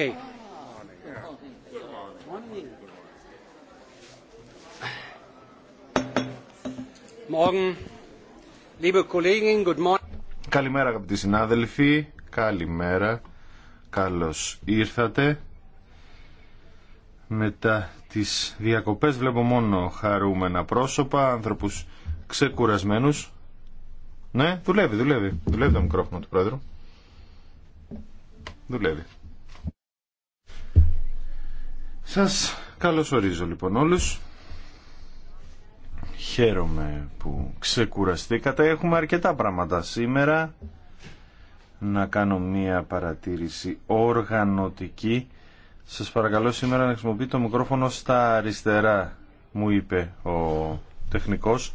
Okay. Liebe good morning. Καλημέρα αγαπητοί συνάδελφοι, καλημέρα, καλώς ήρθατε. Μετά τις διακοπές βλέπω μόνο χαρούμενα πρόσωπα, άνθρωπους ξεκουρασμένους. Ναι, δουλεύει, δουλεύει, δουλεύει το μικρόφωνο του πρόεδρου. Δουλεύει. Σας καλωσορίζω λοιπόν όλους. Χαίρομαι που ξεκουραστήκατε. Έχουμε αρκετά πράγματα σήμερα. Να κάνω μία παρατήρηση οργανωτική. Σας παρακαλώ σήμερα να χρησιμοποιεί το μικρόφωνο στα αριστερά, μου είπε ο τεχνικός.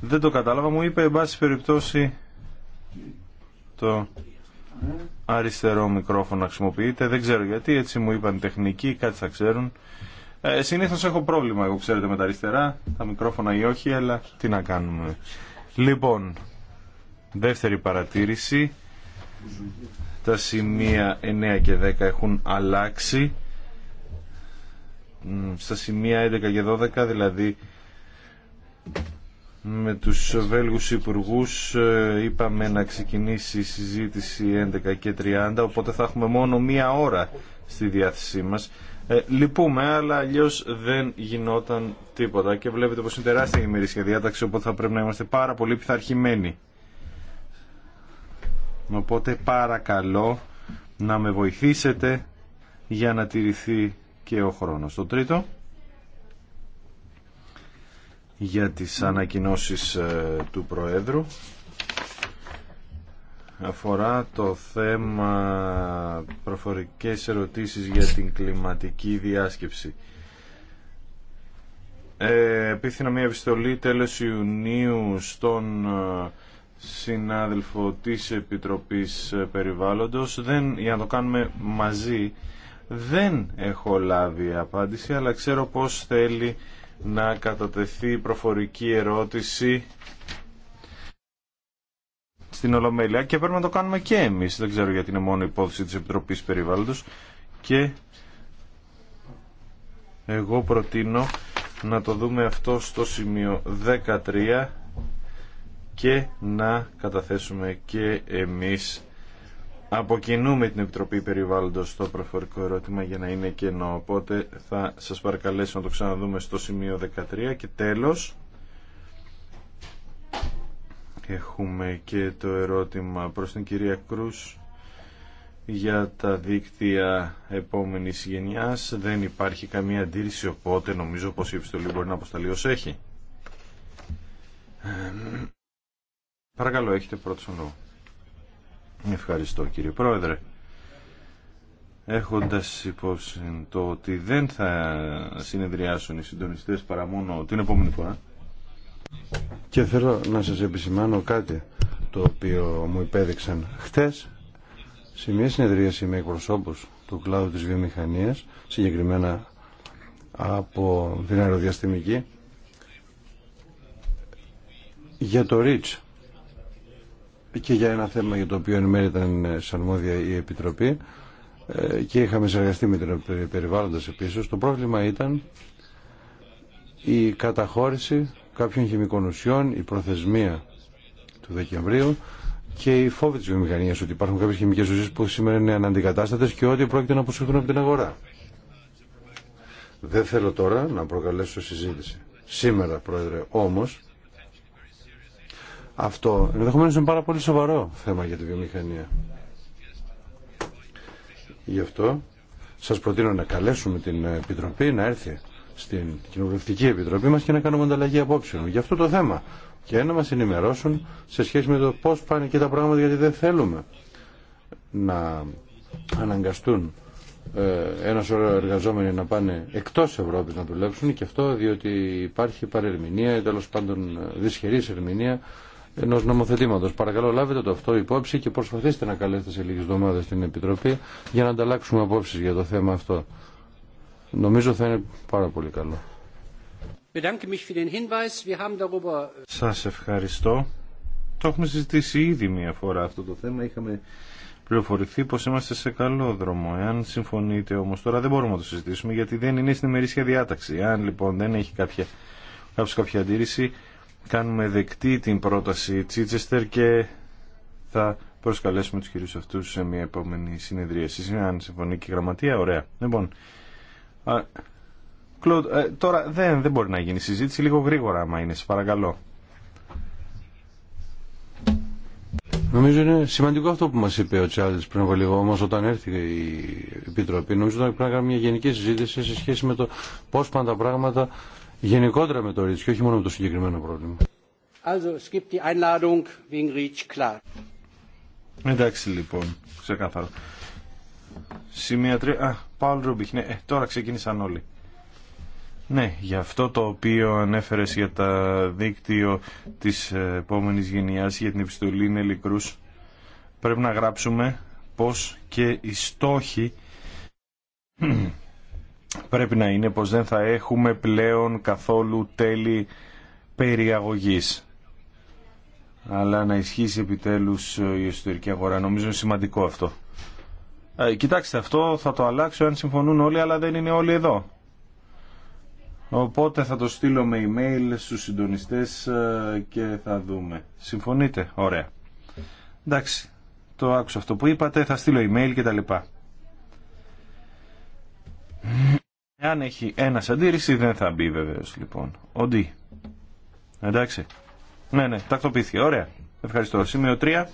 Δεν το κατάλαβα, μου είπε, εν πάση περιπτώσει, το αριστερό μικρόφωνο χρησιμοποιείτε. Δεν ξέρω γιατί, έτσι μου είπαν τεχνικοί, κάτι θα ξέρουν. Ε, συνήθως έχω πρόβλημα, εγώ ξέρετε, με τα αριστερά, τα μικρόφωνα ή όχι, αλλά τι να κάνουμε. Λοιπόν, δεύτερη παρατήρηση. Τα σημεία 9 και 10 έχουν αλλάξει. Στα σημεία 11 και 12, δηλαδή με τους Βέλγους Υπουργούς ε, είπαμε να ξεκινήσει η συζήτηση 11 και 30 οπότε θα έχουμε μόνο μία ώρα στη διάθεσή μας ε, λυπούμε, αλλά αλλιώ δεν γινόταν τίποτα. Και βλέπετε πως είναι τεράστια η ημερήσια διάταξη, οπότε θα πρέπει να είμαστε πάρα πολύ πειθαρχημένοι. Οπότε παρακαλώ να με βοηθήσετε για να τηρηθεί και ο χρόνος. Το τρίτο για τις ανακοινώσεις ε, του Προέδρου αφορά το θέμα προφορικές ερωτήσεις για την κλιματική διάσκεψη. Ε, επίθυνα μια επιστολή τέλος Ιουνίου στον ε, συνάδελφο της Επιτροπής ε, Περιβάλλοντος δεν, για να το κάνουμε μαζί δεν έχω λάβει απάντηση αλλά ξέρω πως θέλει να κατατεθεί προφορική ερώτηση στην Ολομέλεια και πρέπει να το κάνουμε και εμείς. Δεν ξέρω γιατί είναι μόνο υπόθεση της Επιτροπής Περιβάλλοντος και εγώ προτείνω να το δούμε αυτό στο σημείο 13 και να καταθέσουμε και εμείς Αποκινούμε την Επιτροπή Περιβάλλοντος το προφορικό ερώτημα για να είναι κενό. Οπότε θα σας παρακαλέσω να το ξαναδούμε στο σημείο 13 και τέλος έχουμε και το ερώτημα προς την κυρία Κρούς για τα δίκτυα επόμενης γενιάς. Δεν υπάρχει καμία αντίρρηση οπότε νομίζω πως η επιστολή μπορεί να αποσταλεί ως έχει. Παρακαλώ, έχετε πρώτο λόγο. Ευχαριστώ κύριε Πρόεδρε. Έχοντας υπόψη το ότι δεν θα συνεδριάσουν οι συντονιστές παρά μόνο την επόμενη φορά. Και θέλω να σας επισημάνω κάτι το οποίο μου υπέδειξαν χτες σε μια συνεδρίαση με εκπροσώπους του κλάδου της βιομηχανίας συγκεκριμένα από την αεροδιαστημική για το REACH και για ένα θέμα για το οποίο εν μέρει ήταν ε, σαρμόδια η Επιτροπή ε, και είχαμε συνεργαστεί με την περιβάλλοντα επίση, Το πρόβλημα ήταν η καταχώρηση κάποιων χημικών ουσιών, η προθεσμία του Δεκεμβρίου και η φόβη τη βιομηχανία ότι υπάρχουν κάποιες χημικές ουσίες που σήμερα είναι αναντικατάστατε και ότι πρόκειται να αποσυρθούν από την αγορά. Δεν θέλω τώρα να προκαλέσω συζήτηση. Σήμερα, Πρόεδρε, όμως, αυτό ενδεχομένω είναι πάρα πολύ σοβαρό θέμα για τη βιομηχανία. Γι' αυτό σα προτείνω να καλέσουμε την Επιτροπή να έρθει στην Κοινοβουλευτική Επιτροπή μα και να κάνουμε ανταλλαγή απόψεων γι' αυτό το θέμα και να μα ενημερώσουν σε σχέση με το πώ πάνε και τα πράγματα γιατί δεν θέλουμε να αναγκαστούν ε, ένα σωρό εργαζόμενοι να πάνε εκτό Ευρώπη να δουλέψουν και αυτό διότι υπάρχει παρερμηνία ή τέλο πάντων δυσχερή ερμηνεία ενός νομοθετήματος. Παρακαλώ λάβετε το αυτό υπόψη και προσπαθήστε να καλέσετε σε λίγες εβδομάδες την Επιτροπή για να ανταλλάξουμε απόψεις για το θέμα αυτό. Νομίζω θα είναι πάρα πολύ καλό. Σας ευχαριστώ. Το έχουμε συζητήσει ήδη μία φορά αυτό το θέμα. Είχαμε πληροφορηθεί πως είμαστε σε καλό δρόμο. Εάν συμφωνείτε όμως τώρα δεν μπορούμε να το συζητήσουμε γιατί δεν είναι στην ημερήσια διάταξη. Εάν λοιπόν δεν έχει κάποια, κάποια αντίρρηση κάνουμε δεκτή την πρόταση Τσίτσεστερ και θα προσκαλέσουμε τους κυρίους αυτούς σε μια επόμενη συνεδρίαση. Αν συμφωνεί και η γραμματεία, ωραία. Λοιπόν, α, ε, τώρα δεν, δεν μπορεί να γίνει συζήτηση, λίγο γρήγορα άμα είναι, σε παρακαλώ. Νομίζω είναι σημαντικό αυτό που μας είπε ο Τσάλης πριν από λίγο, όμως όταν έρθει η Επιτροπή, νομίζω ότι πρέπει να κάνουμε μια γενική συζήτηση σε σχέση με το πώς τα πράγματα γενικότερα με το Ρίτς και όχι μόνο με το συγκεκριμένο πρόβλημα. Also, Εντάξει λοιπόν, ξεκάθαρο. Σημεία 3. Α, Παουλ Ρούμπιχ, ναι, ε, τώρα ξεκίνησαν όλοι. Ναι, για αυτό το οποίο ανέφερες για τα δίκτυο της επόμενης γενιάς για την επιστολή Κρούς, πρέπει να γράψουμε πως και οι στόχοι πρέπει να είναι πως δεν θα έχουμε πλέον καθόλου τέλη περιαγωγής αλλά να ισχύσει επιτέλους η εσωτερική αγορά. Νομίζω είναι σημαντικό αυτό. Ε, κοιτάξτε, αυτό θα το αλλάξω αν συμφωνούν όλοι, αλλά δεν είναι όλοι εδώ. Οπότε θα το στείλω με email στους συντονιστές ε, και θα δούμε. Συμφωνείτε? Ωραία. Εντάξει, το άκουσα αυτό που είπατε, θα στείλω email και τα Εάν έχει ένα αντίρρηση δεν θα μπει βεβαίω λοιπόν. Οντί. Εντάξει. Ναι, ναι, τακτοποιήθηκε. Ωραία. Ευχαριστώ. Σημείο 3.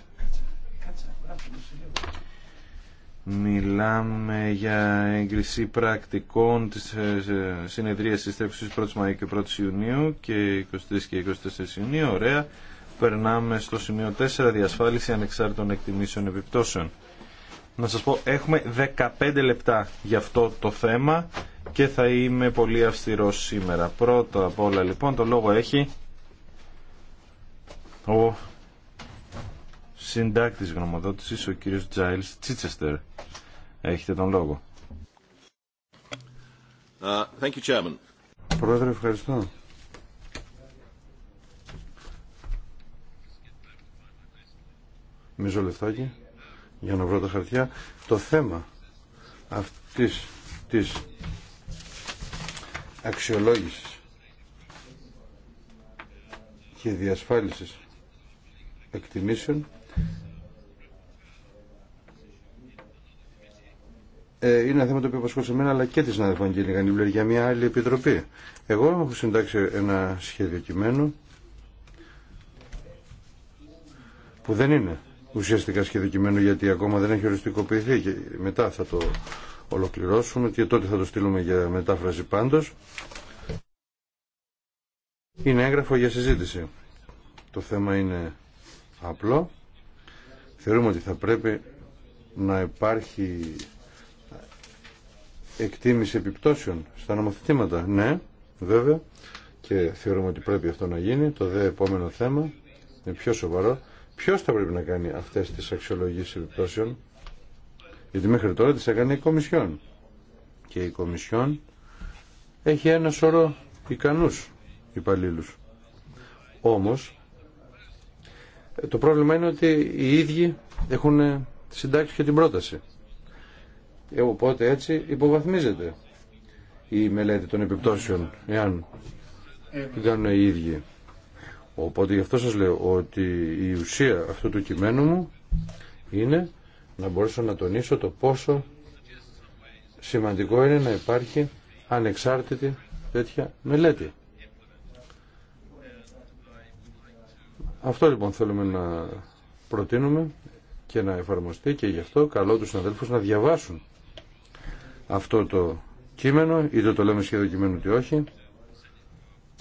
Μιλάμε για έγκριση πρακτικών της ε, συνεδρίας της 1ης Μαΐου και 1ης Ιουνίου και 23 και 24 Ιουνίου. Ωραία. Περνάμε στο σημείο 4, διασφάλιση ανεξάρτητων εκτιμήσεων επιπτώσεων. Να σας πω, έχουμε 15 λεπτά για αυτό το θέμα και θα είμαι πολύ αυστηρός σήμερα. Πρώτα απ' όλα λοιπόν το λόγο έχει ο συντάκτης γνωμοδότησης ο κύριος Τζάιλς Τσίτσεστερ. Έχετε τον λόγο. Uh, thank you, Chairman. Πρόεδρε, ευχαριστώ. Μισό λεφτάκι για να βρω τα χαρτιά. Το θέμα αυτής της αξιολόγηση και διασφάλιση εκτιμήσεων ε, είναι ένα θέμα το οποίο σε μένα αλλά και τη συνάδελφα Αγγέλη Γανίμπλερ για μια άλλη επιτροπή. Εγώ έχω συντάξει ένα σχέδιο κειμένου που δεν είναι ουσιαστικά σχέδιο γιατί ακόμα δεν έχει οριστικοποιηθεί και μετά θα το ολοκληρώσουμε και τότε θα το στείλουμε για μετάφραση πάντως. Είναι έγγραφο για συζήτηση. Το θέμα είναι απλό. Θεωρούμε ότι θα πρέπει να υπάρχει εκτίμηση επιπτώσεων στα νομοθετήματα. Ναι, βέβαια. Και θεωρούμε ότι πρέπει αυτό να γίνει. Το δε επόμενο θέμα είναι πιο σοβαρό. Ποιος θα πρέπει να κάνει αυτές τις αξιολογίες επιπτώσεων γιατί μέχρι τώρα τις έκανε η Κομισιόν. Και η Κομισιόν έχει ένα σωρό ικανούς υπαλλήλους. Όμως, το πρόβλημα είναι ότι οι ίδιοι έχουν συντάξει και την πρόταση. Ε, οπότε έτσι υποβαθμίζεται η μελέτη των επιπτώσεων, εάν την κάνουν οι ίδιοι. Οπότε γι' αυτό σας λέω ότι η ουσία αυτού του κειμένου μου είναι να μπορέσω να τονίσω το πόσο σημαντικό είναι να υπάρχει ανεξάρτητη τέτοια μελέτη. Αυτό λοιπόν θέλουμε να προτείνουμε και να εφαρμοστεί και γι' αυτό καλό τους συναδέλφους να διαβάσουν αυτό το κείμενο, είτε το λέμε σχεδόν κειμένο ότι όχι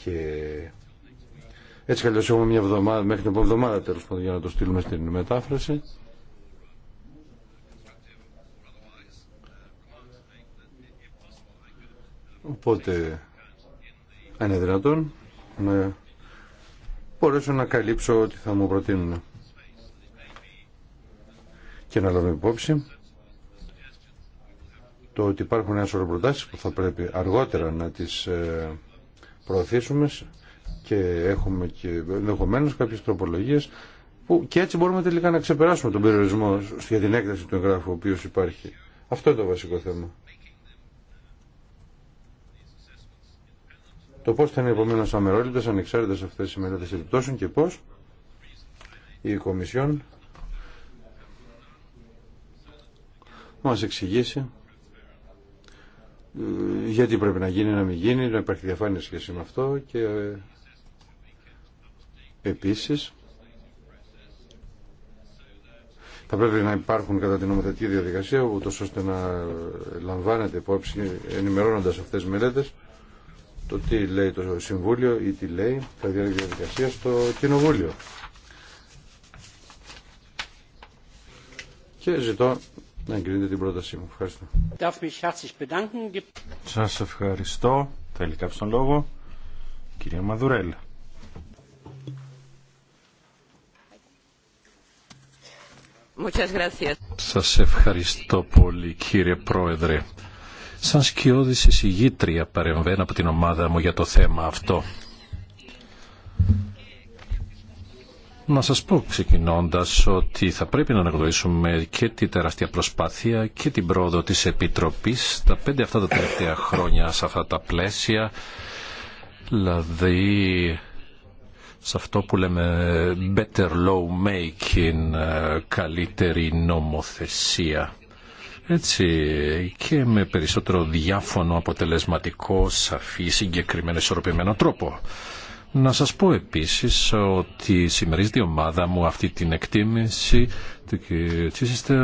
και έτσι καλώς έχουμε μια εβδομάδα, μέχρι την εβδομάδα τέλος πάντων για να το στείλουμε στην μετάφραση Οπότε, αν είναι δυνατόν, να μπορέσω να καλύψω ό,τι θα μου προτείνουν. Και να λάβω υπόψη το ότι υπάρχουν ένα σωρό προτάσεις που θα πρέπει αργότερα να τις ε, προωθήσουμε και έχουμε και ενδεχομένω κάποιες τροπολογίες που και έτσι μπορούμε τελικά να ξεπεράσουμε τον περιορισμό για την έκταση του εγγράφου ο οποίο υπάρχει. Αυτό είναι το βασικό θέμα. το πώ θα είναι επομένω ανεξάρτητα σε αυτέ οι μελέτες επιπτώσεων και πώ, η Κομισιόν μα εξηγήσει ε, γιατί πρέπει να γίνει, να μην γίνει, να υπάρχει διαφάνεια σχέση με αυτό και ε, επίσης θα πρέπει να υπάρχουν κατά την νομοθετική διαδικασία ούτως ώστε να λαμβάνεται υπόψη ενημερώνοντας αυτές τις μελέτες το τι λέει το Συμβούλιο ή τι λέει τα διάρκεια διαδικασία στο Κοινοβούλιο. Και ζητώ να εγκρίνετε την πρότασή μου. Ευχαριστώ. Σας ευχαριστώ. Θέλει κάποιος τον λόγο. Κυρία Μαδουρέλα. Σας ευχαριστώ πολύ κύριε Πρόεδρε. Σαν σκιώδης εισηγήτρια παρεμβαίνω από την ομάδα μου για το θέμα αυτό. Να σας πω ξεκινώντας ότι θα πρέπει να αναγνωρίσουμε και τη τεράστια προσπάθεια και την πρόοδο της Επιτροπής τα πέντε αυτά τα τελευταία χρόνια σε αυτά τα πλαίσια, δηλαδή σε αυτό που λέμε better law making, ε, καλύτερη νομοθεσία. Έτσι και με περισσότερο διάφωνο, αποτελεσματικό, σαφή, συγκεκριμένο, ισορροπημένο τρόπο. Να σας πω επίσης ότι σήμερα η ομάδα μου αυτή την εκτίμηση του κ.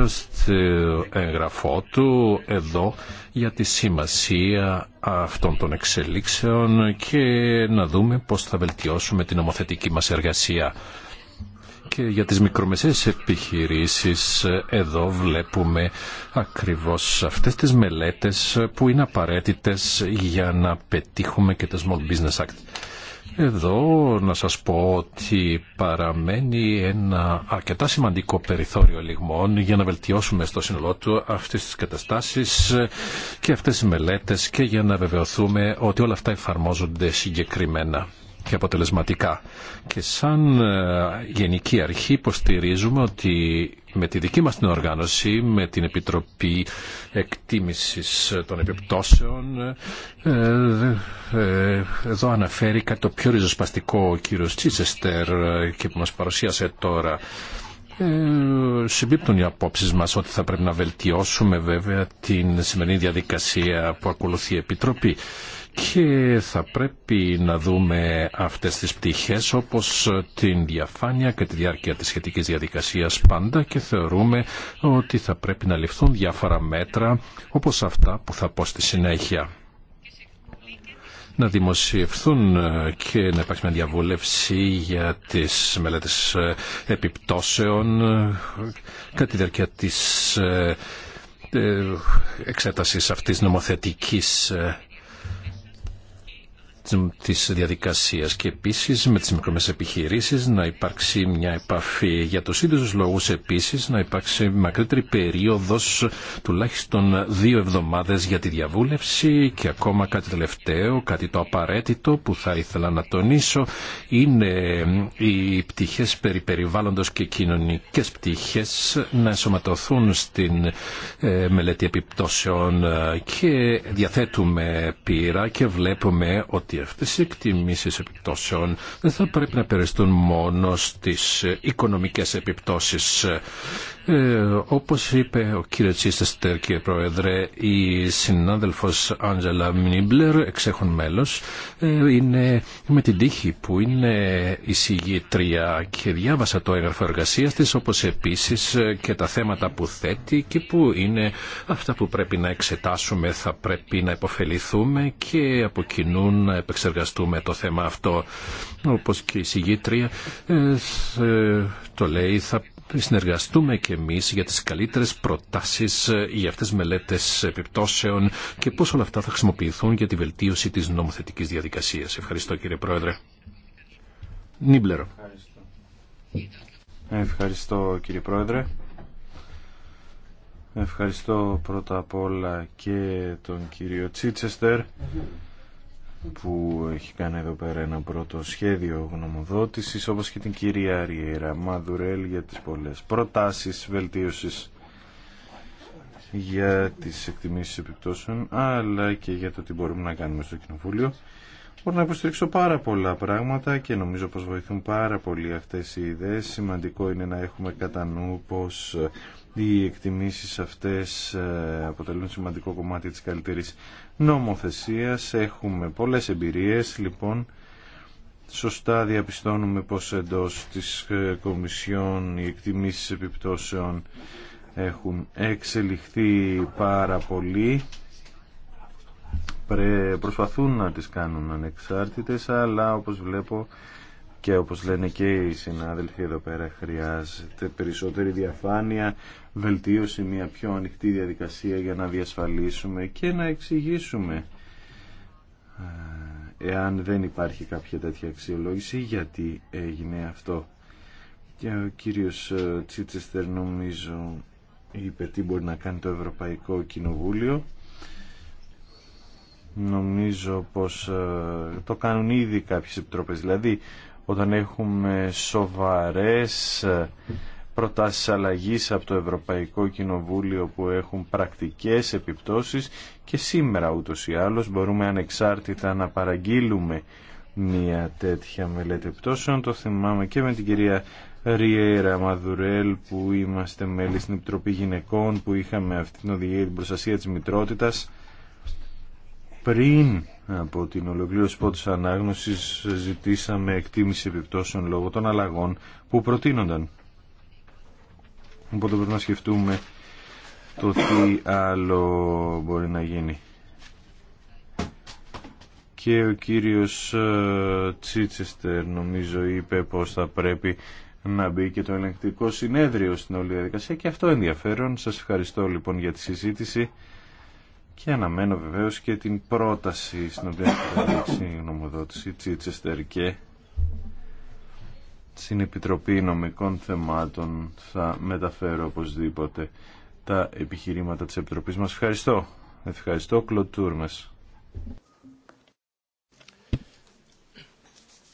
στο εγγραφό του εδώ για τη σημασία αυτών των εξελίξεων και να δούμε πώς θα βελτιώσουμε την ομοθετική μας εργασία και για τις μικρομεσαίες επιχειρήσεις ε, εδώ βλέπουμε ακριβώς αυτές τις μελέτες που είναι απαραίτητες για να πετύχουμε και το Small Business Act. Εδώ να σας πω ότι παραμένει ένα αρκετά σημαντικό περιθώριο λιγμών για να βελτιώσουμε στο σύνολό του αυτές τις καταστάσεις και αυτές τις μελέτες και για να βεβαιωθούμε ότι όλα αυτά εφαρμόζονται συγκεκριμένα και αποτελεσματικά. Και σαν ε, Γενική Αρχή υποστηρίζουμε ότι με τη δική μας την οργάνωση, με την Επιτροπή Εκτίμησης των Επιπτώσεων, ε, ε, εδώ αναφέρει κάτι το πιο ριζοσπαστικό ο κύριος Τσίσεστερ και που μας παρουσίασε τώρα. Ε, συμπίπτουν οι απόψεις μας ότι θα πρέπει να βελτιώσουμε βέβαια την σημερινή διαδικασία που ακολουθεί η Επιτροπή και θα πρέπει να δούμε αυτές τις πτυχές όπως την διαφάνεια και τη διάρκεια της σχετικής διαδικασίας πάντα και θεωρούμε ότι θα πρέπει να ληφθούν διάφορα μέτρα όπως αυτά που θα πω στη συνέχεια να δημοσιευθούν και να υπάρξει μια διαβούλευση για τις μελέτες επιπτώσεων κατά τη διάρκεια της ε, ε, εξέτασης αυτής νομοθετικής ε, της διαδικασίας και επίσης με τις μικρομεσαίες επιχειρήσεις να υπάρξει μια επαφή για τους ίδιους λόγους επίσης να υπάρξει μακρύτερη περίοδος τουλάχιστον δύο εβδομάδες για τη διαβούλευση και ακόμα κάτι τελευταίο, κάτι το απαραίτητο που θα ήθελα να τονίσω είναι οι πτυχές περί περιβάλλοντος και κοινωνικές πτυχές να ενσωματωθούν στην ε, μελέτη επιπτώσεων και διαθέτουμε πείρα και βλέπουμε ότι γιατί αυτές οι εκτιμήσεις επιπτώσεων δεν θα πρέπει να περιστούν μόνο στις οικονομικές επιπτώσεις. Ε, όπως είπε ο κύριο Τσίστεστερ κύριε Πρόεδρε, η συνάδελφος Άντζελα Μνίμπλερ, εξέχον μέλος, ε, είναι με την τύχη που είναι εισηγήτρια και διάβασα το έγγραφο εργασίας της, όπως επίσης ε, και τα θέματα που θέτει και που είναι αυτά που πρέπει να εξετάσουμε, θα πρέπει να υποφεληθούμε και από κοινού επεξεργαστούμε το θέμα αυτό. Όπως και η συγγήτρια ε, ε, το λέει, θα συνεργαστούμε και εμείς για τις καλύτερες προτάσεις ε, για αυτές τις μελέτες επιπτώσεων και πώς όλα αυτά θα χρησιμοποιηθούν για τη βελτίωση της νομοθετικής διαδικασίας. Ευχαριστώ κύριε Πρόεδρε. Νίμπλερο. Ευχαριστώ. Ευχαριστώ κύριε Πρόεδρε. Ευχαριστώ πρώτα απ' όλα και τον κύριο Τσίτσεστερ που έχει κάνει εδώ πέρα ένα πρώτο σχέδιο γνωμοδότησης όπως και την κυρία Ριέρα Μαδουρέλ για τις πολλές προτάσεις βελτίωσης για τις εκτιμήσεις επιπτώσεων αλλά και για το τι μπορούμε να κάνουμε στο Κοινοβούλιο. Μπορώ να υποστηρίξω πάρα πολλά πράγματα και νομίζω πως βοηθούν πάρα πολύ αυτές οι ιδέες. Σημαντικό είναι να έχουμε κατά νου πως οι εκτιμήσεις αυτές αποτελούν σημαντικό κομμάτι της καλύτερης νομοθεσίας. Έχουμε πολλές εμπειρίες, λοιπόν. Σωστά διαπιστώνουμε πως εντός της ε, Κομισιόν οι εκτιμήσεις επιπτώσεων έχουν εξελιχθεί πάρα πολύ. Προσπαθούν να τις κάνουν ανεξάρτητες, αλλά όπως βλέπω και όπως λένε και οι συνάδελφοι εδώ πέρα χρειάζεται περισσότερη διαφάνεια, βελτίωση, μια πιο ανοιχτή διαδικασία για να διασφαλίσουμε και να εξηγήσουμε ε, εάν δεν υπάρχει κάποια τέτοια αξιολόγηση γιατί έγινε αυτό. Και ο κύριος ε, Τσίτσεστερ νομίζω είπε τι μπορεί να κάνει το Ευρωπαϊκό Κοινοβούλιο. Νομίζω πως ε, το κάνουν ήδη κάποιες επιτροπές. Δηλαδή όταν έχουμε σοβαρές προτάσεις αλλαγής από το Ευρωπαϊκό Κοινοβούλιο που έχουν πρακτικές επιπτώσεις και σήμερα ούτως ή άλλως μπορούμε ανεξάρτητα να παραγγείλουμε μια τέτοια μελέτη επιπτώσεων. Το θυμάμαι και με την κυρία Ριέρα Μαδουρέλ που είμαστε μέλη στην Επιτροπή Γυναικών που είχαμε αυτή την οδηγία την προστασία της μητρότητας πριν από την ολοκλήρωση πρώτης ανάγνωσης ζητήσαμε εκτίμηση επιπτώσεων λόγω των αλλαγών που προτείνονταν. Οπότε πρέπει να σκεφτούμε το τι άλλο μπορεί να γίνει. Και ο κύριος ε, Τσίτσεστερ νομίζω είπε πως θα πρέπει να μπει και το ελεγκτικό συνέδριο στην όλη διαδικασία και αυτό ενδιαφέρον. Σας ευχαριστώ λοιπόν για τη συζήτηση και αναμένω βεβαίω και την πρόταση στην οποία θα δείξει η νομοδότηση Τσίτσεστερ και στην Επιτροπή Νομικών Θεμάτων θα μεταφέρω οπωσδήποτε τα επιχειρήματα της Επιτροπής μας. Ευχαριστώ. Ευχαριστώ, μας.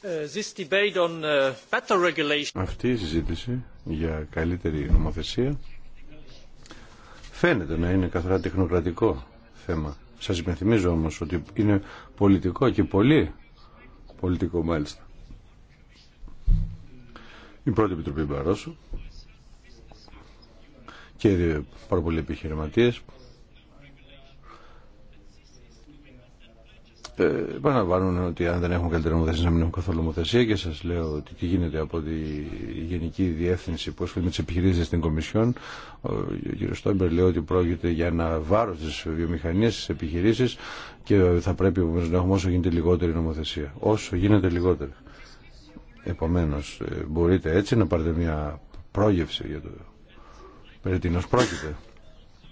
Ε, ε, Αυτή η συζήτηση για καλύτερη νομοθεσία φαίνεται να είναι καθαρά τεχνοκρατικό θέμα. Σας υπενθυμίζω όμως ότι είναι πολιτικό και πολύ πολιτικό μάλιστα. Η πρώτη επιτροπή Μπαρόσου και πάρα πολλοί επιχειρηματίε. επαναλαμβάνουν ότι αν δεν έχουμε καλύτερη νομοθεσία, να μην έχουμε καθόλου νομοθεσία και σα λέω ότι τι γίνεται από τη Γενική Διεύθυνση που ασχολείται με τι επιχειρήσει στην Κομισιόν. Ο κ. Στόμπερ λέει ότι πρόκειται για ένα βάρο τη βιομηχανία, τη επιχειρήσει και θα πρέπει να έχουμε όσο γίνεται λιγότερη νομοθεσία. Όσο γίνεται λιγότερη. Επομένω, ε, μπορείτε έτσι να πάρετε μια πρόγευση για το περί πρόκειται.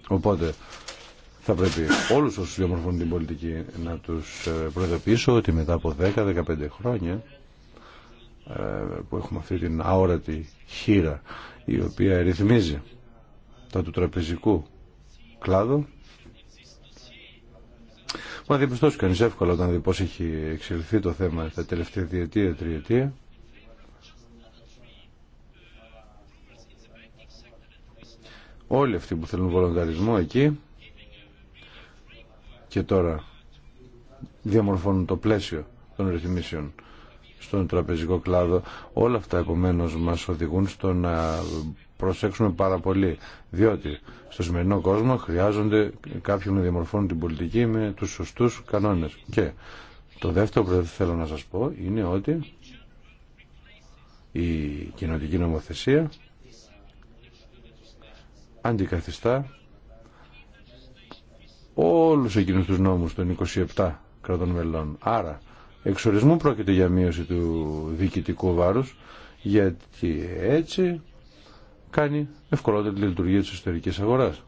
Οπότε, θα πρέπει όλους όσους διαμορφώνουν την πολιτική να τους ε, προειδοποιήσω ότι μετά από 10-15 χρόνια ε, που έχουμε αυτή την αόρατη χείρα η οποία ρυθμίζει τα του τραπεζικού κλάδου Μα διαπιστώσει κανεί εύκολα όταν δει πώς έχει εξελιχθεί το θέμα τα τελευταία διετία, τριετία. Όλοι αυτοί που θέλουν βολονταρισμό εκεί και τώρα διαμορφώνουν το πλαίσιο των ρυθμίσεων στον τραπεζικό κλάδο. Όλα αυτά επομένω μας οδηγούν στο να προσέξουμε πάρα πολύ, διότι στο σημερινό κόσμο χρειάζονται κάποιοι να διαμορφώνουν την πολιτική με τους σωστούς κανόνες. Και το δεύτερο που θέλω να σας πω είναι ότι η κοινωτική νομοθεσία αντικαθιστά όλους εκείνους τους νόμους των 27 κρατών μελών. Άρα, εξορισμού πρόκειται για μείωση του διοικητικού βάρους, γιατί έτσι κάνει ευκολότερη τη λειτουργία της εσωτερικής αγοράς.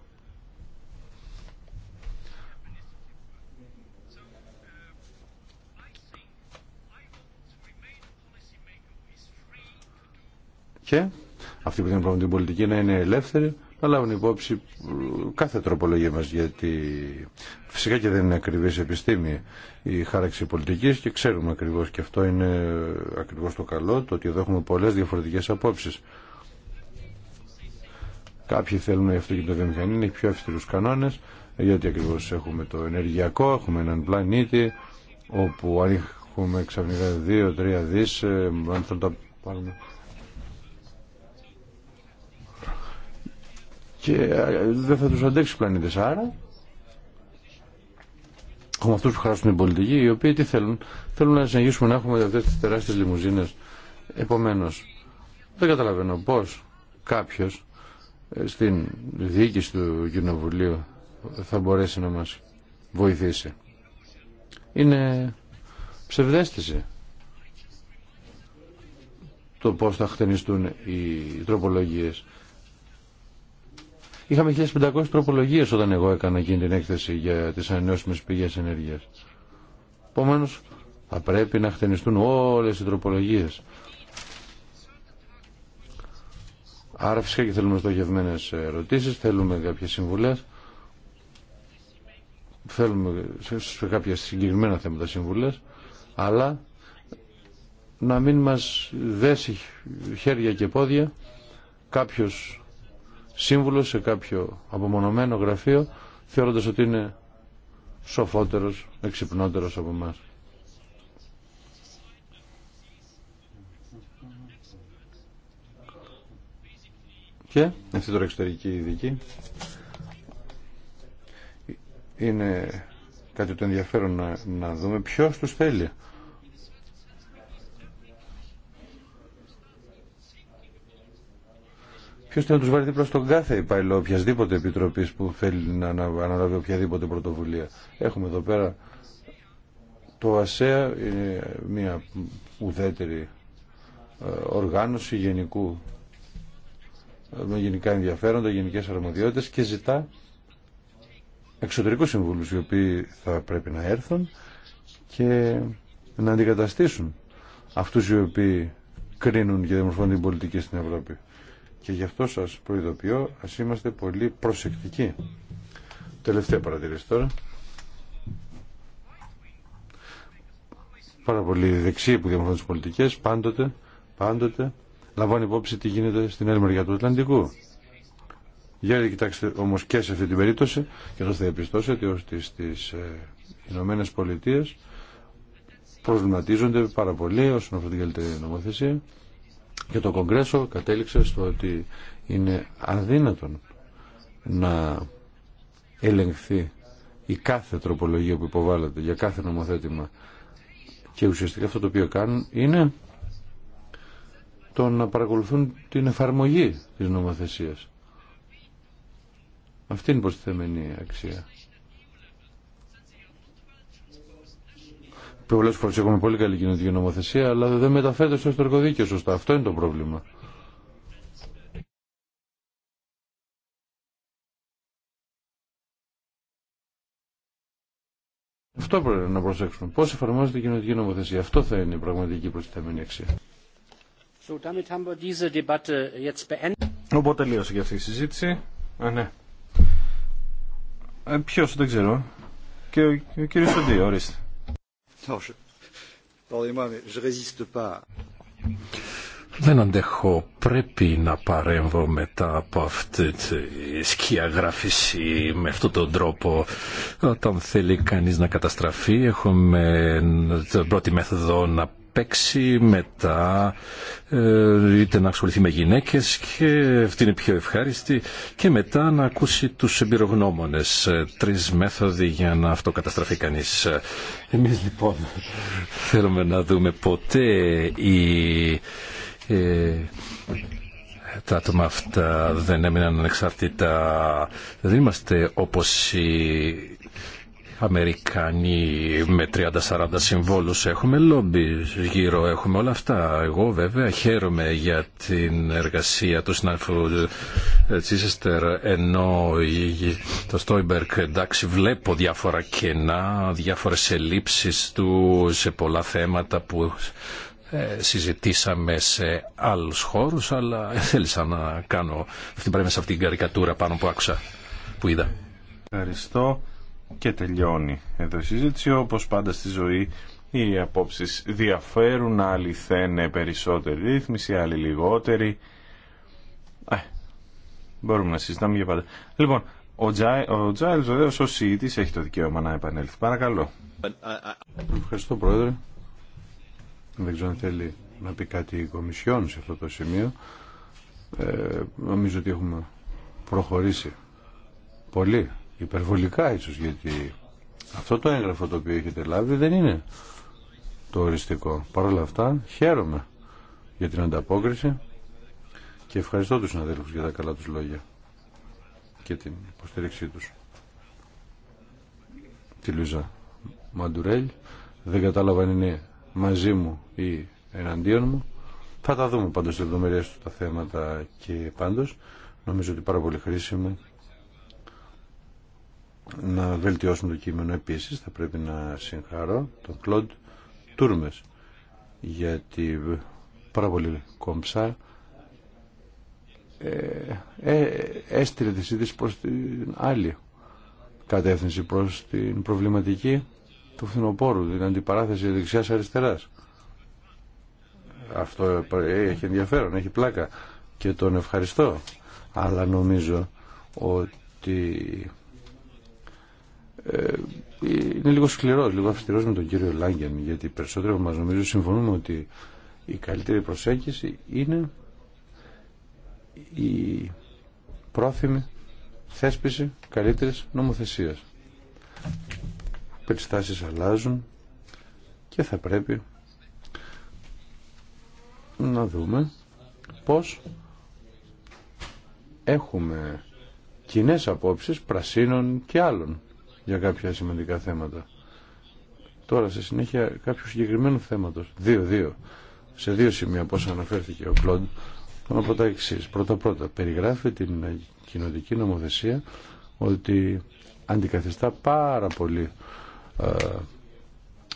Και αυτή που δεν πράγμα την πολιτική να είναι ελεύθερη αλλά λάβουν υπόψη ε, κάθε τροπολογία μας γιατί φυσικά και δεν είναι ακριβής επιστήμη η χάραξη πολιτικής και ξέρουμε ακριβώς και αυτό είναι ακριβώς το καλό το ότι εδώ έχουμε πολλές διαφορετικές απόψεις. Κάποιοι θέλουν η αυτοκινητοβιομηχανία να έχει πιο αυστηρούς κανόνες γιατί ακριβώς έχουμε το ενεργειακό, έχουμε έναν πλανήτη όπου αν έχουμε ξαφνικά δύο-τρία δις ε, αν θέλουν τα πάρουμε και ε, δεν θα τους αντέξει ο πλανήτη. Άρα έχουμε αυτού που χάσουν την πολιτική οι οποίοι τι θέλουν. Θέλουν να συνεχίσουμε να έχουμε αυτές τις τεράστιες λιμουζίνες. Επομένως δεν καταλαβαίνω πώς κάποιο ε, στην διοίκηση του Κοινοβουλίου θα μπορέσει να μας βοηθήσει. Είναι ψευδέστηση το πώς θα χτενιστούν οι τροπολογίες. Είχαμε 1500 τροπολογίες όταν εγώ έκανα εκείνη την έκθεση για τις ανανεώσιμες πηγές ενέργειας. Επομένω, θα πρέπει να χτενιστούν όλες οι τροπολογίες. Άρα φυσικά και θέλουμε στοχευμένες ερωτήσεις, θέλουμε κάποιες συμβουλές, θέλουμε σε κάποια συγκεκριμένα θέματα συμβουλές, αλλά να μην μας δέσει χέρια και πόδια κάποιος Σύμβουλο σε κάποιο απομονωμένο γραφείο θεωρώντας ότι είναι σοφότερος, εξυπνότερος από εμάς. Και αυτή τώρα εξωτερική ειδική είναι κάτι το ενδιαφέρον να, να δούμε ποιος τους θέλει Ποιο θέλει να του βάλει δίπλα στον κάθε υπάλληλο οποιασδήποτε επιτροπή που θέλει να αναλάβει οποιαδήποτε πρωτοβουλία. Έχουμε εδώ πέρα το ΑΣΕΑ, είναι μια ουδέτερη ε, οργάνωση γενικού ε, με γενικά ενδιαφέροντα, γενικέ αρμοδιότητε και ζητά εξωτερικούς συμβούλου, οι οποίοι θα πρέπει να έρθουν και να αντικαταστήσουν αυτού οι οποίοι κρίνουν και δημορφώνουν την πολιτική στην Ευρώπη. Και γι' αυτό σας προειδοποιώ, ας είμαστε πολύ προσεκτικοί. Τελευταία παρατηρήση τώρα. Πάρα πολύ δεξιοί που διαμορφώνουν τις πολιτικές, πάντοτε, πάντοτε, λαμβάνει υπόψη τι γίνεται στην άλλη μεριά του Ατλαντικού. Για να κοιτάξτε όμως και σε αυτή την περίπτωση, και εδώ θα διαπιστώσετε ότι στις ε, Ηνωμένε Πολιτείε προβληματίζονται πάρα πολύ όσον αφορά την καλύτερη νομοθεσία και το Κογκρέσο κατέληξε στο ότι είναι αδύνατον να ελεγχθεί η κάθε τροπολογία που υποβάλλεται για κάθε νομοθέτημα και ουσιαστικά αυτό το οποίο κάνουν είναι το να παρακολουθούν την εφαρμογή της νομοθεσίας. Αυτή είναι η προσθεμενή αξία. Πολλέ φορέ έχουμε πολύ καλή κοινωνική νομοθεσία, αλλά δεν μεταφέρεται στο ιστορικό δίκαιο σωστά. Αυτό είναι το πρόβλημα. Αυτό πρέπει να προσέξουμε. Πώ εφαρμόζεται η κοινωνική νομοθεσία. Αυτό θα είναι η πραγματική προστιθέμενη αξία. Οπότε τελείωσε και αυτή η συζήτηση. Α, ναι. Ε, ποιος, δεν ξέρω. Και ο, ο Σοντή, ορίστε. Δεν αντέχω, πρέπει να παρέμβω μετά από αυτή τη σκιαγράφηση με αυτόν τον τρόπο. Όταν θέλει κανείς να καταστραφεί, έχουμε την πρώτη μέθοδο να παίξει μετά, ε, είτε να ασχοληθεί με γυναίκες και αυτή είναι πιο ευχάριστη και μετά να ακούσει τους εμπειρογνώμονες. Ε, τρεις μέθοδοι για να αυτοκαταστραφεί κανείς. Εμείς λοιπόν θέλουμε να δούμε ποτέ η... Ε, τα άτομα αυτά δεν έμειναν ανεξάρτητα. Δεν είμαστε όπως οι Αμερικανοί με 30-40 συμβόλους έχουμε, λόμπι γύρω έχουμε όλα αυτά. Εγώ βέβαια χαίρομαι για την εργασία του συνάδελφου ε, Τσίσεστερ ενώ το Στόιμπερκ εντάξει βλέπω διάφορα κενά, διάφορες ελλείψεις του σε πολλά θέματα που ε, συζητήσαμε σε άλλους χώρους αλλά θέλησα να κάνω αυτή, πρέπει σε αυτή την καρικατούρα πάνω που άκουσα, που είδα. Ευχαριστώ. Και τελειώνει εδώ η συζήτηση. Όπως πάντα στη ζωή οι απόψεις διαφέρουν. Άλλοι θένε περισσότερη ρύθμιση, άλλοι λιγότερη. Ε, μπορούμε να συζητάμε για πάντα. Λοιπόν, ο Τζάιλ ο ο έχει το δικαίωμα να επανέλθει. Παρακαλώ. Ευχαριστώ Πρόεδρε. Δεν ξέρω αν θέλει να πει κάτι η Κομισιόν σε αυτό το σημείο. Ε, νομίζω ότι έχουμε προχωρήσει πολύ υπερβολικά ίσως γιατί αυτό το έγγραφο το οποίο έχετε λάβει δεν είναι το οριστικό. Παρ' όλα αυτά χαίρομαι για την ανταπόκριση και ευχαριστώ τους συναδέλφους για τα καλά τους λόγια και την υποστήριξή τους. Τη Λουίζα Μαντουρέλ δεν κατάλαβα αν είναι μαζί μου ή εναντίον μου. Θα τα δούμε πάντως σε λεπτομέρειες του τα θέματα και πάντως νομίζω ότι πάρα πολύ χρήσιμο να βελτιώσουμε το κείμενο. Επίσης θα πρέπει να συγχαρώ τον Κλοντ Τούρμες γιατί πάρα πολύ κομψά ε, ε, έστειλε τη σύντηση προς την άλλη κατεύθυνση προς την προβληματική του φθινοπόρου, την αντιπαράθεση δεξιάς αριστεράς. Αυτό έχει ενδιαφέρον, έχει πλάκα και τον ευχαριστώ. Αλλά νομίζω ότι ε, είναι λίγο σκληρός, λίγο αυστηρό με τον κύριο Λάγκεν γιατί περισσότερο μας νομίζω συμφωνούμε ότι η καλύτερη προσέγγιση είναι η πρόθυμη θέσπιση καλύτερης νομοθεσίας. Περιστάσεις αλλάζουν και θα πρέπει να δούμε πώς έχουμε κοινέ απόψεις πρασίνων και άλλων για κάποια σημαντικά θέματα. Τώρα, σε συνέχεια κάποιου συγκεκριμένου θέματος, δύο-δύο, σε δύο σημεία όπω αναφέρθηκε ο Κλοντ, να πω τα εξή. Πρώτα-πρώτα, περιγράφει την κοινοτική νομοθεσία ότι αντικαθιστά πάρα πολύ ε,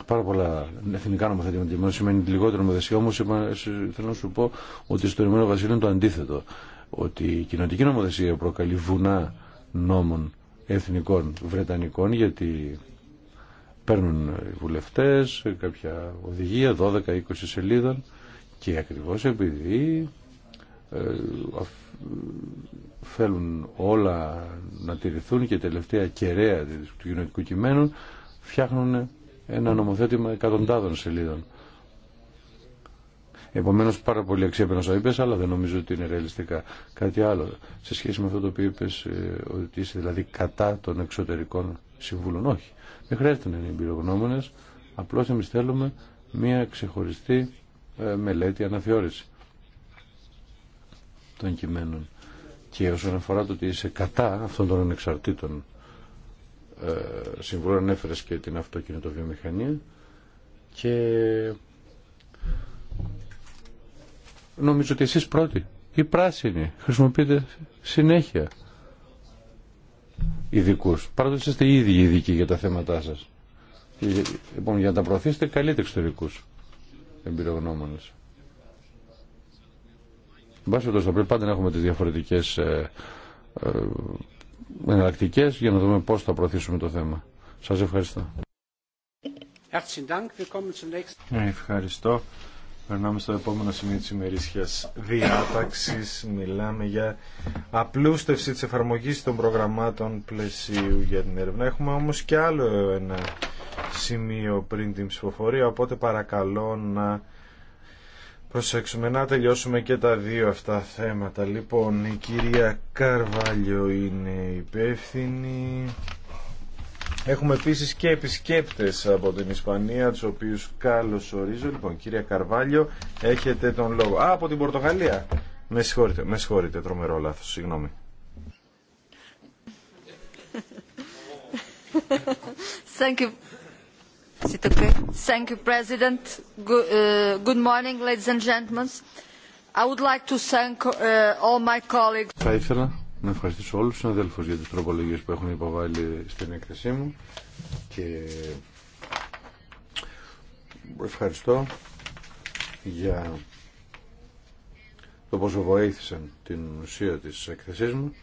πάρα πολλά εθνικά νομοθετήματα. Μόνο σημαίνει λιγότερη νομοθεσία. Όμω ε, θέλω να σου πω ότι στο Ηνωμένο Βασίλειο είναι το αντίθετο. Ότι η κοινωτική νομοθεσία προκαλεί βουνά νόμων εθνικών Βρετανικών γιατί παίρνουν οι βουλευτές κάποια οδηγία 12-20 σελίδων και ακριβώς επειδή ε, θέλουν όλα να τηρηθούν και τελευταία κεραία του κοινωνικού κειμένου φτιάχνουν ένα νομοθέτημα εκατοντάδων σελίδων Επομένω, πάρα πολύ αξιέπαινο το είπε, αλλά δεν νομίζω ότι είναι ρεαλιστικά. Κάτι άλλο, σε σχέση με αυτό το οποίο είπε, ε, ότι είσαι δηλαδή κατά των εξωτερικών συμβούλων. Όχι. Δεν χρειάζεται να είναι εμπειρογνώμονε. Απλώ εμεί θέλουμε μια ξεχωριστή ε, μελέτη αναθεώρηση των κειμένων. Και όσον αφορά το ότι είσαι κατά αυτών των ανεξαρτήτων ε, συμβούλων, ανέφερε και την αυτοκινητοβιομηχανία και νομίζω ότι εσείς πρώτοι, οι πράσινοι, χρησιμοποιείτε συνέχεια ειδικού. Παρά ότι είστε οι ίδιοι ειδικοί για τα θέματά σας. Ε, λοιπόν, για να τα προωθήσετε, καλείτε εξωτερικού εμπειρογνώμονε. Μπράβο, θα πρέπει πάντα να έχουμε τις διαφορετικές ε, ε εναλλακτικέ για να δούμε πώς θα προωθήσουμε το θέμα. Σας ευχαριστώ. Ευχαριστώ. Περνάμε στο επόμενο σημείο της ημερήσιας διάταξης. Μιλάμε για απλούστευση της εφαρμογής των προγραμμάτων πλαισίου για την έρευνα. Έχουμε όμως και άλλο ένα σημείο πριν την ψηφοφορία, οπότε παρακαλώ να προσέξουμε να τελειώσουμε και τα δύο αυτά θέματα. Λοιπόν, η κυρία Καρβάλιο είναι υπεύθυνη. Έχουμε επίσης και επισκέπτες από την Ισπανία, του οποίους καλώς ορίζω. Λοιπόν, κύριε Καρβάλιο, έχετε τον λόγο. Α, από την Πορτογαλία. Με συγχωρείτε, με συγχωρείτε, τρομερό λάθος, συγγνώμη. Thank you. Thank you, President. Uh, good morning, ladies and gentlemen. I would like to thank uh, all my colleagues να ευχαριστήσω όλους τους αδέλφους για τις τροπολογίες που έχουν υποβάλει στην έκθεσή μου και ευχαριστώ για το πόσο βοήθησαν την ουσία της έκθεσής μου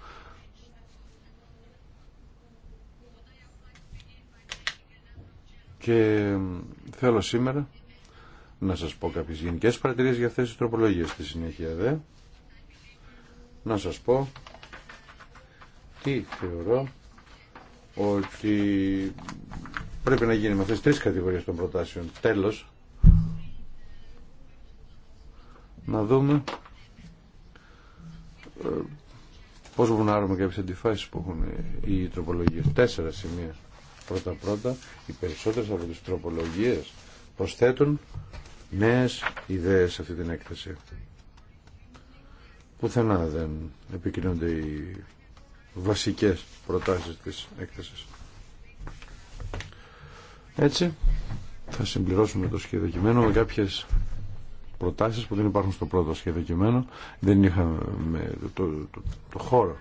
και θέλω σήμερα να σας πω κάποιες γενικές παρατηρίες για αυτές τις τροπολογίες στη συνέχεια δε να σας πω γιατί θεωρώ ότι πρέπει να γίνει με αυτές τρεις κατηγορίες των προτάσεων. Τέλος, να δούμε ε, πώς βουνάρουμε κάποιες αντιφάσεις που έχουν οι τροπολογίες. Τέσσερα σημεία πρώτα-πρώτα, οι περισσότερες από τις τροπολογίες προσθέτουν νέες ιδέες σε αυτή την έκθεση. Πουθενά δεν επικοινωνούνται οι βασικές προτάσεις της έκθεσης. Έτσι, θα συμπληρώσουμε το σχέδιο με κάποιες προτάσεις που δεν υπάρχουν στο πρώτο σχέδιο Δεν είχαμε το, το, το, το χώρο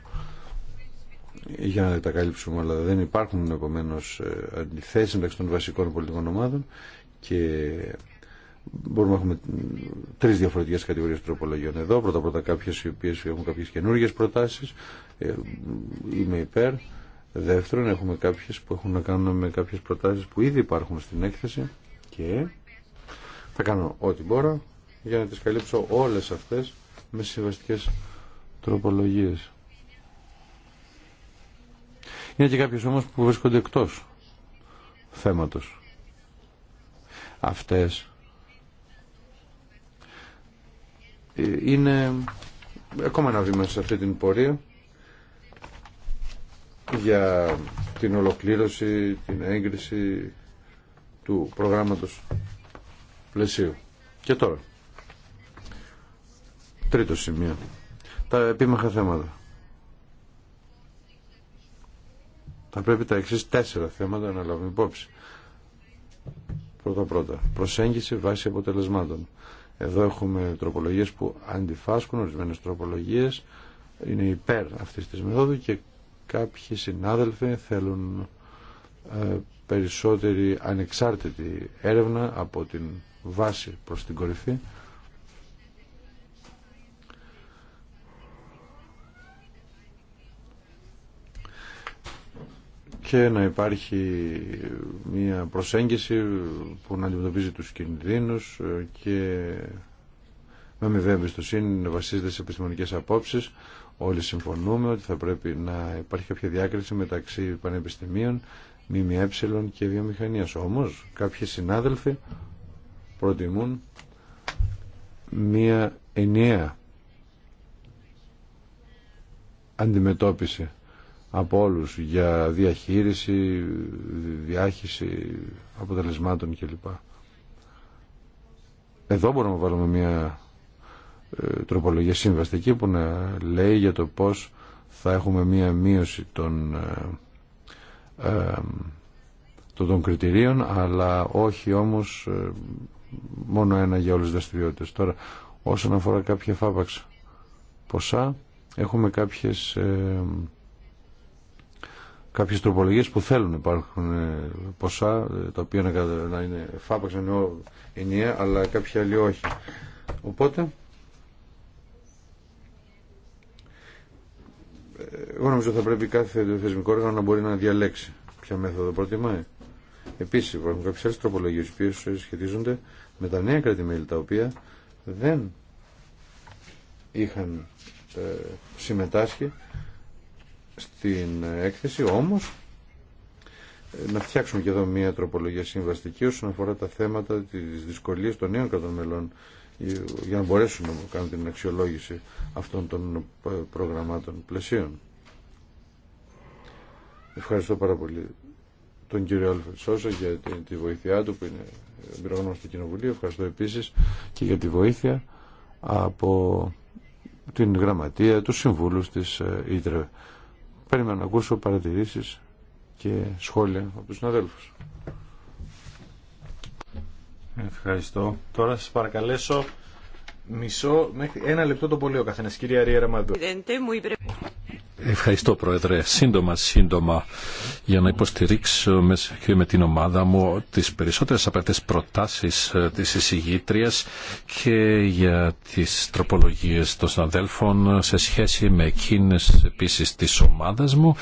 για να τα καλύψουμε, αλλά δεν υπάρχουν επομένω ε, αντιθέσει μεταξύ των βασικών πολιτικών ομάδων και μπορούμε να έχουμε τρεις διαφορετικές κατηγορίες τροπολογιών εδώ. Πρώτα-πρώτα κάποιες οι οποίε έχουν κάποιες καινούργιες προτάσεις. Ε, είμαι υπέρ. Δεύτερον, έχουμε κάποιες που έχουν να κάνουν με κάποιες προτάσεις που ήδη υπάρχουν στην έκθεση και θα κάνω ό,τι μπορώ για να τις καλύψω όλες αυτές με συμβαστικές τροπολογίες. Είναι και κάποιες όμως που βρίσκονται εκτός θέματος. Αυτές είναι ακόμα ένα βήμα σε αυτή την πορεία για την ολοκλήρωση, την έγκριση του προγράμματος πλαισίου. Και τώρα, τρίτο σημείο, τα επίμαχα θέματα. Θα πρέπει τα εξής τέσσερα θέματα να λάβουμε υπόψη. Πρώτα-πρώτα, προσέγγιση βάσει αποτελεσμάτων. Εδώ έχουμε τροπολογίες που αντιφάσκουν, ορισμένες τροπολογίες είναι υπέρ αυτής της μεθόδου και κάποιοι συνάδελφοι θέλουν ε, περισσότερη ανεξάρτητη έρευνα από την βάση προς την κορυφή και να υπάρχει μια προσέγγιση που να αντιμετωπίζει τους κινδύνους ε, και με μηδέ εμπιστοσύνη βασίζεται σε επιστημονικές απόψεις. Όλοι συμφωνούμε ότι θα πρέπει να υπάρχει κάποια διάκριση μεταξύ πανεπιστημίων, ΜΜΕ και βιομηχανίας. Όμως κάποιοι συνάδελφοι προτιμούν μια ενιαία αντιμετώπιση από όλους για διαχείριση, διάχυση αποτελεσμάτων κλπ. Εδώ μπορούμε να βάλουμε μια ε, τροπολογία συμβαστική που να λέει για το πώς θα έχουμε μια μείωση των, ε, ε, των κριτηρίων αλλά όχι όμως μόνο ένα για όλες τις δραστηριότητες. Τώρα όσον αφορά κάποια φάπαξ ποσά έχουμε κάποιες κάποιες τροπολογίες που θέλουν υπάρχουν ε, ποσά ε, τα οποία να είναι φάπαξ εννοώ ενιαία αλλά κάποια άλλοι όχι οπότε ε, εγώ νομίζω θα πρέπει κάθε θεσμικό όργανο να μπορεί να διαλέξει ποια μέθοδο προτιμάει επίσης υπάρχουν κάποιες άλλες τροπολογίες που σχετίζονται με τα νέα κρατημέλη τα οποία δεν είχαν συμμετάσχει στην έκθεση, όμως να φτιάξουμε και εδώ μια τροπολογία συμβαστική όσον αφορά τα θέματα της δυσκολίας των νέων κρατών μελών για να μπορέσουν να κάνουν την αξιολόγηση αυτών των προγραμμάτων πλαισίων. Ευχαριστώ πάρα πολύ τον κύριο Άλφερ για τη βοήθειά του που είναι εμπειρογνώμος στο Κοινοβουλίου. Ευχαριστώ επίσης και για τη βοήθεια από την γραμματεία, του συμβούλου, της ΙΤΡΕΒΕ. Ε, Περιμένω να ακούσω παρατηρήσεις και σχόλια από τους συναδέλφους. Ευχαριστώ. Τώρα σας παρακαλέσω μισό μέχρι ένα λεπτό το πολύ ο καθένας. Κυρία Ριέρα Μαντού. Ευχαριστώ Πρόεδρε. Σύντομα, σύντομα, για να υποστηρίξω και με την ομάδα μου τις περισσότερες από αυτές προτάσεις ε, της εισηγήτριας και για τις τροπολογίες των συναδέλφων σε σχέση με εκείνες επίσης της ομάδας μου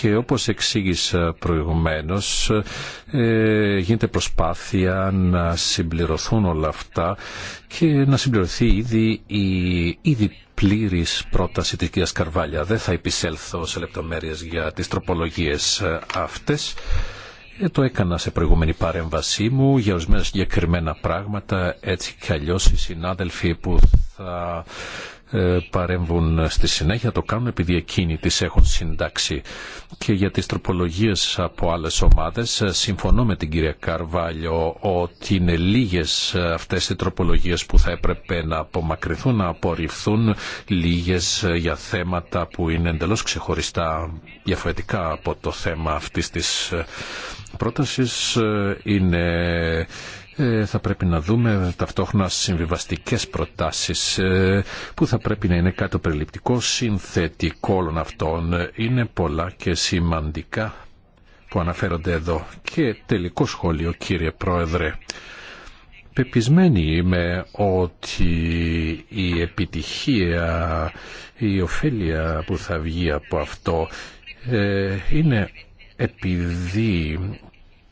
και όπως εξήγησα προηγουμένως ε, γίνεται προσπάθεια να συμπληρωθούν όλα αυτά και να συμπληρωθεί ήδη η Πλήρη πρόταση τη κυρία Καρβάλια. Δεν θα επισέλθω σε λεπτομέρειε για τι τροπολογίε ε, αυτέ. Ε, το έκανα σε προηγούμενη παρέμβασή μου για ορισμένα συγκεκριμένα πράγματα. Έτσι κι αλλιώ οι συνάδελφοι που θα ε, παρέμβουν στη συνέχεια, το κάνουν επειδή εκείνοι τις έχουν συντάξει. Και για τις τροπολογίες από άλλες ομάδες, ε, συμφωνώ με την κυρία Καρβάλιο ότι είναι λίγες ε, αυτές οι τροπολογίες που θα έπρεπε να απομακρυνθούν, να απορριφθούν λίγες για θέματα που είναι εντελώς ξεχωριστά διαφορετικά από το θέμα αυτής της πρότασης. Είναι ε, θα πρέπει να δούμε ταυτόχρονα συμβιβαστικές προτάσεις ε, που θα πρέπει να είναι κάτι το περιληπτικό συνθετικό όλων αυτών. Είναι πολλά και σημαντικά που αναφέρονται εδώ. Και τελικό σχόλιο κύριε Πρόεδρε. Πεπισμένη είμαι ότι η επιτυχία, η ωφέλεια που θα βγει από αυτό ε, είναι επειδή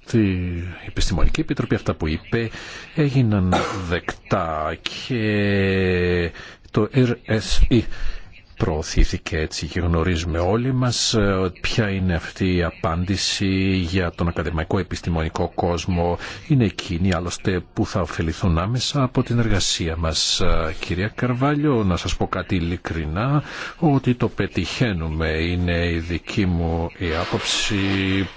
στην Επιστημονική Επιτροπή αυτά που είπε έγιναν δεκτά και το RSE προωθήθηκε έτσι και γνωρίζουμε όλοι μας ε, ποια είναι αυτή η απάντηση για τον ακαδημαϊκό επιστημονικό κόσμο. Είναι εκείνοι άλλωστε που θα ωφεληθούν άμεσα από την εργασία μας. Ε, κυρία Καρβάλιο, να σας πω κάτι ειλικρινά, ότι το πετυχαίνουμε. Είναι η δική μου η άποψη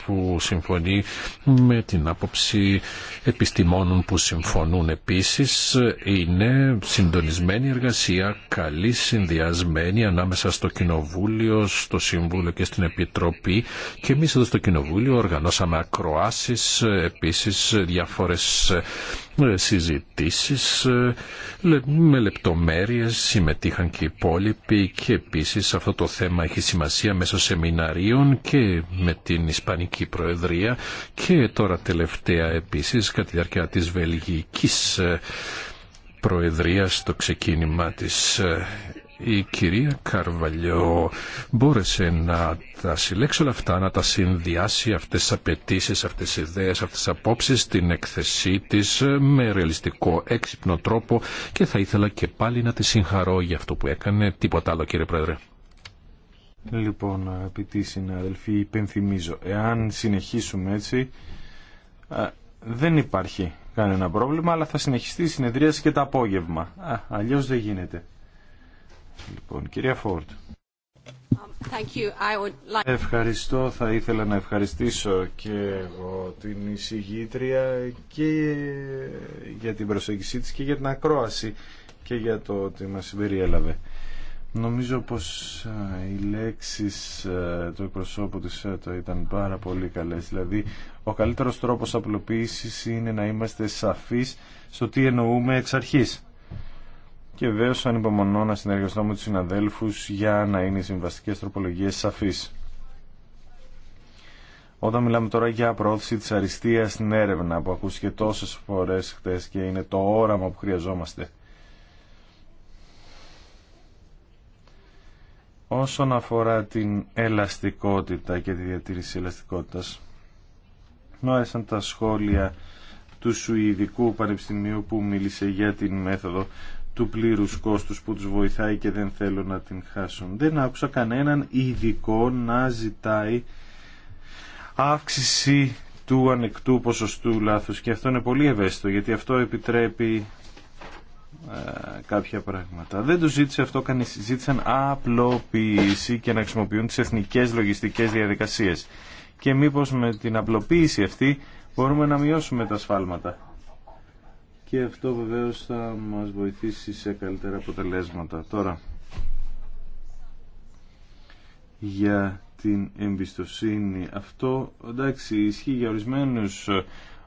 που συμφωνεί με την άποψη επιστημόνων που συμφωνούν επίσης. Είναι συντονισμένη εργασία, καλή συνδυασμένη ανάμεσα στο Κοινοβούλιο, στο Συμβούλιο και στην Επιτροπή και εμείς εδώ στο Κοινοβούλιο οργανώσαμε ακροάσεις, επίσης διάφορες ε, συζητήσεις ε, με λεπτομέρειες συμμετείχαν και οι υπόλοιποι και επίσης αυτό το θέμα έχει σημασία μέσω σεμιναρίων και με την Ισπανική Προεδρία και τώρα τελευταία επίσης κατά τη διάρκεια της Βελγικής ε, Προεδρίας στο ξεκίνημα της η κυρία Καρβαλιό μπόρεσε να τα συλλέξει όλα αυτά, να τα συνδυάσει αυτές τις απαιτήσει, αυτές τις ιδέες, αυτές τις απόψεις στην εκθεσή της με ρεαλιστικό έξυπνο τρόπο και θα ήθελα και πάλι να τη συγχαρώ για αυτό που έκανε. Τίποτα άλλο κύριε Πρόεδρε. Λοιπόν, αγαπητοί συναδελφοί, υπενθυμίζω, εάν συνεχίσουμε έτσι, δεν υπάρχει κανένα πρόβλημα, αλλά θα συνεχιστεί η συνεδρίαση και το απόγευμα. Α, αλλιώς δεν γίνεται. Λοιπόν, κυρία Φόρτ. Um, Ευχαριστώ. Θα ήθελα να ευχαριστήσω και εγώ την εισηγήτρια και για την προσέγγιση της και για την ακρόαση και για το ότι μας συμπεριέλαβε. Νομίζω πως οι λέξεις του εκπροσώπου της ΣΕΤΟ ήταν πάρα πολύ καλές. Δηλαδή, ο καλύτερος τρόπος απλοποίησης είναι να είμαστε σαφείς στο τι εννοούμε εξ αρχής και βέβαια ανυπομονώ να συνεργαστώ με τους συναδέλφους για να είναι οι συμβαστικές τροπολογίες σαφείς. Όταν μιλάμε τώρα για πρόθεση της αριστείας στην έρευνα που ακούστηκε τόσες φορές χτες και είναι το όραμα που χρειαζόμαστε. Όσον αφορά την ελαστικότητα και τη διατήρηση ελαστικότητας, μου άρεσαν τα σχόλια του Σουηδικού Πανεπιστημίου που μίλησε για την μέθοδο του πλήρους κόστους που τους βοηθάει και δεν θέλω να την χάσουν. Δεν άκουσα κανέναν ειδικό να ζητάει αύξηση του ανεκτού ποσοστού λάθους και αυτό είναι πολύ ευαίσθητο γιατί αυτό επιτρέπει ε, κάποια πράγματα. Δεν το ζήτησε αυτό, ζήτησαν απλοποίηση και να χρησιμοποιούν τις εθνικές λογιστικέ διαδικασίες. Και μήπω με την απλοποίηση αυτή μπορούμε να μειώσουμε τα σφάλματα και αυτό βεβαίως θα μας βοηθήσει σε καλύτερα αποτελέσματα. Τώρα, για την εμπιστοσύνη. Αυτό, εντάξει, ισχύει για ορισμένους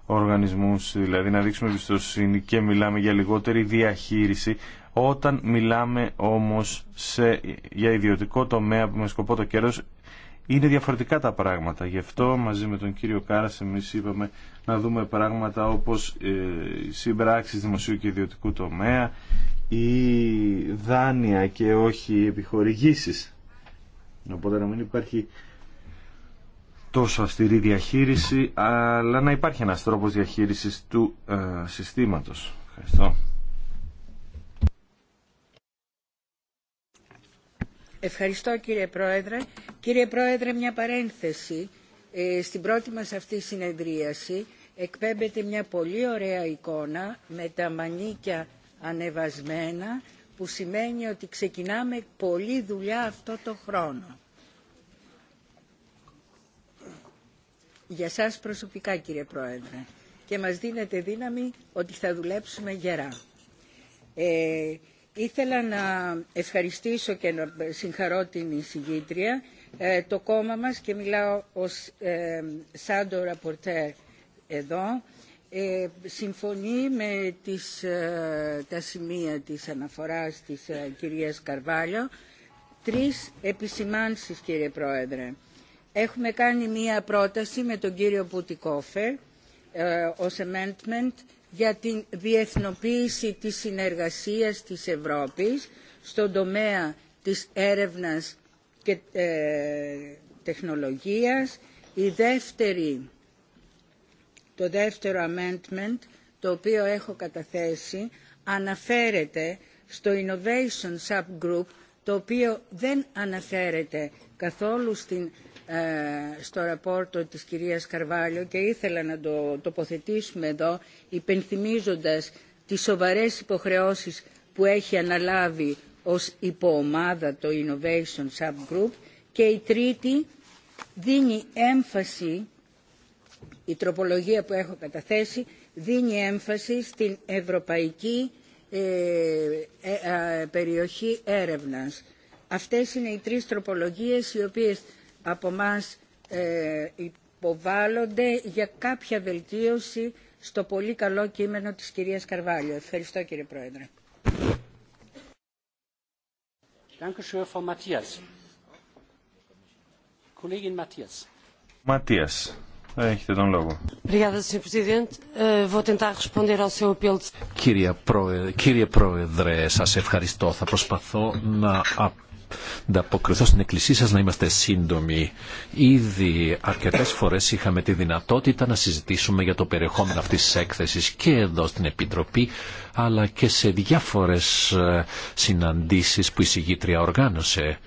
οργανισμούς, δηλαδή να δείξουμε εμπιστοσύνη και μιλάμε για λιγότερη διαχείριση, όταν μιλάμε όμως σε, για ιδιωτικό τομέα που με σκοπό το κέρδος είναι διαφορετικά τα πράγματα. Γι' αυτό μαζί με τον κύριο Κάρας εμείς είπαμε να δούμε πράγματα όπως ε, συμπράξεις δημοσίου και ιδιωτικού τομέα ή δάνεια και όχι επιχορηγήσεις. Οπότε να μην υπάρχει τόσο αυστηρή διαχείριση αλλά να υπάρχει ένας τρόπος διαχείρισης του ε, συστήματος. Ευχαριστώ. Ευχαριστώ κύριε Πρόεδρε. Κύριε Πρόεδρε, μια παρένθεση. Ε, στην πρώτη μας αυτή συνεδρίαση εκπέμπεται μια πολύ ωραία εικόνα με τα μανίκια ανεβασμένα που σημαίνει ότι ξεκινάμε πολλή δουλειά αυτό το χρόνο. Για σας προσωπικά κύριε Πρόεδρε και μας δίνετε δύναμη ότι θα δουλέψουμε γερά. Ε, Ήθελα να ευχαριστήσω και να συγχαρώ την εισηγήτρια, ε, το κόμμα μας και μιλάω ως ε, το Ραπορτέρ εδώ. Ε, συμφωνεί με τις, τα σημεία της αναφοράς της κυρίας Καρβάλιο. Τρεις επισημάνσεις κύριε Πρόεδρε. Έχουμε κάνει μία πρόταση με τον κύριο Πουτικόφερ ως amendment για την διεθνοποίηση της συνεργασίας της Ευρώπης στον τομέα της έρευνας και ε, τεχνολογίας. Η δεύτερη, το δεύτερο amendment το οποίο έχω καταθέσει αναφέρεται στο Innovation Subgroup το οποίο δεν αναφέρεται καθόλου στην ε, στο ραπόρτο της κυρίας Καρβάλιο και ήθελα να το τοποθετήσουμε εδώ υπενθυμίζοντας τις σοβαρές υποχρεώσεις που έχει αναλάβει ως υποομάδα το Innovation Subgroup και η τρίτη δίνει έμφαση, η τροπολογία που έχω καταθέσει δίνει έμφαση στην ευρωπαϊκή ε, ε, περιοχή έρευνας. Αυτές είναι οι τρεις τροπολογίες οι οποίες από μας ε, υποβάλλονται για κάποια βελτίωση στο πολύ καλό κείμενο της κυρίας Καρβάλιο. Ευχαριστώ κύριε Πρόεδρε. Ματίας, τον λόγο. Ε, κύριε Πρόεδρε, σας ευχαριστώ. Θα προσπαθώ να να αποκριθώ στην εκκλησία σας να είμαστε σύντομοι. Ήδη αρκετές φορές είχαμε τη δυνατότητα να συζητήσουμε για το περιεχόμενο αυτής της έκθεσης και εδώ στην Επιτροπή αλλά και σε διάφορες ε, συναντήσεις που η συγγήτρια οργάνωσε.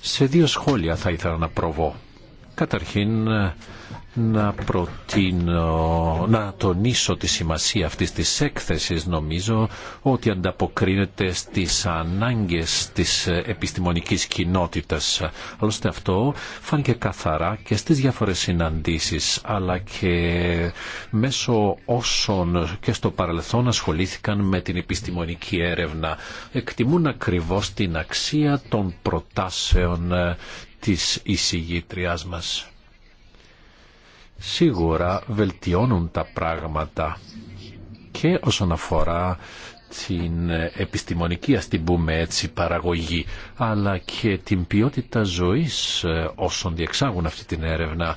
Σε δύο σχόλια θα ήθελα να προβώ. Καταρχήν ε, να προτείνω, να τονίσω τη σημασία αυτής της έκθεσης. Νομίζω ότι ανταποκρίνεται στις ανάγκες της επιστημονικής κοινότητας. Άλλωστε αυτό φάνηκε καθαρά και στις διάφορες συναντήσεις, αλλά και μέσω όσων και στο παρελθόν ασχολήθηκαν με την επιστημονική έρευνα. Εκτιμούν ακριβώς την αξία των προτάσεων ε, της εισηγήτριάς μας σίγουρα βελτιώνουν τα πράγματα και όσον αφορά την επιστημονική ας παραγωγή αλλά και την ποιότητα ζωής ε, όσων διεξάγουν αυτή την έρευνα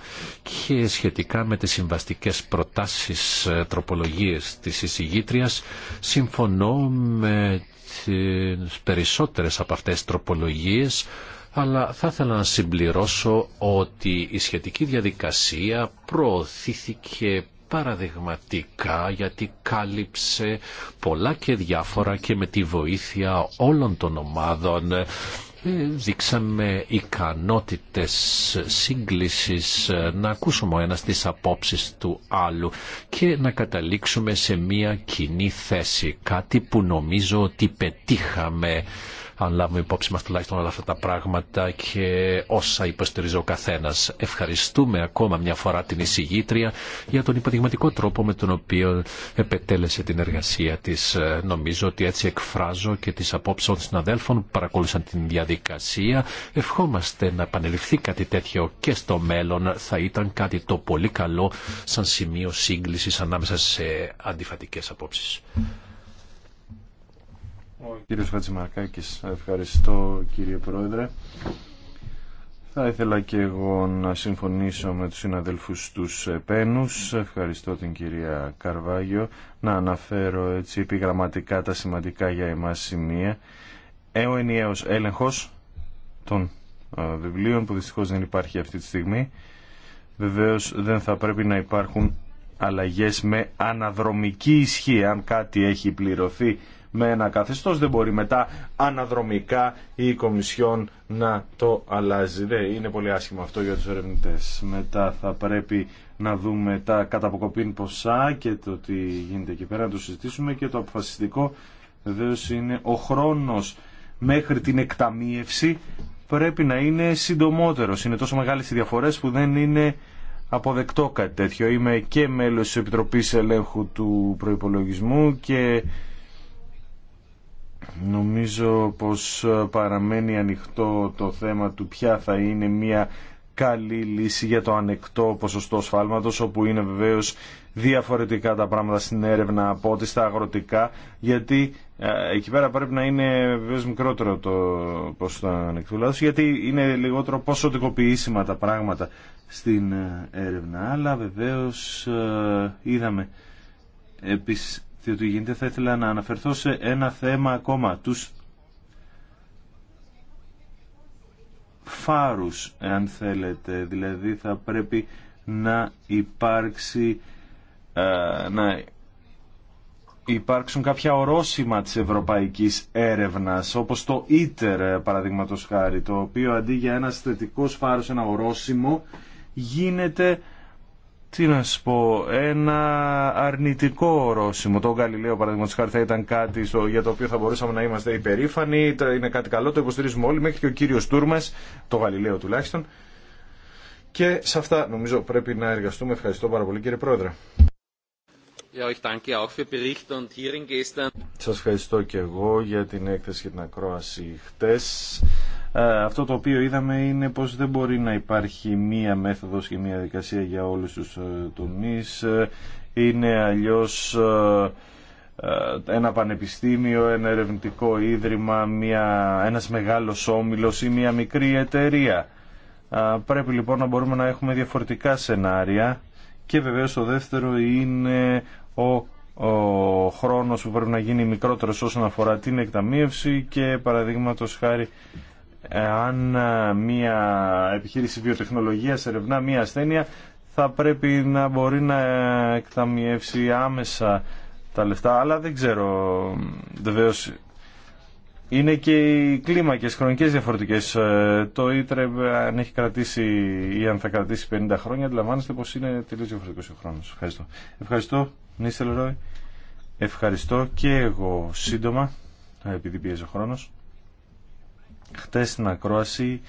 και σχετικά με τις συμβαστικές προτάσεις ε, τροπολογίες της εισηγήτριας συμφωνώ με τις περισσότερες από αυτές τις τροπολογίες αλλά θα ήθελα να συμπληρώσω ότι η σχετική διαδικασία προωθήθηκε παραδειγματικά γιατί κάλυψε πολλά και διάφορα και με τη βοήθεια όλων των ομάδων ε, δείξαμε ικανότητες σύγκλησης ε, να ακούσουμε ο ένας τις απόψεις του άλλου και να καταλήξουμε σε μία κοινή θέση, κάτι που νομίζω ότι πετύχαμε αν λάβουμε υπόψη μας τουλάχιστον όλα αυτά τα πράγματα και όσα υποστηρίζει ο καθένας. Ευχαριστούμε ακόμα μια φορά την εισηγήτρια για τον υποδειγματικό τρόπο με τον οποίο επετέλεσε την εργασία της. Νομίζω ότι έτσι εκφράζω και τις απόψεις των συναδέλφων που παρακολούσαν την διαδικασία. Ευχόμαστε να επανελειφθεί κάτι τέτοιο και στο μέλλον. Θα ήταν κάτι το πολύ καλό σαν σημείο σύγκλησης ανάμεσα σε αντιφατικές απόψεις. Ο κύριος Χατζημαρκάκης, ευχαριστώ κύριε Πρόεδρε. Θα ήθελα και εγώ να συμφωνήσω με τους συναδελφούς τους Πένους. Ευχαριστώ την κυρία Καρβάγιο να αναφέρω έτσι επιγραμματικά τα σημαντικά για εμάς σημεία. Ο ενιαίος έλεγχος των βιβλίων που δυστυχώς δεν υπάρχει αυτή τη στιγμή. Βεβαίως δεν θα πρέπει να υπάρχουν αλλαγές με αναδρομική ισχύ. Αν κάτι έχει πληρωθεί με ένα καθεστώς, δεν μπορεί μετά αναδρομικά η Κομισιόν να το αλλάζει. Δεν είναι πολύ άσχημο αυτό για τους ερευνητέ. Μετά θα πρέπει να δούμε τα καταποκοπήν ποσά και το τι γίνεται εκεί πέρα, να το συζητήσουμε και το αποφασιστικό βεβαίω είναι ο χρόνος μέχρι την εκταμίευση πρέπει να είναι συντομότερος. Είναι τόσο μεγάλες οι διαφορές που δεν είναι αποδεκτό κάτι τέτοιο. Είμαι και μέλος της Επιτροπής Ελέγχου του Προϋπολογισμού και Νομίζω πως ε, παραμένει ανοιχτό το θέμα του ποια θα είναι μια καλή λύση για το ανεκτό ποσοστό σφάλματος όπου είναι βεβαίως διαφορετικά τα πράγματα στην έρευνα από ό,τι στα αγροτικά γιατί ε, εκεί πέρα πρέπει να είναι βεβαίως μικρότερο το ποσοστό ανεκτού λάθος γιατί είναι λιγότερο ποσοτικοποιήσιμα τα πράγματα στην ε, έρευνα αλλά βεβαίως είδαμε επίσης διότι γίνεται θα ήθελα να αναφερθώ σε ένα θέμα ακόμα, τους φάρους, αν θέλετε. Δηλαδή θα πρέπει να υπάρξει ε, να υπάρξουν κάποια ορόσημα της ευρωπαϊκής έρευνας όπως το ΙΤΕΡ, παραδείγματος χάρη το οποίο αντί για ένα θετικό φάρος, ένα ορόσημο γίνεται τι να σου πω, ένα αρνητικό ορόσημο. Το Γαλιλαίο, παραδείγματο χάρη, θα ήταν κάτι στο, για το οποίο θα μπορούσαμε να είμαστε υπερήφανοι. Είναι κάτι καλό, το υποστηρίζουμε όλοι, μέχρι και ο κύριο Τούρμα, το Γαλιλαίο τουλάχιστον. Και σε αυτά νομίζω πρέπει να εργαστούμε. Ευχαριστώ πάρα πολύ, κύριε Πρόεδρε. Σας ευχαριστώ και εγώ για την έκθεση και την ακρόαση χτες. Ε, αυτό το οποίο είδαμε είναι πως δεν μπορεί να υπάρχει μία μέθοδος και μία δικασία για όλους τους ε, τομείς. Ε, είναι αλλιώς ένα πανεπιστήμιο, ένα ερευνητικό ίδρυμα, μια, ένας μεγάλος όμιλος ή μια μικρή εταιρεία. Πρέπει λοιπόν να μπορούμε να έχουμε διαφορετικά σενάρια και βεβαίως το δεύτερο είναι ο ο χρόνος που πρέπει να γίνει μικρότερος όσον αφορά την εκταμείευση και παραδείγματο χάρη αν ε, μια επιχείρηση βιοτεχνολογίας ερευνά μια ασθένεια θα πρέπει να μπορεί να ε, εκταμιεύσει άμεσα τα λεφτά, αλλά δεν ξέρω βεβαίω. Είναι και οι κλίμακες χρονικές διαφορετικές. Ε, το ΙΤΡΕ αν έχει κρατήσει ή αν θα κρατήσει 50 χρόνια, αντιλαμβάνεστε πως είναι τελείως διαφορετικός ο χρόνος. Ευχαριστώ. Ευχαριστώ, Νίστελ Ευχαριστώ και εγώ σύντομα, επειδή πιέζει ο χρόνος. Χτες στην ακρόαση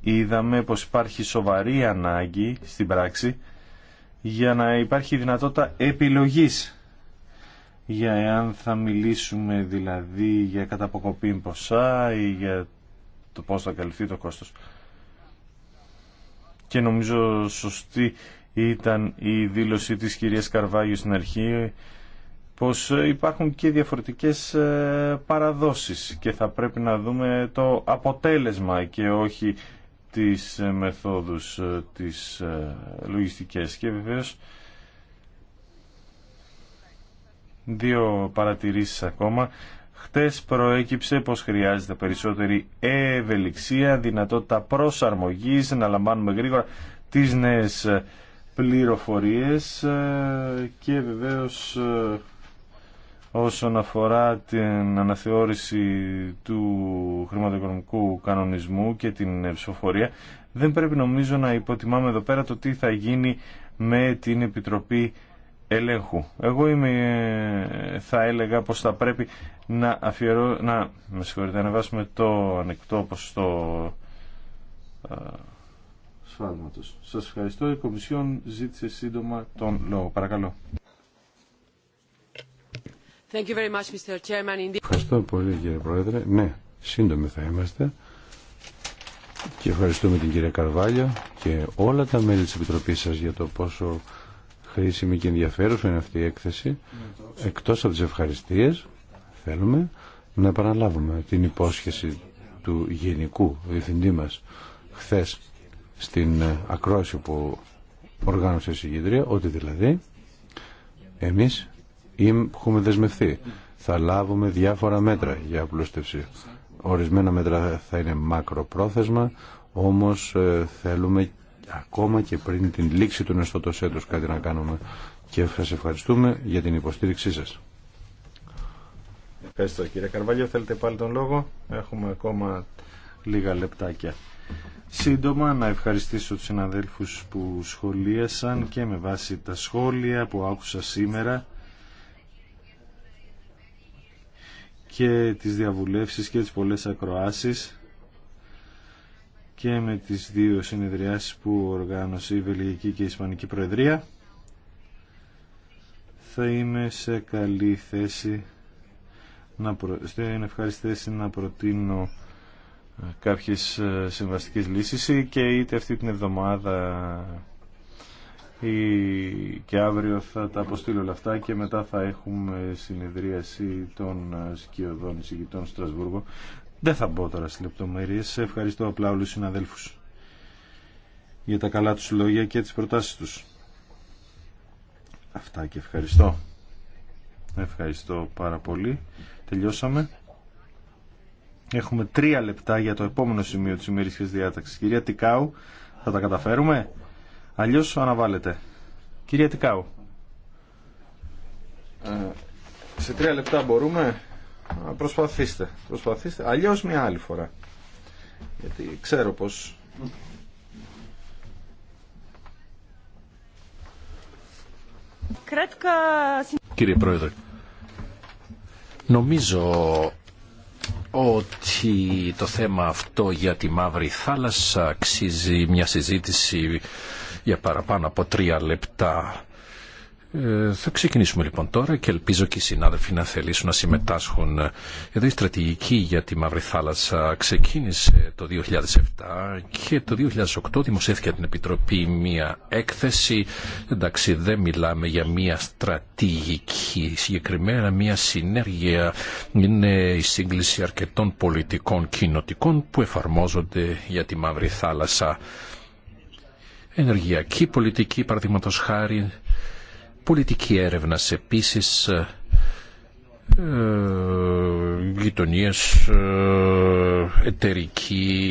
είδαμε πως υπάρχει σοβαρή ανάγκη στην πράξη για να υπάρχει δυνατότητα επιλογής για εάν θα μιλήσουμε δηλαδή για καταποκοπή ποσά ή για το πώς θα καλυφθεί το κόστος. Και νομίζω σωστή ήταν η δήλωση της κυρίας Καρβάγιου στην αρχή πως ε, υπάρχουν και διαφορετικές ε, παραδόσεις και θα πρέπει να δούμε το αποτέλεσμα και όχι τις ε, μεθόδους τις λογιστικές και βεβαίως δύο παρατηρήσεις ακόμα χτες προέκυψε πως χρειάζεται περισσότερη ευελιξία δυνατότητα προσαρμογής να λαμβάνουμε γρήγορα τις νέες πληροφορίες και βεβαίως όσον αφορά την αναθεώρηση του χρηματοοικονομικού κανονισμού και την ψηφοφορία. Δεν πρέπει νομίζω να υποτιμάμε εδώ πέρα το τι θα γίνει με την Επιτροπή Ελέγχου. Εγώ είμαι, θα έλεγα πως θα πρέπει να αφιερώ, να, με συγχωρείτε, να βάσουμε το ανεκτό ποσοστό σφάλματος. Σας ευχαριστώ. Η Κομισιόν ζήτησε σύντομα τον λόγο. Παρακαλώ. Ευχαριστώ πολύ κύριε Πρόεδρε. Ναι, σύντομη θα είμαστε. Και ευχαριστούμε την κυρία Καρβάλια και όλα τα μέλη της Επιτροπής σας για το πόσο χρήσιμη και ενδιαφέρουσα είναι αυτή η έκθεση. Εκτός από τις ευχαριστίες θέλουμε να επαναλάβουμε την υπόσχεση του Γενικού Διευθυντή μας χθες στην ακρόαση που οργάνωσε η συγκεντρία ότι δηλαδή εμείς έχουμε δεσμευθεί. Θα λάβουμε διάφορα μέτρα για απλούστευση. Ορισμένα μέτρα θα είναι μακροπρόθεσμα, όμως ε, θέλουμε ακόμα και πριν την λήξη του νεστότος έτους κάτι να κάνουμε. Και σας ευχαριστούμε για την υποστήριξή σας. Ευχαριστώ κύριε Καρβαλιό. Θέλετε πάλι τον λόγο. Έχουμε ακόμα λίγα λεπτάκια. Σύντομα να ευχαριστήσω τους συναδέλφους που σχολίασαν και με βάση τα σχόλια που άκουσα σήμερα και τις διαβουλεύσεις και τις πολλές ακροάσεις και με τις δύο συνεδριάσεις που οργάνωσε η Βελγική και η Ισπανική Προεδρία θα είμαι σε καλή θέση να, προ... ευχάριστη θέση να προτείνω ε, κάποιες ε, συμβαστικές λύσεις και είτε αυτή την εβδομάδα και αύριο θα τα αποστείλω όλα αυτά και μετά θα έχουμε συνεδρίαση των ε, σκιωδών εισηγητών Στρασβούργο. Δεν θα μπω τώρα στις λεπτομέρειες. Ευχαριστώ απλά όλους τους συναδέλφους για τα καλά τους λόγια και τις προτάσεις τους. Αυτά και ευχαριστώ. Ευχαριστώ πάρα πολύ. Τελειώσαμε. Έχουμε τρία λεπτά για το επόμενο σημείο της ημερήσιας διάταξης. Κυρία Τικάου, θα τα καταφέρουμε. Αλλιώ αναβάλλεται. Κύριε Τικάου. Ε, σε τρία λεπτά μπορούμε. Προσπαθήστε. Προσπαθήστε. Αλλιώς μια άλλη φορά. Γιατί ξέρω πως... Κύριε Πρόεδρε, νομίζω ότι το θέμα αυτό για τη Μαύρη Θάλασσα αξίζει μια συζήτηση για παραπάνω από τρία λεπτά. Ε, θα ξεκινήσουμε λοιπόν τώρα και ελπίζω και οι συνάδελφοι να θελήσουν να συμμετάσχουν. Εδώ η στρατηγική για τη Μαύρη Θάλασσα ξεκίνησε το 2007 και το 2008 δημοσιεύθηκε την Επιτροπή μια έκθεση. Εντάξει δεν μιλάμε για μια στρατηγική συγκεκριμένα, μια συνέργεια. Είναι η σύγκληση αρκετών πολιτικών κοινοτικών που εφαρμόζονται για τη Μαύρη Θάλασσα ενεργειακή πολιτική, παραδείγματο χάρη, πολιτική έρευνα επίση, ε, ε, γειτονίε, ε, εταιρική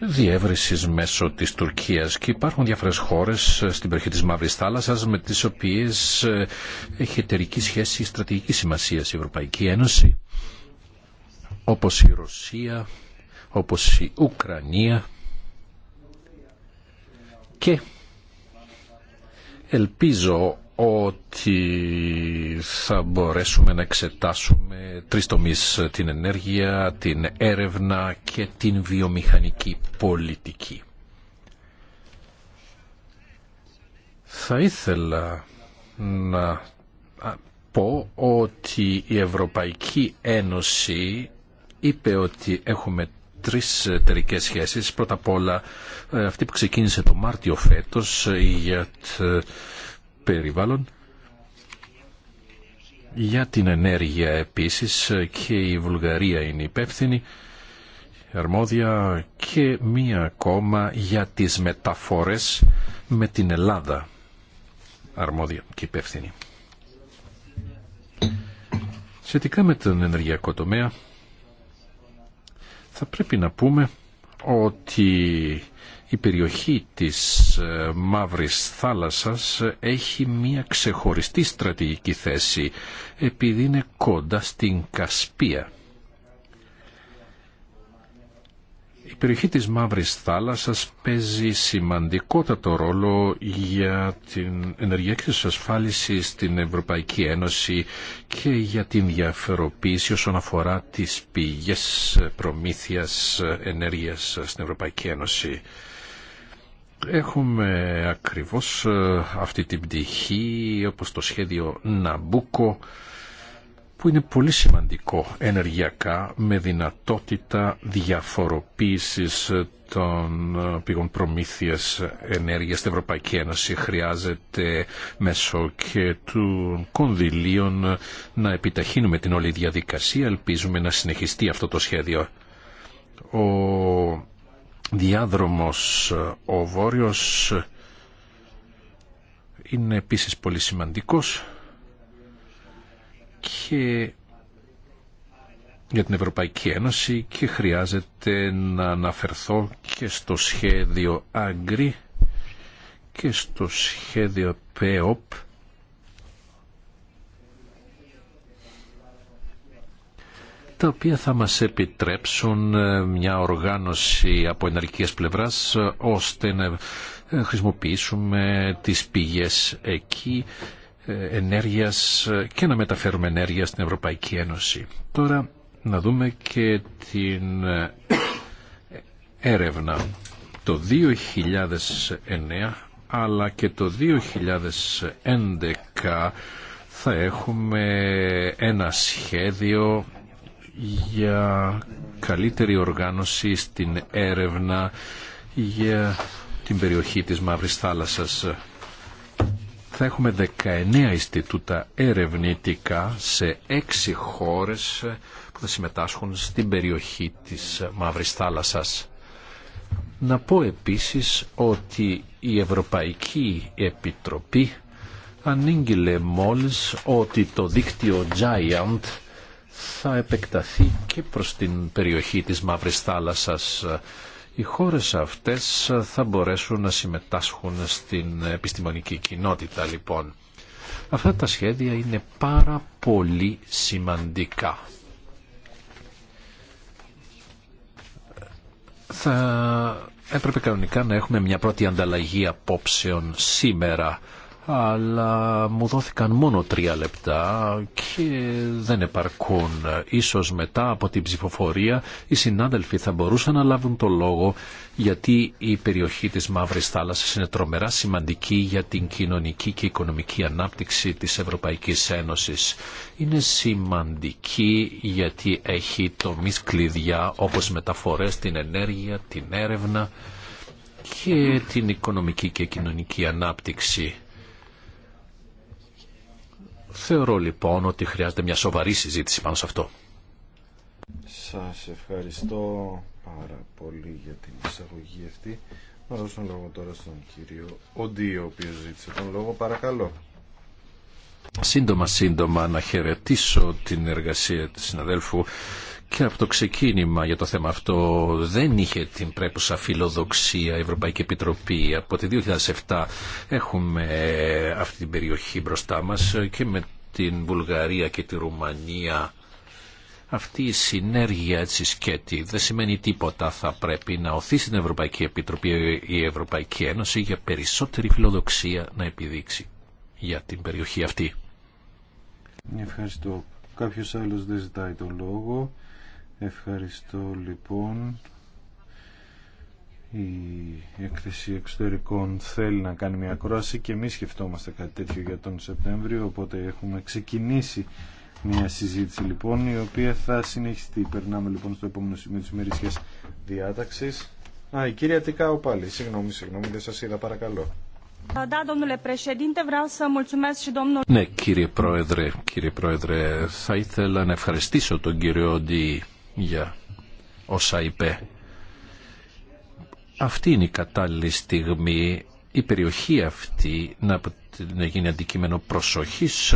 διεύρυνση μέσω τη Τουρκία και υπάρχουν διάφορε χώρε στην περιοχή τη Μαύρη Θάλασσα με τι οποίε έχει εταιρική σχέση στρατηγική σημασία η Ευρωπαϊκή Ένωση, όπως η Ρωσία, όπως η Ουκρανία και ελπίζω ότι θα μπορέσουμε να εξετάσουμε τρεις τομείς την ενέργεια, την έρευνα και την βιομηχανική πολιτική. Θα ήθελα να πω ότι η Ευρωπαϊκή Ένωση είπε ότι έχουμε Τρει εταιρικέ σχέσεις. Πρώτα απ' όλα ε, αυτή που ξεκίνησε το Μάρτιο φέτος για το ε, περιβάλλον, για την ενέργεια επίσης ε, και η Βουλγαρία είναι υπεύθυνη αρμόδια και μία ακόμα για τις μεταφορές με την Ελλάδα αρμόδια και υπεύθυνη. Σχετικά με τον ενεργειακό τομέα, θα πρέπει να πούμε ότι η περιοχή της ε, Μαύρης Θάλασσας έχει μία ξεχωριστή στρατηγική θέση επειδή είναι κοντά στην Κασπία. Η περιοχή της Μαύρης Θάλασσας παίζει σημαντικότατο ρόλο για την ενεργειακή ασφάλιση στην Ευρωπαϊκή Ένωση και για την διαφεροποίηση όσον αφορά τις πηγές προμήθειας ενέργειας στην Ευρωπαϊκή Ένωση. Έχουμε ακριβώς ε, αυτή την πτυχή όπως το σχέδιο Ναμπούκο που είναι πολύ σημαντικό ενεργειακά με δυνατότητα διαφοροποίησης των ε, πηγών προμήθειας ενέργειας στην Ευρωπαϊκή Ένωση χρειάζεται μέσω και του κονδυλίων να επιταχύνουμε την όλη διαδικασία. Ελπίζουμε να συνεχιστεί αυτό το σχέδιο. Ο διάδρομος ο Βόρειος είναι επίσης πολύ σημαντικός και για την Ευρωπαϊκή Ένωση και χρειάζεται να αναφερθώ και στο σχέδιο ΑΓΡΙ και στο σχέδιο ΠΕΟΠ e τα οποία θα μας επιτρέψουν ε, μια οργάνωση από ενεργικές πλευράς ώστε να ε, χρησιμοποιήσουμε τις πηγές εκεί ε, ενέργειας και να μεταφέρουμε ενέργεια στην Ευρωπαϊκή Ένωση. Τώρα να δούμε και την ε, έρευνα. Το 2009 αλλά και το 2011 θα έχουμε ένα σχέδιο για καλύτερη οργάνωση στην έρευνα για την περιοχή της Μαύρης Θάλασσας θα έχουμε 19 Ινστιτούτα ερευνητικά σε 6 χώρες που θα συμμετάσχουν στην περιοχή της Μαύρης Θάλασσας. Να πω επίσης ότι η Ευρωπαϊκή Επιτροπή ανήγγειλε μόλις ότι το δίκτυο Giant θα επεκταθεί και προς την περιοχή της Μαύρης Θάλασσας οι χώρες αυτές θα μπορέσουν να συμμετάσχουν στην επιστημονική κοινότητα λοιπόν. Αυτά τα σχέδια είναι πάρα πολύ σημαντικά. Θα έπρεπε κανονικά να έχουμε μια πρώτη ανταλλαγή απόψεων σήμερα αλλά μου δόθηκαν μόνο τρία λεπτά και δεν επαρκούν. Ίσως μετά από την ψηφοφορία οι συνάδελφοι θα μπορούσαν να λάβουν το λόγο γιατί η περιοχή της Μαύρης Θάλασσας είναι τρομερά σημαντική για την κοινωνική και οικονομική ανάπτυξη της Ευρωπαϊκής Ένωσης. Είναι σημαντική γιατί έχει τομείς κλειδιά όπως μεταφορές, την ενέργεια, την έρευνα και την οικονομική και κοινωνική ανάπτυξη. Θεωρώ λοιπόν ότι χρειάζεται μια σοβαρή συζήτηση πάνω σε αυτό. Σας ευχαριστώ πάρα πολύ για την εισαγωγή αυτή. Να δώσω τον λόγο τώρα στον κύριο Οντί, ο οποίος ζήτησε τον λόγο. Παρακαλώ. Σύντομα, σύντομα να χαιρετήσω την εργασία του συναδέλφου και από το ξεκίνημα για το θέμα αυτό δεν είχε την πρέπουσα φιλοδοξία η Ευρωπαϊκή Επιτροπή. Από το 2007 έχουμε αυτή την περιοχή μπροστά μας και με την Βουλγαρία και τη Ρουμανία αυτή η συνέργεια έτσι σκέτη δεν σημαίνει τίποτα. Θα πρέπει να οθεί την Ευρωπαϊκή Επιτροπή η Ευρωπαϊκή Ένωση για περισσότερη φιλοδοξία να επιδείξει για την περιοχή αυτή. Ευχαριστώ. Κάποιος άλλος δεν ζητάει τον λόγο. Ευχαριστώ λοιπόν. Η έκθεση εξωτερικών θέλει να κάνει μια κρόαση και εμείς σκεφτόμαστε κάτι τέτοιο για τον Σεπτέμβριο, οπότε έχουμε ξεκινήσει μια συζήτηση λοιπόν η οποία θα συνεχιστεί. Περνάμε λοιπόν στο επόμενο σημείο της ημερήσιας διάταξης. Α, η κυρία Τικάου πάλι. Συγγνώμη, συγγνώμη, δεν σας είδα παρακαλώ. Ναι κύριε Πρόεδρε, κύριε Πρόεδρε, θα ήθελα να ευχαριστήσω τον κύριο Ντι για όσα είπε. Αυτή είναι η κατάλληλη στιγμή η περιοχή αυτή να, να γίνει αντικείμενο προσοχής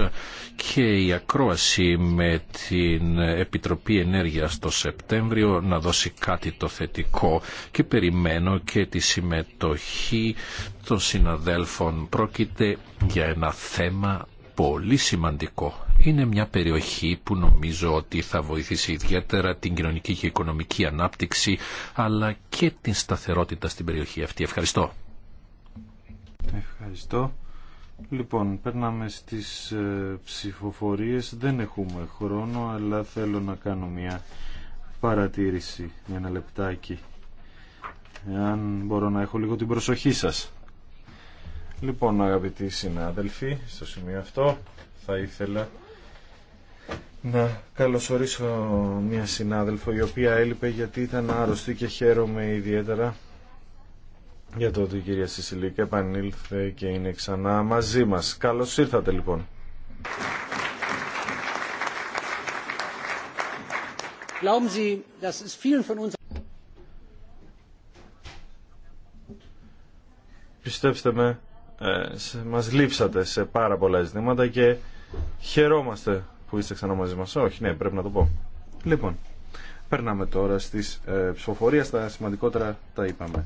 και η ακρόαση με την Επιτροπή Ενέργειας το Σεπτέμβριο να δώσει κάτι το θετικό και περιμένω και τη συμμετοχή των συναδέλφων. Πρόκειται για ένα θέμα πολύ σημαντικό είναι μια περιοχή που νομίζω ότι θα βοηθήσει ιδιαίτερα την κοινωνική και οικονομική ανάπτυξη αλλά και την σταθερότητα στην περιοχή αυτή. Ευχαριστώ. Ευχαριστώ. Λοιπόν, περνάμε στις ε, ψηφοφορίες. Δεν έχουμε χρόνο, αλλά θέλω να κάνω μια παρατήρηση, ένα λεπτάκι. αν μπορώ να έχω λίγο την προσοχή σας. Λοιπόν, αγαπητοί συνάδελφοι, στο σημείο αυτό θα ήθελα να καλωσορίσω μια συνάδελφο η οποία έλειπε γιατί ήταν άρρωστη και χαίρομαι ιδιαίτερα για το ότι η κυρία Σισιλίκ επανήλθε και είναι ξανά μαζί μας. Καλώς ήρθατε λοιπόν. Πιστέψτε με, ε, μας λείψατε σε πάρα πολλά ζητήματα και χαιρόμαστε που είστε ξανά μαζί μας. Όχι, ναι, πρέπει να το πω. Λοιπόν, περνάμε τώρα στις ε, τα σημαντικότερα τα είπαμε.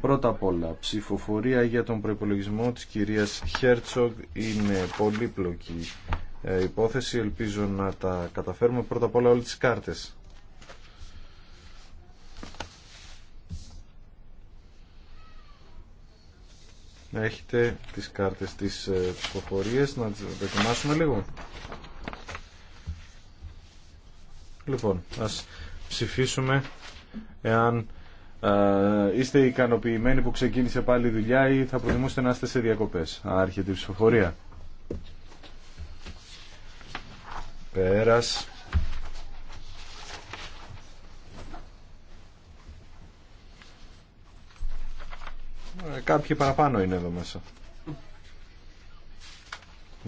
Πρώτα απ' όλα, ψηφοφορία για τον προπολογισμό της κυρίας Χέρτσογκ είναι πολύπλοκη ε, υπόθεση. Ελπίζω να τα καταφέρουμε πρώτα απ' όλα όλες τις κάρτες. έχετε τις κάρτες της ε, ψηφοφορίας να τις δοκιμάσουμε λίγο Λοιπόν, ας ψηφίσουμε εάν ε, είστε ικανοποιημένοι που ξεκίνησε πάλι η δουλειά ή θα προτιμούσατε να είστε σε διακοπές. Άρχεται η θα προτιμουσετε να ειστε σε Πέρας. Ε, κάποιοι παραπάνω είναι εδώ μέσα.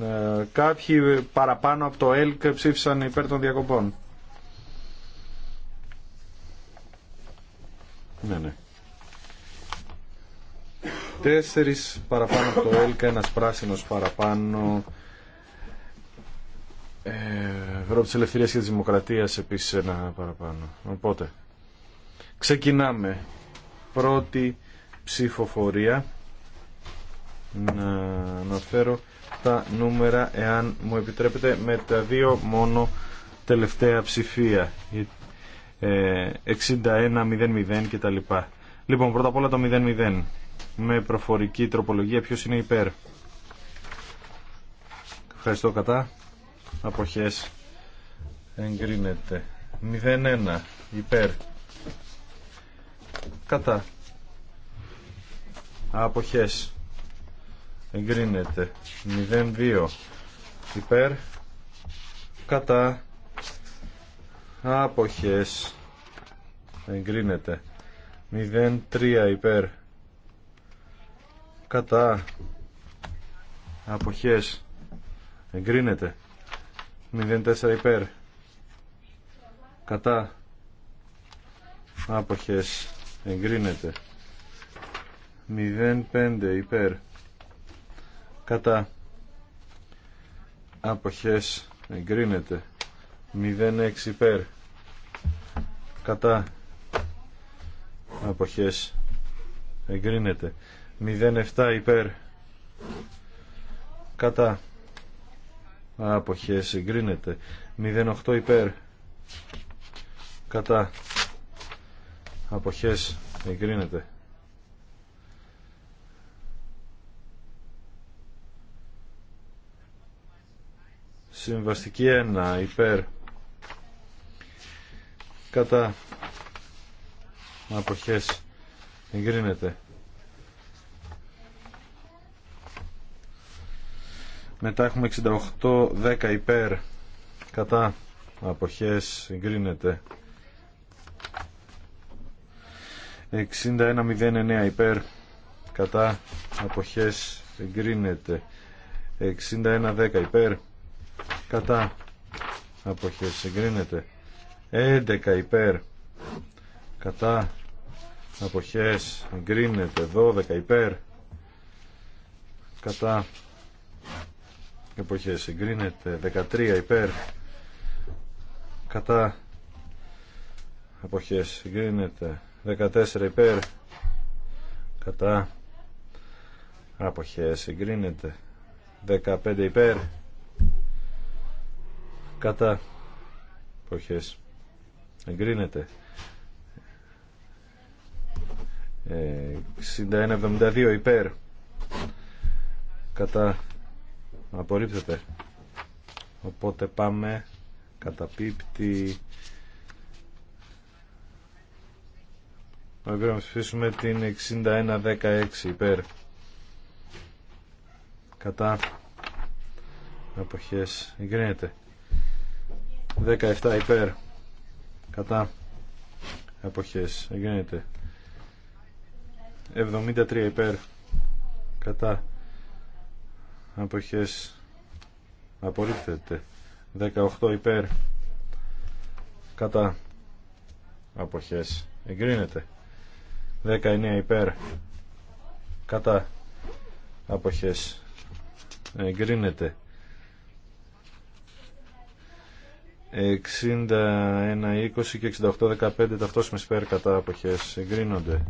Ε, κάποιοι παραπάνω από το ΕΛΚ ψήφισαν υπέρ των διακοπών. Ναι, ναι. Τέσσερις παραπάνω από το ΕΛΚΑ, ένας πράσινος παραπάνω. Ε, Ευρώπη της Ελευθερίας και της Δημοκρατίας επίσης ένα παραπάνω. Οπότε, ξεκινάμε. Πρώτη ψηφοφορία. Να αναφέρω τα νούμερα, εάν μου επιτρέπετε, με τα δύο μόνο τελευταία ψηφία. 61-00 ε, κτλ. Λοιπόν, πρώτα απ' όλα το 00 με προφορική τροπολογία Ποιο είναι υπέρ. Ευχαριστώ κατά. Αποχέ. Εγκρίνεται. 01 υπέρ. Κατά. Αποχές. Εγκρίνεται. 02 υπέρ. Κατά. Αποχές. 0,3 0-3 υπέρ. Κατά. Αποχές. 0,4 0-4 υπέρ. Κατά. Αποχές. 0,5 0-5 υπέρ. Κατά. Αποχές. 0,6 0-6 υπέρ κατά αποχές εγκρίνεται 07 υπέρ κατά αποχές εγκρίνεται 08 υπέρ κατά αποχές εγκρίνεται συμβαστική 1 υπέρ κατά αποχές εγκρίνεται μετά έχουμε 68 10 υπέρ κατά αποχές εγκρίνεται 61-09 υπέρ κατά αποχές εγκρίνεται 61-10 υπέρ κατά αποχές εγκρίνεται 11 υπέρ κατά αποχές εγκρίνεται 12 υπέρ κατά εποχές εγκρίνεται 13 υπέρ κατά αποχές εγκρίνεται 14 υπέρ κατά αποχές εγκρίνεται 15 υπέρ κατά εποχές Εγκρίνεται. 61-72 ε, υπέρ. Κατά. Απορρίπτεται. Οπότε πάμε καταπίπτει. Πρέπει να ψηφίσουμε την 61-16 υπέρ. Κατά αποχές εγκρίνεται. 17 υπέρ κατά αποχές εγκρίνεται 73 υπέρ κατά αποχές απορρίπτεται 18 υπέρ κατά αποχές εγκρίνεται 19 υπέρ κατά αποχές εγκρίνεται 61-20 και 68-15 ταυτόσιμες υπέρ κατά αποχές εγκρίνονται.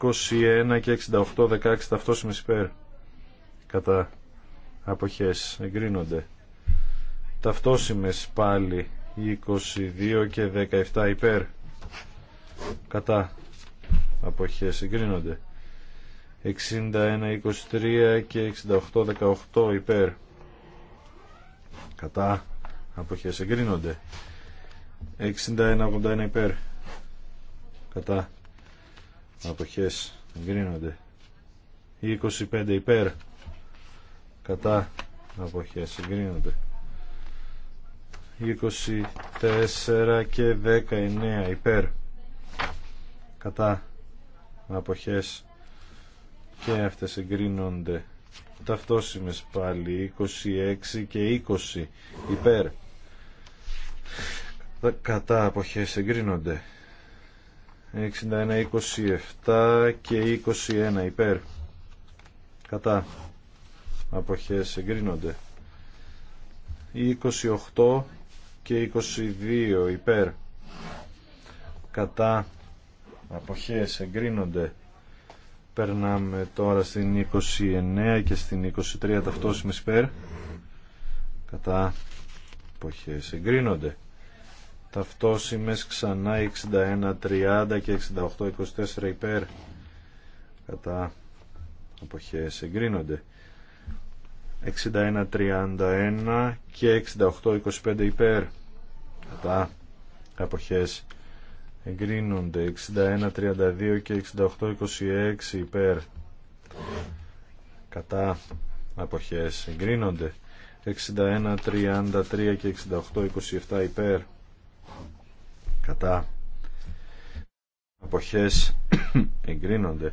21 και 68-16 ταυτόσιμες υπέρ κατά αποχές εγκρίνονται. Ταυτόσιμες πάλι 22 και 17 υπέρ κατά αποχές εγκρίνονται. 61-23 και 68-18 υπέρ κατά αποχές εγκρίνονται 61-81 υπέρ κατά αποχές εγκρίνονται 25 υπέρ κατά αποχές εγκρίνονται 24 και 19 υπέρ κατά αποχές και αυτές εγκρίνονται ταυτόσιμες πάλι 26 και 20 υπέρ κατά αποχές εγκρίνονται 61, 27 και 21 υπέρ κατά αποχές εγκρίνονται 28 και 22 υπέρ κατά αποχές εγκρίνονται Περνάμε τώρα στην 29 και στην 23 ταυτοσιμη υπέρ. Κατά Κατά εγκρίνονται. συγκρίνονται. ξανά 61, 30 και 68, 24 υπέρ. Κατά εποχε εγκρίνονται. 61, 31 και 68, 25 υπέρ. Κατά εποχές εγκρίνονται εγκρίνονται 61, 32 και 68, 26 υπέρ κατά αποχές εγκρίνονται 61, 33 και 68, 27 υπέρ κατά αποχές εγκρίνονται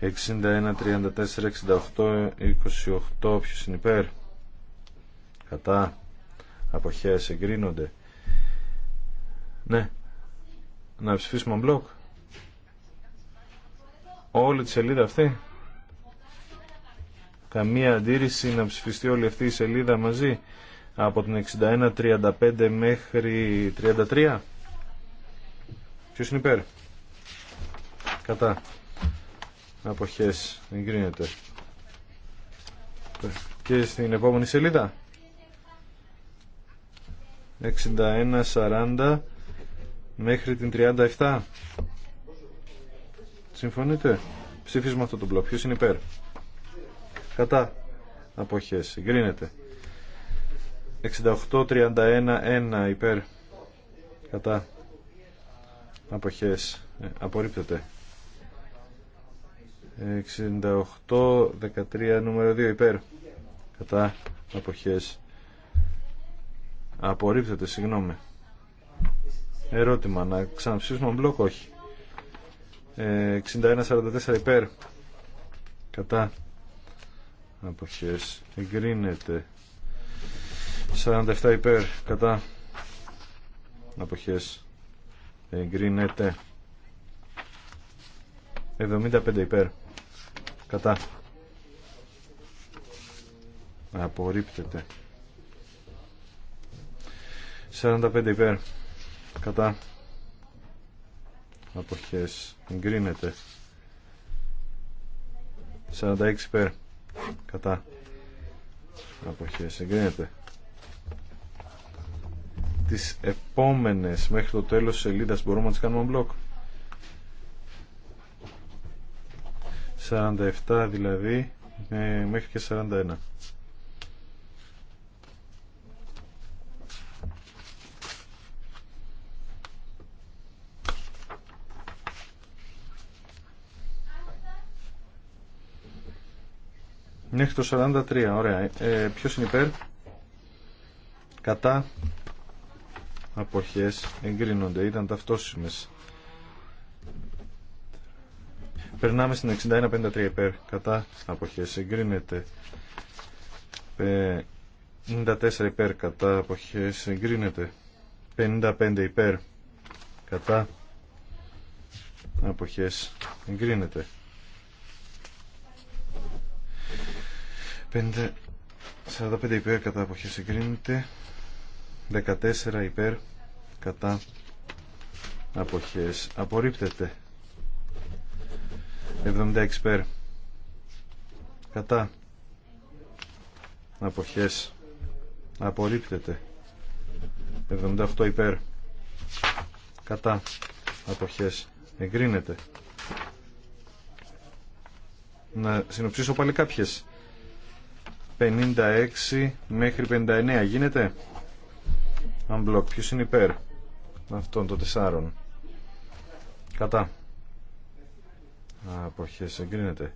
61, 34, 68, 28 ποιος είναι υπέρ κατά αποχές εγκρίνονται ναι να ψηφίσουμε μπλοκ. Όλη τη σελίδα αυτή. Καμία αντίρρηση να ψηφιστεί όλη αυτή η σελίδα μαζί από την 61-35 μέχρι 33. Ποιος είναι υπέρ. Κατά. Αποχές. Εγκρίνεται. Και στην επόμενη σελίδα. 61-40 μέχρι την 37. Συμφωνείτε. Ψήφισμα αυτό το μπλοκ. Ποιος είναι υπέρ. Κατά. αποχές Εγκρίνεται. 68-31-1 υπέρ. Κατά. Αποχές. Ε, απορρίπτεται. 68-13 νούμερο 2 υπέρ. Κατά. Αποχές. Απορρίπτεται. Συγγνώμη. Ερώτημα, να ξαναψήσουμε μπλοκ, όχι. Ε, 61-44 υπέρ. Κατά. Αποχές. Εγκρίνεται. 47 υπέρ. Κατά. Αποχές. Εγκρίνεται. 75 υπέρ. Κατά. Απορρίπτεται. 45 υπέρ κατά αποχές εγκρίνεται 46 υπέρ κατά αποχές εγκρίνεται τις επόμενες μέχρι το τέλος της σελίδας μπορούμε να τις κάνουμε μπλοκ 47 δηλαδή μέχρι και 41 Μέχρι το 43, ωραία. Ε, ποιος είναι υπέρ? Κατά αποχές εγκρίνονται. Ήταν ταυτόσιμες. Περνάμε στην 61-53 υπέρ. Κατά αποχές εγκρίνεται. 94 υπέρ. Κατά αποχές εγκρίνεται. 55 υπέρ. Κατά αποχές εγκρίνεται. 45 υπέρ κατά αποχές εγκρίνεται 14 υπέρ κατά αποχές απορρίπτεται 76 υπέρ κατά αποχές απορρίπτεται 78 υπέρ κατά αποχές εγκρίνεται να συνοψίσω πάλι κάποιες 56 μέχρι 59. Γίνεται. Αν μπλοκ. Ποιος είναι υπέρ αυτών των τεσσάρων. Κατά. Αποχές εγκρίνεται.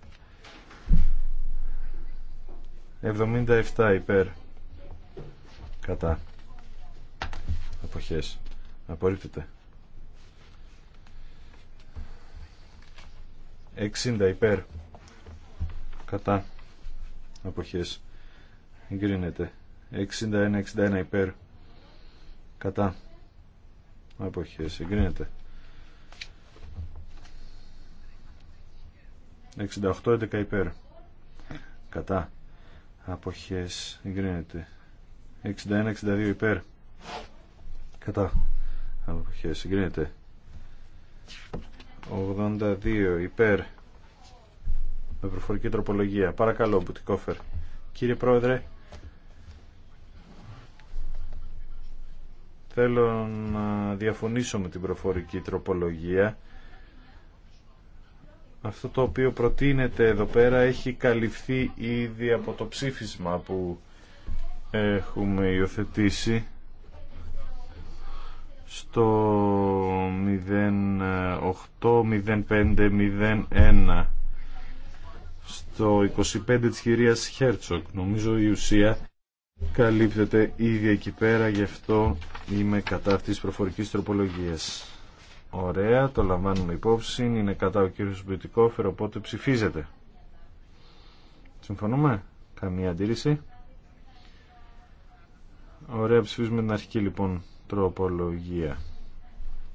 77 υπέρ. Κατά. Αποχές. Απορρίπτεται. 60 υπέρ. Κατά. Αποχές εγκρίνεται 61-61 υπέρ κατά αποχές εγκρίνεται 68-11 υπέρ κατά αποχές εγκρίνεται 61-62 υπέρ κατά αποχές εγκρίνεται 82 υπέρ με προφορική τροπολογία παρακαλώ Μπουτικόφερ κύριε πρόεδρε Θέλω να διαφωνήσω με την προφορική τροπολογία. Αυτό το οποίο προτείνεται εδώ πέρα έχει καλυφθεί ήδη από το ψήφισμα που έχουμε υιοθετήσει στο 08-05-01 στο 25 της κυρίας Χέρτσοκ νομίζω η ουσία καλύπτεται ήδη εκεί πέρα, γι' αυτό είμαι κατά αυτής της προφορικής τροπολογίας. Ωραία, το λαμβάνουμε υπόψη, είναι κατά ο κύριος Μπιουτικόφερ, οπότε ψηφίζεται. Συμφωνούμε, καμία αντίρρηση. Ωραία, ψηφίζουμε την αρχική λοιπόν τροπολογία.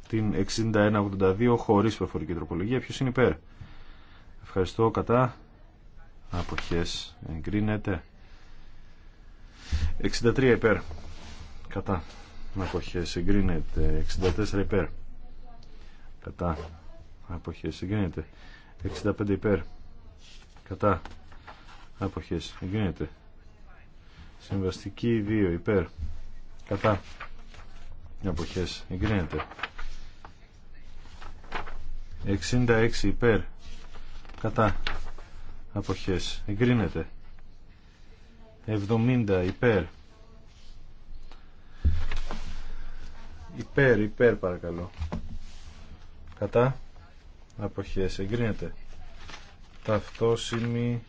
Την 6182 χωρίς προφορική τροπολογία, ποιος είναι υπέρ. Ευχαριστώ, κατά. Αποχές εγκρίνεται. 63 υπέρ. Κατά. Αποχέ εγκρίνεται. 64 υπέρ. Κατά. Αποχέ. εγκρίνεται. 65 υπέρ. Κατά. Αποχέ εγκρίνεται. Συμβαστική 2 υπέρ. Κατά. Αποχέ εγκρίνεται. 66 υπέρ. Κατά. Αποχές εγκρίνεται. 70 υπέρ. Υπέρ, υπέρ παρακαλώ. Κατά. Αποχές. Εγκρίνεται. Ταυτόσημη.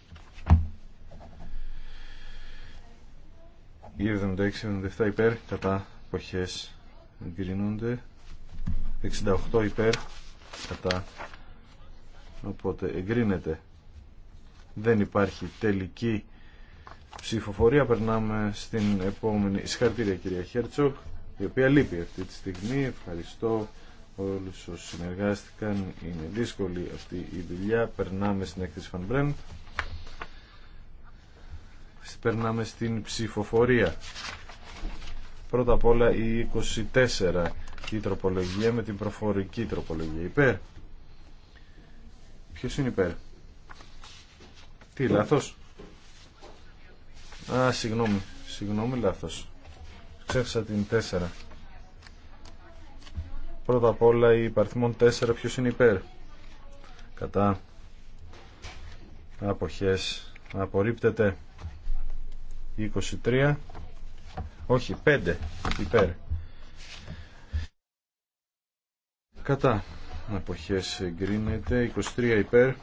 76-77 υπέρ. Κατά. Αποχές. Εγκρίνονται. 68 υπέρ. Κατά. Οπότε εγκρίνεται. Δεν υπάρχει τελική ψηφοφορία περνάμε στην επόμενη. Συγχαρητήρια κυρία Χέρτσοκ, η οποία λείπει αυτή τη στιγμή. Ευχαριστώ όλους όσους συνεργάστηκαν. Είναι δύσκολη αυτή η δουλειά. Περνάμε στην έκθεση Φανμπρέν. Περνάμε στην ψηφοφορία. Πρώτα απ' όλα η 24 η τροπολογία με την προφορική τροπολογία. Υπέρ. Ποιος είναι υπέρ. Τι, λάθος. Α, συγγνώμη. Συγγνώμη, λάθος. Ξέχασα την 4. Πρώτα απ' όλα η παρθμόν 4 ποιος είναι υπέρ. Κατά. Αποχές. Απορρίπτεται. 23. Όχι, 5 υπέρ. Κατά. Αποχές εγκρίνεται. 23 υπέρ.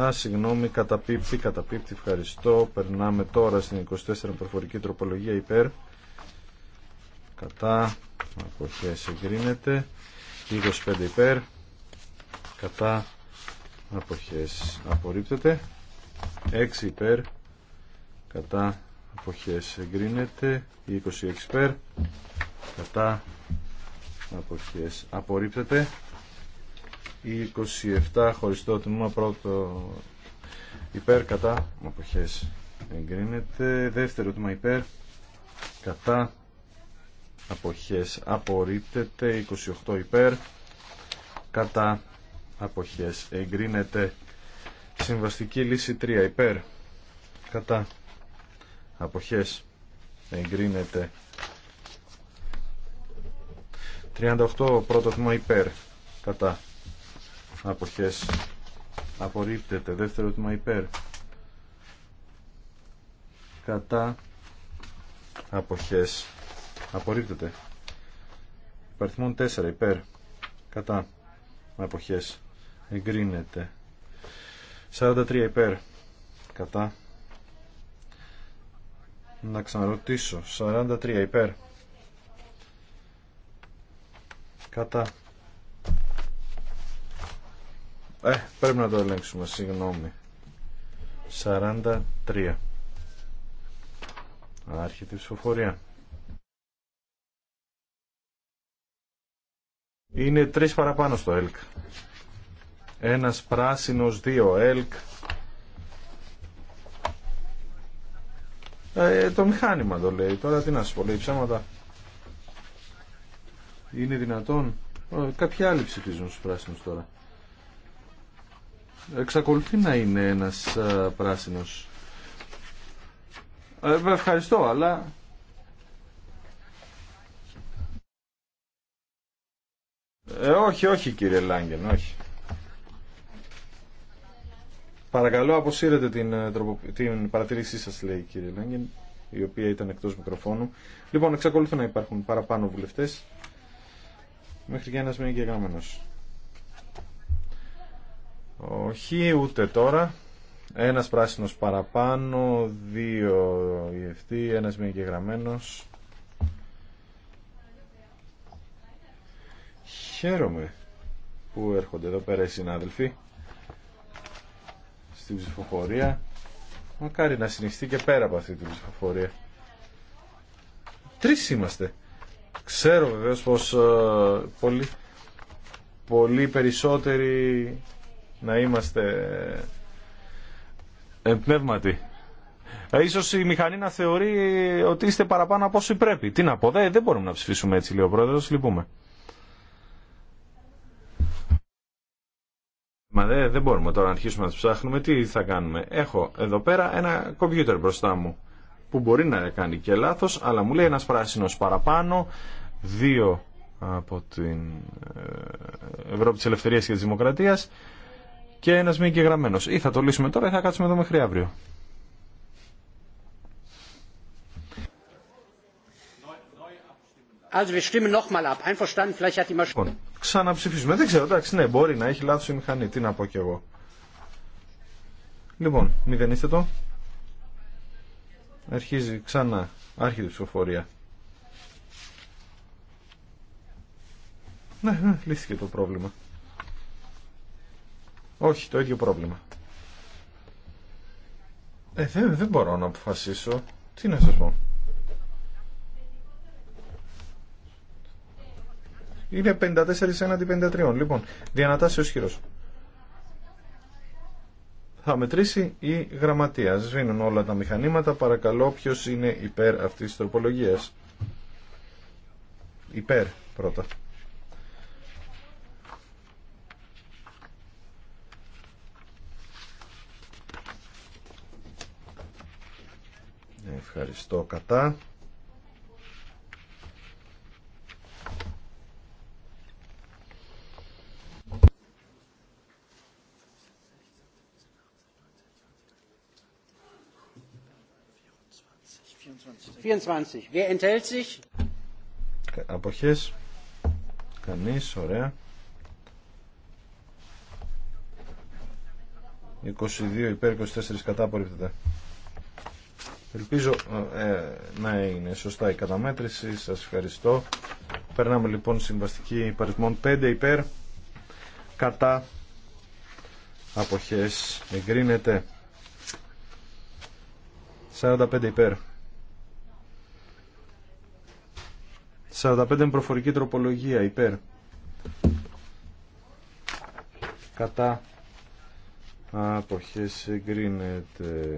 Α, συγγνώμη, καταπίπτει, καταπίπτει, ευχαριστώ. Περνάμε τώρα στην 24 προφορική τροπολογία υπέρ. Κατά, αποχές εγκρίνεται. 25 υπέρ. Κατά, αποχές απορρίπτεται. 6 υπέρ. Κατά, αποχές εγκρίνεται. 26 υπέρ. Κατά, αποχές απορρίπτεται. 27 χωριστό τμήμα πρώτο υπέρ κατά αποχές εγκρίνεται δεύτερο τμήμα υπέρ κατά αποχές απορρίπτεται 28 υπέρ κατά αποχές εγκρίνεται συμβαστική λύση 3 υπέρ κατά αποχές εγκρίνεται 38 πρώτο τμήμα υπέρ κατά αποχές απορρίπτεται δεύτερο τμήμα υπέρ κατά αποχές απορρίπτεται υπαριθμόν 4 υπέρ κατά αποχές εγκρίνεται 43 υπέρ κατά να ξαναρωτήσω 43 υπέρ κατά ε, πρέπει να το ελέγξουμε, συγγνώμη. 43. Άρχεται η ψηφοφορία. Είναι τρεις παραπάνω στο ΕΛΚ. Ένας πράσινος, δύο ΕΛΚ. Ε, το μηχάνημα το λέει. Τώρα τι να σου πω, λέει ψέματα. Είναι δυνατόν. Ε, κάποιοι άλλοι ψηφίζουν στους πράσινους τώρα εξακολουθεί να είναι ένας πράσινος. Ε, ευχαριστώ, αλλά... Ε, όχι, όχι κύριε Λάγκεν, όχι. Παρακαλώ αποσύρετε την, ε, την παρατήρησή σας, λέει η κύριε Λάγκεν, η οποία ήταν εκτός μικροφώνου. Λοιπόν, εξακολουθούν να υπάρχουν παραπάνω βουλευτές. Μέχρι και ένας μείνει και όχι, ούτε τώρα. Ένα πράσινο παραπάνω, δύο η ευθύ ένας μη εγγεγραμμένο. Χαίρομαι που έρχονται εδώ πέρα οι συνάδελφοι στην ψηφοφορία. Μακάρι να συνεχιστεί και πέρα από αυτή την ψηφοφορία. Τρεις είμαστε. Ξέρω βεβαίως πως πολύ, ε, πολύ περισσότεροι να είμαστε εμπνεύματοι. Ε, ίσως η μηχανή να θεωρεί ότι είστε παραπάνω από όσοι πρέπει. Τι να πω, δεν, δεν μπορούμε να ψηφίσουμε έτσι, λέει ο πρόεδρος, λυπούμε. Μα δεν, δεν μπορούμε τώρα να αρχίσουμε να ψάχνουμε. Τι θα κάνουμε. Έχω εδώ πέρα ένα κομπιούτερ μπροστά μου που μπορεί να κάνει και λάθος, αλλά μου λέει ένας πράσινος παραπάνω, δύο από την ε, Ευρώπη της Ελευθερίας και της Δημοκρατίας και ένα μη εγγεγραμμένο. Ή θα το λύσουμε τώρα ή θα κάτσουμε εδώ μέχρι αύριο. Λοιπόν, ξαναψηφίσουμε. Δεν ξέρω, εντάξει, ναι, μπορεί να έχει λάθος η μηχανή. Τι να πω κι εγώ. Λοιπόν, μηδενίστε το. Αρχίζει ξανά. Άρχισε η ψηφοφορία. Ναι, ναι, λύθηκε το πρόβλημα. Όχι, το ίδιο πρόβλημα. Ε, δεν, δεν μπορώ να αποφασίσω. Τι να σας πω. Είναι 54 έναντι 53. Λοιπόν, ο χειρός. Θα μετρήσει η γραμματεία. Σβήνουν όλα τα μηχανήματα. Παρακαλώ ποιο είναι υπέρ αυτής της τροπολογίας. Υπέρ πρώτα. Ευχαριστώ κατά. Ε, αποχές. Κανείς, ωραία. 22 υπέρ 24 κατά απορρίπτεται. Ελπίζω ε, να είναι σωστά η καταμέτρηση. Σας ευχαριστώ. Περνάμε λοιπόν συμβαστική παρισμών 5 υπέρ κατά αποχές εγκρίνεται 45 υπέρ 45 με προφορική τροπολογία υπέρ κατά αποχές εγκρίνεται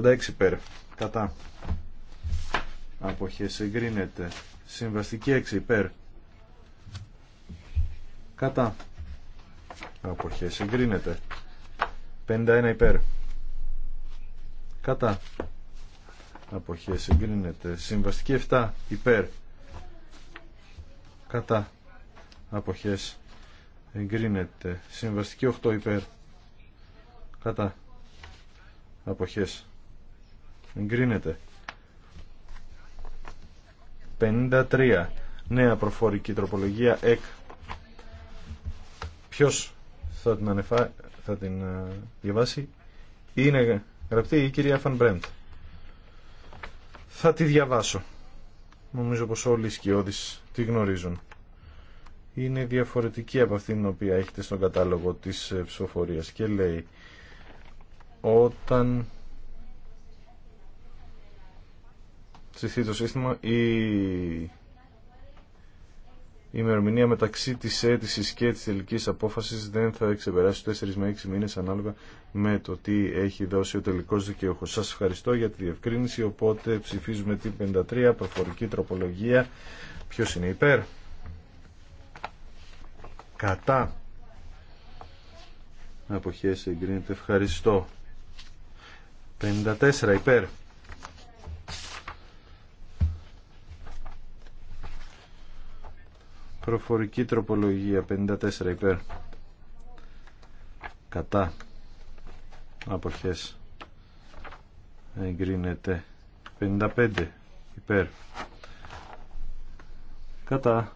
46 υπέρ. Κατά. Αποχέ συγκρίνεται. Συμβαστική 6 υπέρ. Κατά. Αποχέ εγκρίνεται. 51 υπέρ. Κατά. Αποχέ εγκρίνεται. Συμβαστική 7 υπέρ. Κατά. Αποχέ. εγκρίνεται. Συμβαστική 8 υπέρ. Κατά. Αποχές Εγκρίνεται. 53. Νέα προφορική τροπολογία ΕΚ. Ποιος θα την, θα την ε, διαβάσει. Είναι γραπτή η κυρία Φαν Θα τη διαβάσω. Νομίζω πως όλοι οι σκιώδεις τη γνωρίζουν. Είναι διαφορετική από αυτήν την οποία έχετε στον κατάλογο της ε, ψηφοφορίας και λέει όταν ψηθεί το σύστημα η... η ημερομηνία μεταξύ της αίτησης και της τελικής απόφασης δεν θα ξεπεράσει 4 με 6 μήνες ανάλογα με το τι έχει δώσει ο τελικός δικαιούχος. Σας ευχαριστώ για τη διευκρίνηση, οπότε ψηφίζουμε την 53 προφορική τροπολογία. Ποιος είναι υπέρ? Κατά. Αποχές εγκρίνεται. Ευχαριστώ. 54 υπέρ. Προφορική τροπολογία 54 υπέρ. Κατά. Αποχές. Εγκρίνεται. 55 υπέρ. Κατά.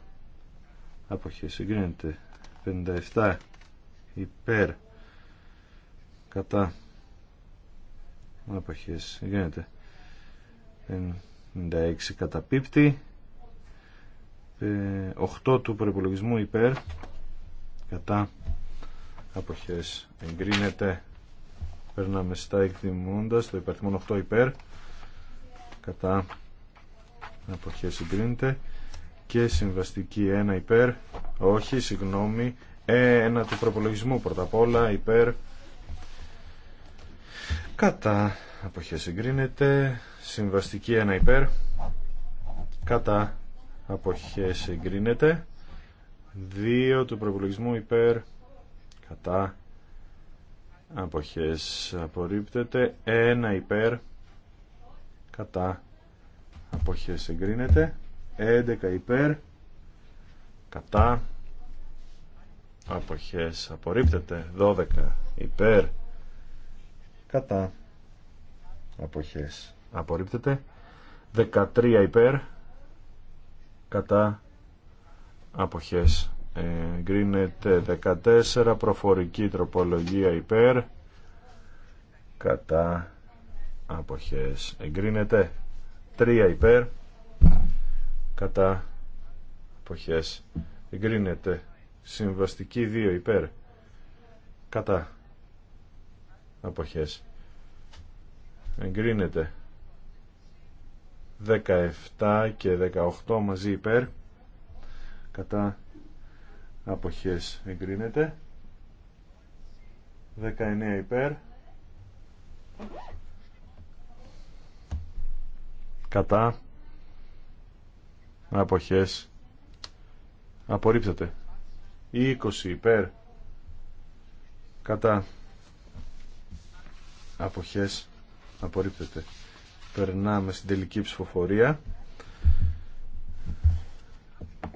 Αποχές. Εγκρίνεται. 57 υπέρ. Κατά. Αποχές. Εγκρίνεται. 56 καταπίπτει. 8 ε, του προπολογισμού υπέρ κατά αποχές εγκρίνεται περνάμε στα εκτιμώντας το υπαριθμό 8 υπέρ κατά αποχές εγκρίνεται και συμβαστική 1 υπέρ όχι συγγνώμη 1 ε, του προπολογισμού πρώτα απ' όλα υπέρ κατά αποχές εγκρίνεται συμβαστική 1 υπέρ κατά αποχές εγκρίνεται 2 του προπολογισμού υπέρ κατά αποχές απορρίπτεται 1 υπέρ κατά αποχές εγκρίνεται 11 υπέρ κατά αποχές απορρίπτεται 12 υπέρ κατά αποχές απορρίπτεται 13 υπέρ κατά αποχές εγκρίνεται 14 προφορική τροπολογία υπέρ κατά αποχές εγκρίνεται 3 υπέρ κατά αποχές εγκρίνεται συμβαστική 2 υπέρ κατά αποχές εγκρίνεται 17 και 18 μαζί υπέρ κατά αποχές εγκρίνεται 19 υπέρ κατά αποχές απορρίπτεται 20 υπέρ κατά αποχές απορρίπτεται περνάμε στην τελική ψηφοφορία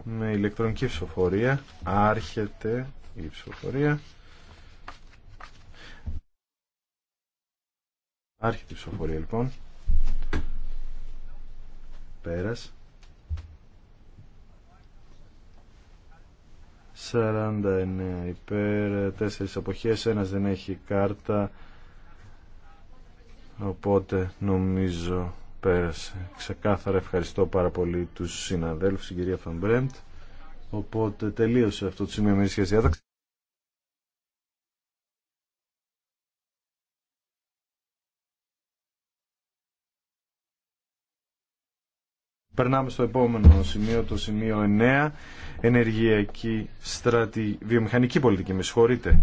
με ηλεκτρονική ψηφοφορία άρχεται η ψηφοφορία άρχεται η ψηφοφορία λοιπόν πέρας 49 υπέρ 4 αποχές ένας δεν έχει κάρτα Οπότε νομίζω πέρασε. Ξεκάθαρα ευχαριστώ πάρα πολύ τους συναδέλφους, την κυρία Φανμπρέντ. Οπότε τελείωσε αυτό το σημείο σχέση διάταξη. Περνάμε στο επόμενο σημείο, το σημείο 9, ενεργειακή στρατη... βιομηχανική πολιτική, με συγχωρείτε.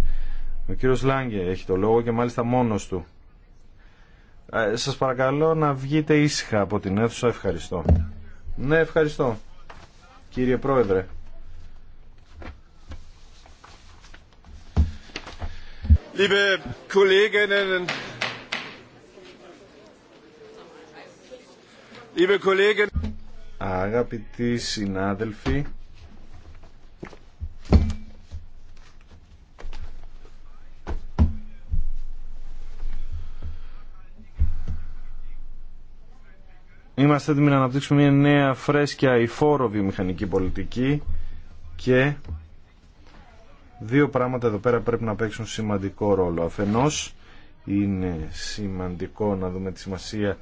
Ο κύριος Λάγκε έχει το λόγο και μάλιστα μόνος του. Σας παρακαλώ να βγείτε ήσυχα από την αίθουσα. Ευχαριστώ. Ναι, ευχαριστώ. Κύριε Πρόεδρε. Kolleginnen, Αγαπητοί συνάδελφοι, Είμαστε έτοιμοι να αναπτύξουμε μια νέα φρέσκια υφόρο βιομηχανική πολιτική και δύο πράγματα εδώ πέρα πρέπει να παίξουν σημαντικό ρόλο. Αφενός είναι σημαντικό να δούμε τη σημασία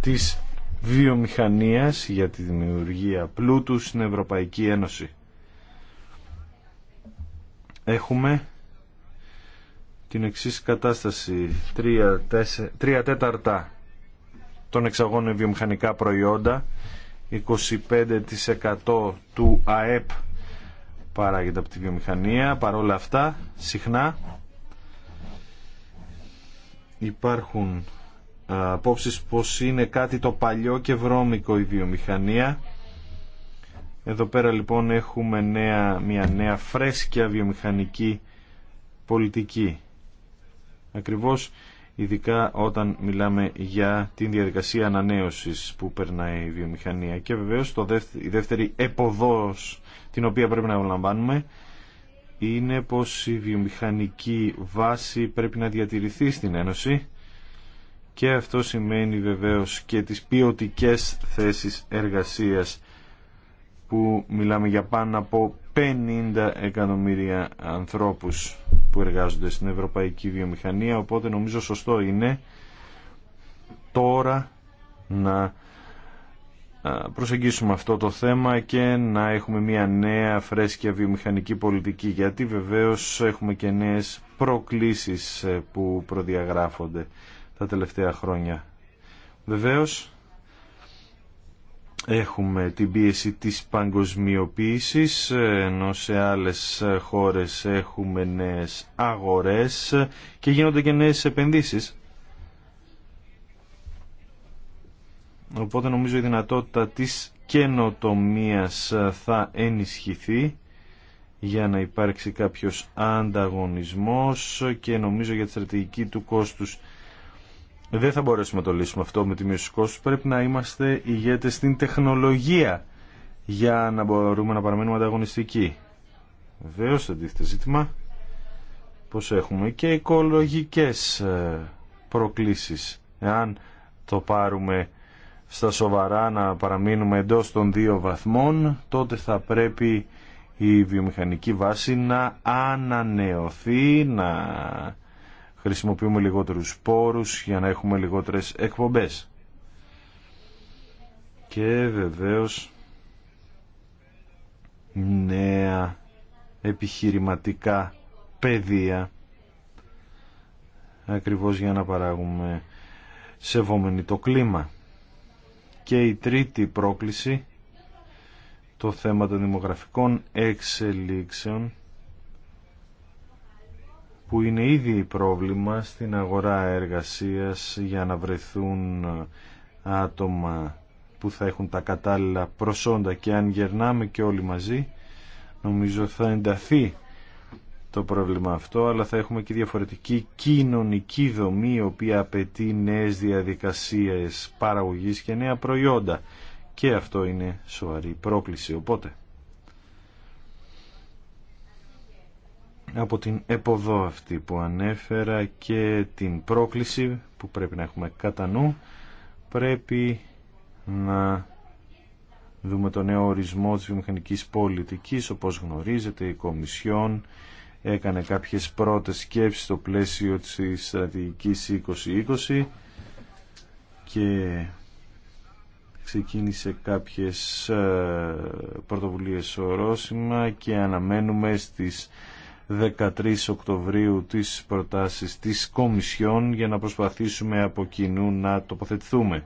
της βιομηχανίας για τη δημιουργία πλούτου στην Ευρωπαϊκή Ένωση. Έχουμε την εξής κατάσταση. Τρία, τρία τέταρτα των εξαγώνων βιομηχανικά προϊόντα. 25% του ΑΕΠ παράγεται από τη βιομηχανία. Παρόλα αυτά, συχνά υπάρχουν απόψεις πως είναι κάτι το παλιό και βρώμικο η βιομηχανία. Εδώ πέρα λοιπόν έχουμε νέα, μια νέα φρέσκια βιομηχανική πολιτική. Ακριβώς ειδικά όταν μιλάμε για την διαδικασία ανανέωσης που περνάει η βιομηχανία. Και βεβαίως το η δεύτερη εποδός την οποία πρέπει να λαμβάνουμε είναι πως η βιομηχανική βάση πρέπει να διατηρηθεί στην Ένωση και αυτό σημαίνει βεβαίως και τις ποιοτικές θέσεις εργασίας που μιλάμε για πάνω από 50 εκατομμύρια ανθρώπους που εργάζονται στην ευρωπαϊκή βιομηχανία οπότε νομίζω σωστό είναι τώρα να προσεγγίσουμε αυτό το θέμα και να έχουμε μια νέα φρέσκια βιομηχανική πολιτική γιατί βεβαίως έχουμε και νέες προκλήσεις ε, που προδιαγράφονται τα τελευταία χρόνια. Βεβαίως έχουμε την πίεση της παγκοσμιοποίησης, ενώ σε άλλες χώρες έχουμε νέες αγορές και γίνονται και νέες επενδύσεις. Οπότε νομίζω η δυνατότητα της καινοτομίας θα ενισχυθεί για να υπάρξει κάποιος ανταγωνισμός και νομίζω για τη στρατηγική του κόστους δεν θα μπορέσουμε να το λύσουμε αυτό με τη μείωση κόστου. Πρέπει να είμαστε ηγέτε στην τεχνολογία για να μπορούμε να παραμείνουμε ανταγωνιστικοί. Βεβαίω, αντίθετο ζήτημα, πως έχουμε και οικολογικές ε, προκλήσεις. Εάν το πάρουμε στα σοβαρά να παραμείνουμε εντός των δύο βαθμών, τότε θα πρέπει η βιομηχανική βάση να ανανεωθεί, να χρησιμοποιούμε λιγότερους πόρους για να έχουμε λιγότερες εκπομπές. Και βεβαίως νέα επιχειρηματικά παιδεία ακριβώς για να παράγουμε σεβόμενοι το κλίμα. Και η τρίτη πρόκληση, το θέμα των δημογραφικών εξελίξεων που είναι ήδη πρόβλημα στην αγορά εργασίας για να βρεθούν ε, άτομα που θα έχουν τα κατάλληλα προσόντα και αν γερνάμε και όλοι μαζί νομίζω θα ενταθεί το πρόβλημα αυτό αλλά θα έχουμε και διαφορετική κοινωνική δομή η οποία απαιτεί νέες διαδικασίες παραγωγής και νέα προϊόντα και αυτό είναι σοβαρή πρόκληση οπότε από την εποδό αυτή που ανέφερα και την πρόκληση που πρέπει να έχουμε κατά νου πρέπει να δούμε το νέο ορισμό της βιομηχανικής πολιτικής όπως γνωρίζετε η Κομισιόν έκανε κάποιες πρώτες σκέψεις στο πλαίσιο της στρατηγικής 2020 και ξεκίνησε κάποιες ε, πρωτοβουλίες ορόσημα και αναμένουμε στις 13 Οκτωβρίου τις προτάσεις της Κομισιόν για να προσπαθήσουμε από κοινού να τοποθετηθούμε.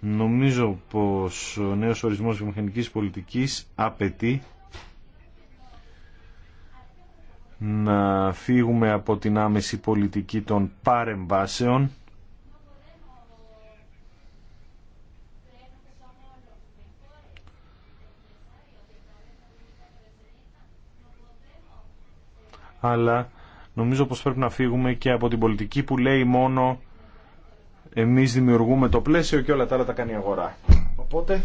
Νομίζω πως ο νέος ορισμός μηχανικής πολιτικής απαιτεί να φύγουμε από την άμεση πολιτική των παρεμβάσεων αλλά νομίζω πως πρέπει να φύγουμε και από την πολιτική που λέει μόνο εμείς δημιουργούμε το πλαίσιο και όλα τα άλλα τα κάνει η αγορά. Οπότε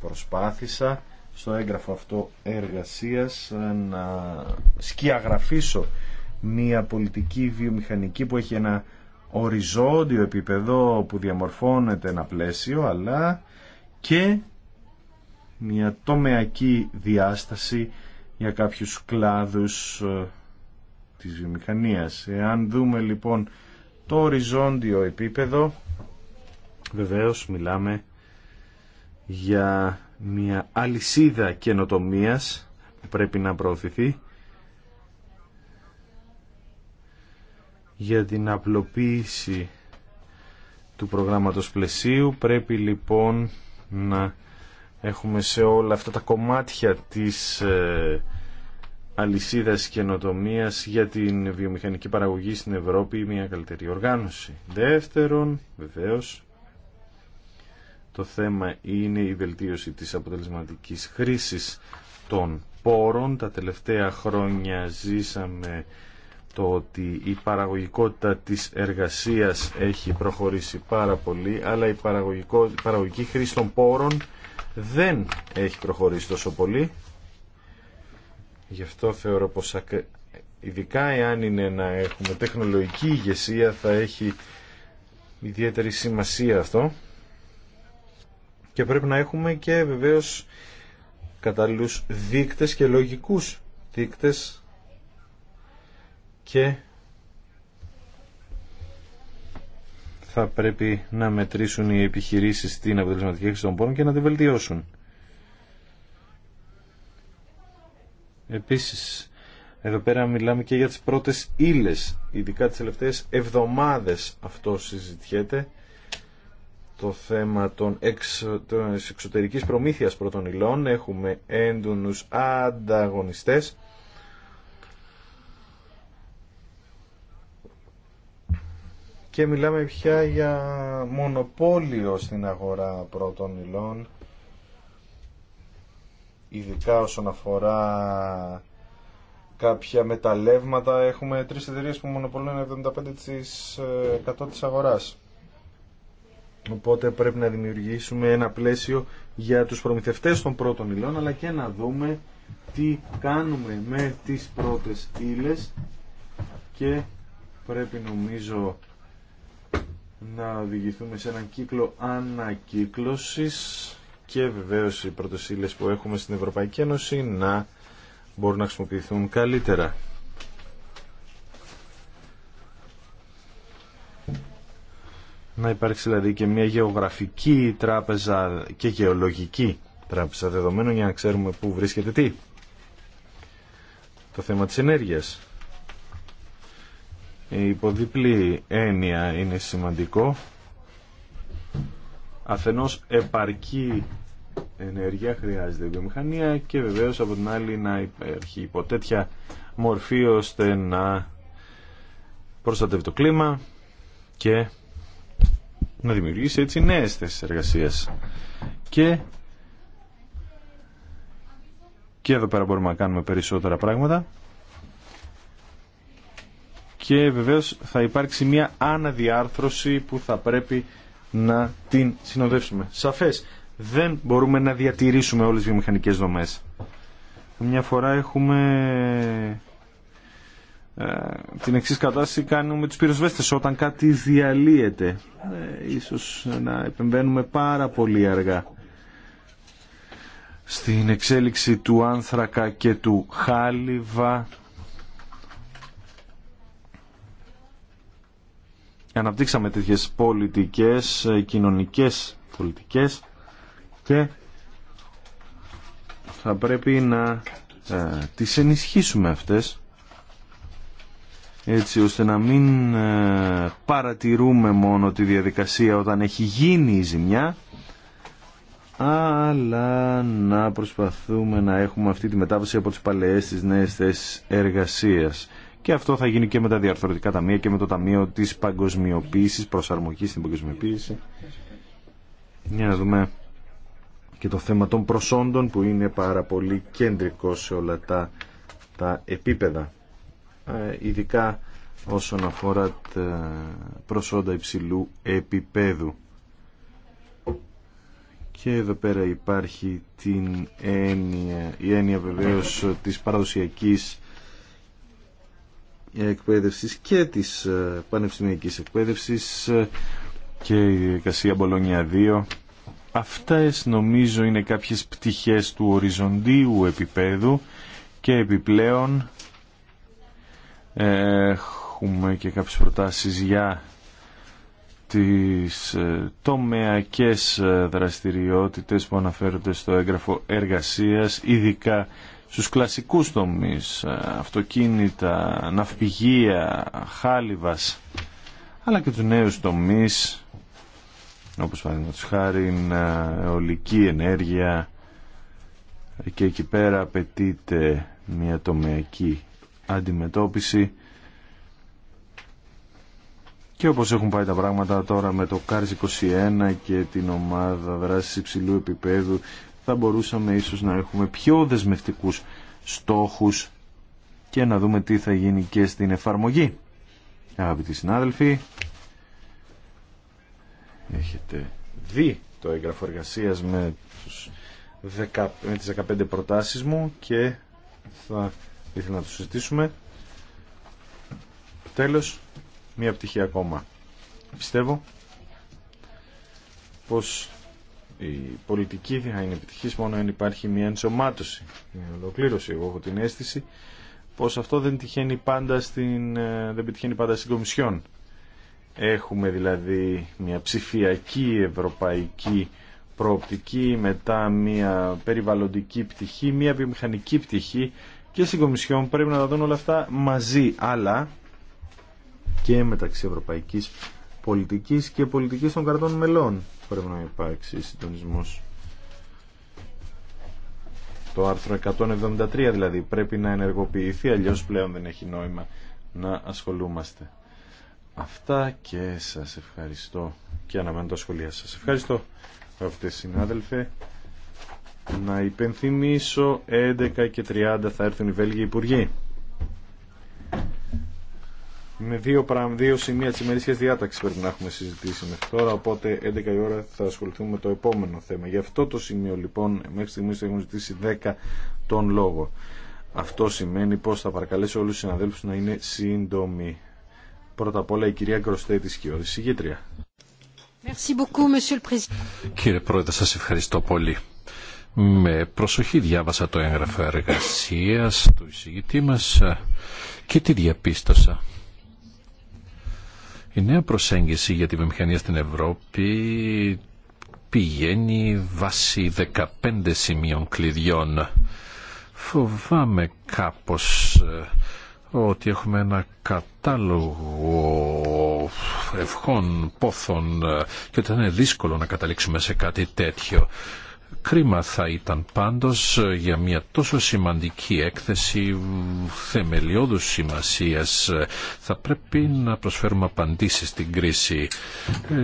προσπάθησα στο έγγραφο αυτό εργασίας να σκιαγραφίσω μια πολιτική βιομηχανική που έχει ένα οριζόντιο επίπεδο που διαμορφώνεται ένα πλαίσιο αλλά και μια τομεακή διάσταση για κάποιους κλάδους ε, της βιομηχανίας. Εάν δούμε λοιπόν το οριζόντιο επίπεδο, βεβαίως μιλάμε για μια αλυσίδα καινοτομίας που πρέπει να προωθηθεί για την απλοποίηση του προγράμματος πλαισίου πρέπει λοιπόν να έχουμε σε όλα αυτά τα κομμάτια της ε, αλυσίδας καινοτομία για την βιομηχανική παραγωγή στην Ευρώπη μια καλύτερη οργάνωση. Δεύτερον, βεβαίως, το θέμα είναι η βελτίωση της αποτελεσματικής χρήσης των πόρων. Τα τελευταία χρόνια ζήσαμε το ότι η παραγωγικότητα της εργασίας έχει προχωρήσει πάρα πολύ, αλλά η, παραγωγική χρήση των πόρων δεν έχει προχωρήσει τόσο πολύ Γι' αυτό θεωρώ πως ειδικά εάν είναι να έχουμε τεχνολογική ηγεσία θα έχει ιδιαίτερη σημασία αυτό και πρέπει να έχουμε και βεβαίως κατάλληλους δίκτες και λογικούς δείκτες και θα πρέπει να μετρήσουν οι επιχειρήσεις την αποτελεσματική χρήση των πόρων και να τη βελτιώσουν. Επίσης, εδώ πέρα μιλάμε και για τις πρώτες ύλες, ειδικά τις τελευταίες εβδομάδες αυτό συζητιέται, το θέμα των εξ, της εξωτερικής προμήθειας πρώτων υλών. Έχουμε έντονους ανταγωνιστές. Και μιλάμε πια για μονοπόλιο στην αγορά πρώτων υλών ειδικά όσον αφορά κάποια μεταλλεύματα έχουμε τρεις εταιρείε που μονοπολούν 75% ε, της αγοράς οπότε πρέπει να δημιουργήσουμε ένα πλαίσιο για τους προμηθευτές των πρώτων υλών αλλά και να δούμε τι κάνουμε με τις πρώτες ύλες και πρέπει νομίζω να οδηγηθούμε σε έναν κύκλο ανακύκλωσης και βεβαίω οι πρωτοσύλλες που έχουμε στην Ευρωπαϊκή Ένωση να μπορούν να χρησιμοποιηθούν καλύτερα. Να υπάρξει δηλαδή και μια γεωγραφική τράπεζα και γεωλογική τράπεζα δεδομένων για να ξέρουμε πού βρίσκεται τι. Το θέμα της ενέργειας. Η υποδιπλή έννοια είναι σημαντικό αφενός επαρκή ενέργεια χρειάζεται η βιομηχανία και βεβαίως από την άλλη να υπάρχει υπό μορφή ώστε να προστατεύει το κλίμα και να δημιουργήσει έτσι νέες θέσεις εργασίας. Και, και εδώ πέρα μπορούμε να κάνουμε περισσότερα πράγματα και βεβαίως θα υπάρξει μια αναδιάρθρωση που θα πρέπει να την συνοδεύσουμε. Σαφέ, δεν μπορούμε να διατηρήσουμε όλες τι βιομηχανικέ δομέ. Μια φορά έχουμε ε, την εξή κατάσταση κάνουμε τους πυροσβέστες όταν κάτι διαλύεται ε, ίσως να επεμβαίνουμε πάρα πολύ αργά στην εξέλιξη του άνθρακα και του χάλιβα αναπτύξαμε τέτοιες πολιτικές, ε, κοινωνικές πολιτικές και θα πρέπει να ε, τις ενισχύσουμε αυτές έτσι ώστε να μην ε, παρατηρούμε μόνο τη διαδικασία όταν έχει γίνει η ζημιά αλλά να προσπαθούμε να έχουμε αυτή τη μετάβαση από τις παλαιές στις νέες θέσεις εργασίας. Και αυτό θα γίνει και με τα διαρθρωτικά ταμεία και με το Ταμείο της παγκοσμιοποίηση προσαρμογής στην παγκοσμιοποίηση. Για να δούμε και το θέμα των προσόντων που είναι πάρα πολύ κεντρικό σε όλα τα, τα επίπεδα. Ε, ειδικά όσον αφορά τα προσόντα υψηλού επίπεδου. Και εδώ πέρα υπάρχει την έννοια, η έννοια βεβαίως της παραδοσιακής εκπαίδευσης και της ε, πανεπιστημιακής εκπαίδευσης ε, και η διαδικασία Μπολόνια 2. Αυτές νομίζω είναι κάποιες πτυχές του οριζοντίου επίπεδου και επιπλέον ε, έχουμε και κάποιες προτάσεις για τις τομεακές δραστηριότητες που αναφέρονται στο έγγραφο εργασίας, ειδικά στους κλασικούς τομείς, ε, αυτοκίνητα, ναυπηγεία, χάλιβας, αλλά και τους νέους τομείς, όπως παραδείγματος χάρη, ε, αιωλική ενέργεια και εκεί πέρα απαιτείται μια τομεακή αντιμετώπιση και όπως έχουν πάει τα πράγματα τώρα με το CARS 21 και την ομάδα δράσης υψηλού επίπεδου θα μπορούσαμε ίσως να έχουμε πιο δεσμευτικούς στόχους και να δούμε τι θα γίνει και στην εφαρμογή. Αγαπητοί συνάδελφοι, έχετε δει το έγγραφο εργασία με, με τις 15 προτάσεις μου και θα ήθελα να το συζητήσουμε. Τέλος, μία πτυχή ακόμα. Πιστεύω πως η πολιτική θα είναι επιτυχής μόνο αν υπάρχει μια ενσωμάτωση, μια ολοκλήρωση. Εγώ έχω την αίσθηση πως αυτό δεν, τυχαίνει πάντα στην, ε, δεν πετυχαίνει πάντα στην Κομισιόν. Έχουμε δηλαδή μια ψηφιακή ευρωπαϊκή προοπτική, μετά μια περιβαλλοντική πτυχή, μια βιομηχανική πτυχή και στην Κομισιόν πρέπει να τα δουν όλα αυτά μαζί, αλλά και μεταξύ ευρωπαϊκής πολιτικής και πολιτικής των κρατών μελών πρέπει να υπάρξει συντονισμό. Το άρθρο 173 δηλαδή πρέπει να ενεργοποιηθεί, αλλιώ πλέον δεν έχει νόημα να ασχολούμαστε. Αυτά και σα ευχαριστώ και αναμένω τα σχολεία σας. Ευχαριστώ αυτές συνάδελφε. Να υπενθυμίσω 11 και 30 θα έρθουν οι Βέλγοι Υπουργοί με δύο, πράγμα, δύο σημεία τη ημερήσια διάταξη πρέπει να έχουμε συζητήσει μέχρι τώρα, οπότε 11 η ώρα θα ασχοληθούμε με το επόμενο θέμα. Γι' αυτό το σημείο λοιπόν μέχρι στιγμής έχουμε ζητήσει 10 τον λόγο. Αυτό σημαίνει πω θα παρακαλέσω όλου του συναδέλφου να είναι σύντομοι. Πρώτα απ' όλα η κυρία Γκροστέτη της Κιώδης, συγγήτρια. Κύριε Πρόεδρε, σα ευχαριστώ πολύ. Με προσοχή διάβασα το έγγραφο εργασία του εισηγητή μα και τι διαπίστωσα η νέα προσέγγιση για τη βιομηχανία στην Ευρώπη πηγαίνει βάσει 15 σημείων κλειδιών. Φοβάμαι κάπως ε, ότι έχουμε ένα κατάλογο ευχών, πόθων ε, και ότι θα είναι δύσκολο να καταλήξουμε σε κάτι τέτοιο. Κρίμα θα ήταν πάντως ε, για μια τόσο σημαντική έκθεση θεμελιώδους σημασίας. Ε, θα πρέπει να προσφέρουμε απαντήσεις στην κρίση.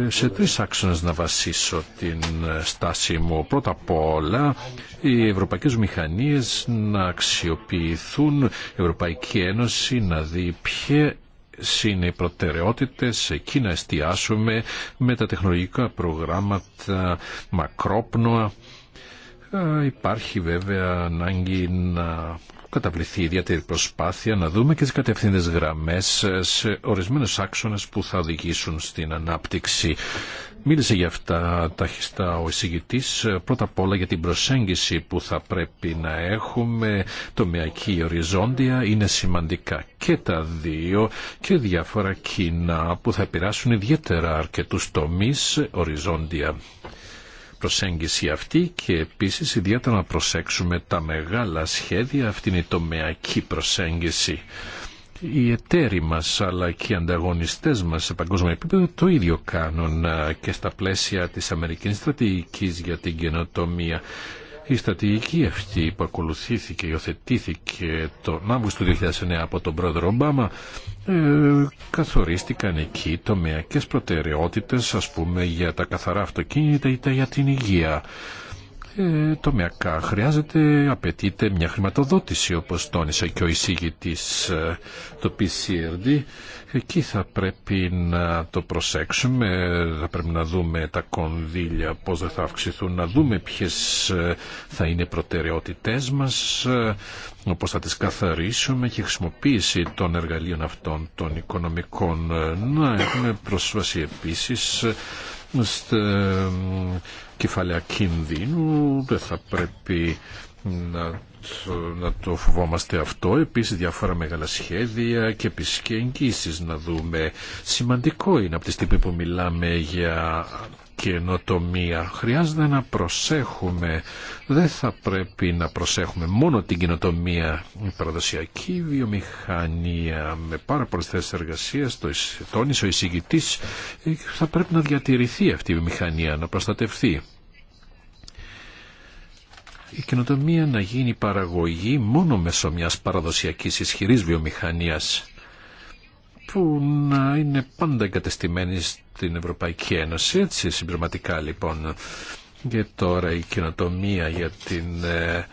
Ε, σε τρεις άξονες να βασίσω την στάση μου. Πρώτα απ' όλα οι ευρωπαϊκές μηχανίες να αξιοποιηθούν, η Ευρωπαϊκή Ένωση να δει ποιε είναι οι προτεραιότητες, εκεί να εστιάσουμε με τα τεχνολογικά προγράμματα μακρόπνοα Υπάρχει βέβαια ανάγκη να καταβληθεί ιδιαίτερη προσπάθεια να δούμε και τις κατευθύνες γραμμές σε ορισμένους άξονες που θα οδηγήσουν στην ανάπτυξη. Μίλησε για αυτά ταχιστά ο εισηγητή. πρώτα απ' όλα για την προσέγγιση που θα πρέπει να έχουμε, τομεακή οριζόντια, είναι σημαντικά και τα δύο και διάφορα κοινά που θα επηρεάσουν ιδιαίτερα αρκετού τομεί οριζόντια προσέγγιση αυτή και επίσης ιδιαίτερα να προσέξουμε τα μεγάλα σχέδια, αυτή είναι η τομεακή προσέγγιση. Οι εταίροι μας αλλά και οι ανταγωνιστές μας σε παγκόσμιο επίπεδο το ίδιο κάνουν ε, και στα πλαίσια της Αμερικής στρατηγικής για την καινοτομία η στρατηγική αυτή που ακολουθήθηκε, υιοθετήθηκε τον Αύγουστο του 2009 από τον πρόεδρο Ομπάμα ε, καθορίστηκαν εκεί τομεακές προτεραιότητες ας πούμε για τα καθαρά αυτοκίνητα ή τα για την υγεία το ε, τομεακά. Χρειάζεται, απαιτείται μια χρηματοδότηση όπως τόνισε και ο εισήγητης ε, το PCRD. Εκεί θα πρέπει να το προσέξουμε, θα πρέπει να δούμε τα κονδύλια πώς δεν θα αυξηθούν, να δούμε ποιες ε, θα είναι προτεραιότητές μας, όπως θα τις καθαρίσουμε και χρησιμοποίηση των εργαλείων αυτών των οικονομικών. Να έχουμε πρόσβαση επίσης κεφάλαια κινδύνου, δεν θα πρέπει να το, να το φοβόμαστε αυτό. Επίσης διάφορα μεγάλα σχέδια και επίσης και να δούμε. Σημαντικό είναι από τη στιγμή που μιλάμε για καινοτομία. Χρειάζεται να προσέχουμε. Δεν θα πρέπει να προσέχουμε μόνο την καινοτομία. Η παραδοσιακή βιομηχανία με πάρα πολλές θέσεις εργασίας, το τόνισε ο εισηγητής, ε, θα πρέπει να διατηρηθεί αυτή η βιομηχανία, να προστατευθεί η καινοτομία να γίνει παραγωγή μόνο μέσω μιας παραδοσιακής ισχυρής βιομηχανίας που να είναι πάντα εγκατεστημένη στην Ευρωπαϊκή Ένωση. Έτσι συμπληρωματικά λοιπόν και τώρα η καινοτομία για την ε,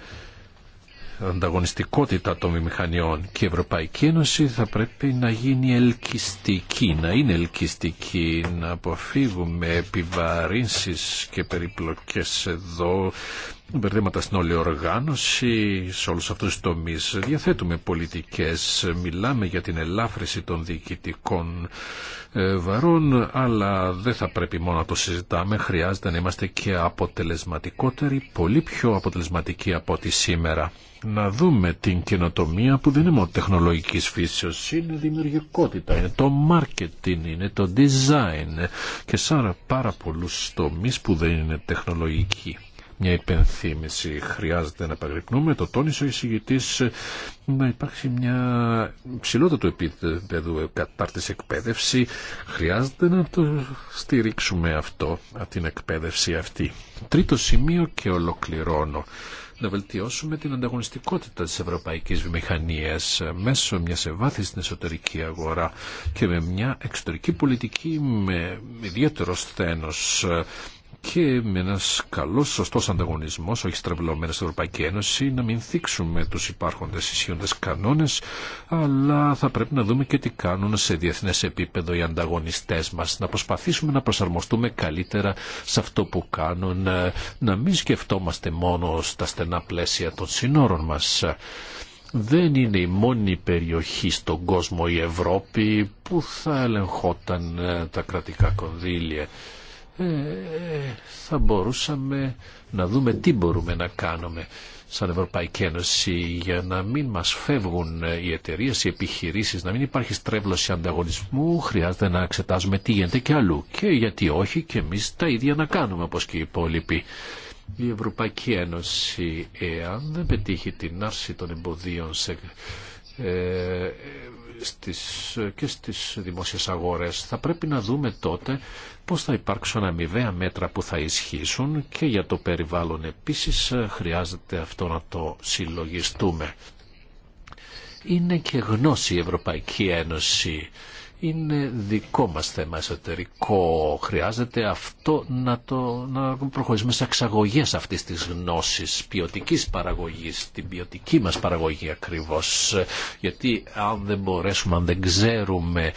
ανταγωνιστικότητα των μηχανιών και η Ευρωπαϊκή Ένωση θα πρέπει να γίνει ελκυστική, να είναι ελκυστική, να αποφύγουμε επιβαρύνσεις και περιπλοκές εδώ μπερδέματα στην όλη οργάνωση, σε όλους αυτούς τους τομείς. Διαθέτουμε πολιτικές, μιλάμε για την ελάφρυση των διοικητικών ε, βαρών, αλλά δεν θα πρέπει μόνο να το συζητάμε, χρειάζεται να είμαστε και αποτελεσματικότεροι, πολύ πιο αποτελεσματικοί από ό,τι σήμερα. Να δούμε την καινοτομία που δεν είναι μόνο τεχνολογικής φύσεως, είναι δημιουργικότητα, είναι το marketing, είναι το design και σαν πάρα πολλούς τομείς που δεν είναι τεχνολογικοί μια υπενθύμηση. Χρειάζεται να επαγρυπνούμε, το τόνισε ο εισηγητής, να υπάρξει μια ψηλότατο επίπεδο κατάρτιση εκπαίδευση. Χρειάζεται να το στηρίξουμε αυτό, την εκπαίδευση αυτή. Τρίτο σημείο και ολοκληρώνω να βελτιώσουμε την ανταγωνιστικότητα της ευρωπαϊκής βιομηχανίας μέσω μιας ευάθης στην εσωτερική αγορά και με μια εξωτερική πολιτική με ιδιαίτερο σθένος και με ένα καλό, σωστό ανταγωνισμό, όχι στρεβλωμένο στην Ευρωπαϊκή Ένωση, να μην θίξουμε του υπάρχοντε ισχύοντε κανόνε, αλλά θα πρέπει να δούμε και τι κάνουν σε διεθνέ επίπεδο οι ανταγωνιστέ μα. Να προσπαθήσουμε να προσαρμοστούμε καλύτερα σε αυτό που κάνουν, να μην σκεφτόμαστε μόνο στα στενά πλαίσια των συνόρων μα. Δεν είναι η μόνη περιοχή στον κόσμο η Ευρώπη που θα ελεγχόταν ε, τα κρατικά κονδύλια. Ε, θα μπορούσαμε να δούμε τι μπορούμε να κάνουμε σαν Ευρωπαϊκή Ένωση για να μην μας φεύγουν οι εταιρείε, οι επιχειρήσεις, να μην υπάρχει στρέβλωση ανταγωνισμού, χρειάζεται να εξετάζουμε τι γίνεται και αλλού και γιατί όχι και εμείς τα ίδια να κάνουμε όπως και οι υπόλοιποι. Η Ευρωπαϊκή Ένωση, εάν δεν πετύχει την άρση των εμποδίων σε, ε, ε, στις, και στις δημόσιες αγορές, θα πρέπει να δούμε τότε πώς θα υπάρξουν αμοιβαία μέτρα που θα ισχύσουν και για το περιβάλλον επίσης ε, χρειάζεται αυτό να το συλλογιστούμε. Είναι και γνώση η Ευρωπαϊκή Ένωση. Είναι δικό μας θέμα εσωτερικό. Χρειάζεται αυτό να, το, να προχωρήσουμε σε εξαγωγές αυτής της γνώσης ποιοτικής παραγωγής, την ποιοτική μας παραγωγή ακριβώς. Ε, γιατί αν δεν μπορέσουμε, αν δεν ξέρουμε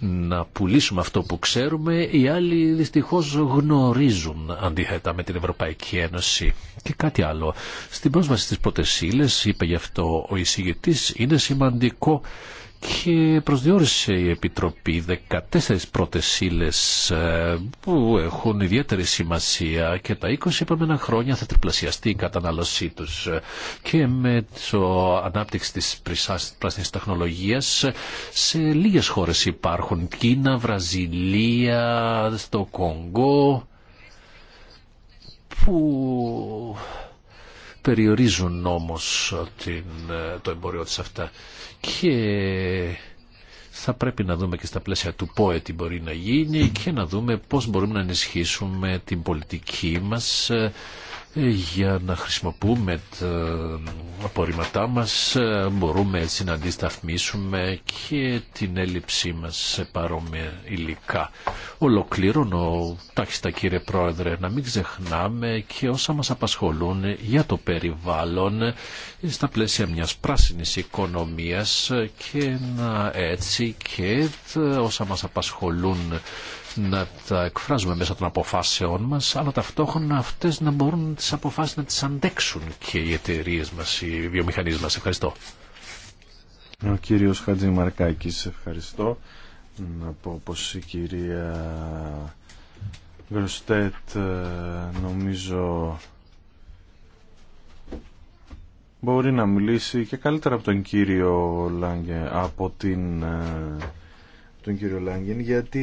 να πουλήσουμε αυτό που ξέρουμε, οι άλλοι δυστυχώς γνωρίζουν αντίθετα με την Ευρωπαϊκή Ένωση. Και κάτι άλλο. Στην πρόσβαση στις πρώτες είπε γι' αυτό ο εισηγητής, είναι σημαντικό και προσδιορίσε η Επιτροπή 14 πρώτες ε, που έχουν ιδιαίτερη σημασία και τα 20 επόμενα χρόνια θα τριπλασιαστεί η κατανάλωσή τους. Και με το ανάπτυξη της πράσινη τεχνολογίας σε λίγες χώρες υπάρχουν. Κίνα, Βραζιλία, στο Κονγκό που περιορίζουν όμως την, ε, το εμπόριό της αυτά και θα πρέπει να δούμε και στα πλαίσια του ΠΟΕ τι μπορεί να γίνει και να δούμε πώς μπορούμε να ενισχύσουμε την πολιτική μας ε, για να χρησιμοποιούμε τα απορρίμματά μας μπορούμε έτσι να αντισταθμίσουμε και την έλλειψή μας σε παρόμοια υλικά. Ολοκληρώνω, τάχιστα κύριε Πρόεδρε, να μην ξεχνάμε και όσα μας απασχολούν για το περιβάλλον στα πλαίσια μιας πράσινης οικονομίας και να έτσι και όσα μας απασχολούν να τα εκφράζουμε μέσα των αποφάσεών μας, αλλά ταυτόχρονα αυτές να μπορούν τις αποφάσεις να τις αντέξουν και οι εταιρείε μας, οι βιομηχανίε μας. Ευχαριστώ. Ο κύριος Χατζημαρκάκης, ευχαριστώ. Να πω πως η κυρία Γκροστέτ ε, νομίζω μπορεί να μιλήσει και καλύτερα από τον κύριο Λάγκε από την ε, τον κύριο Λάγκεν, γιατί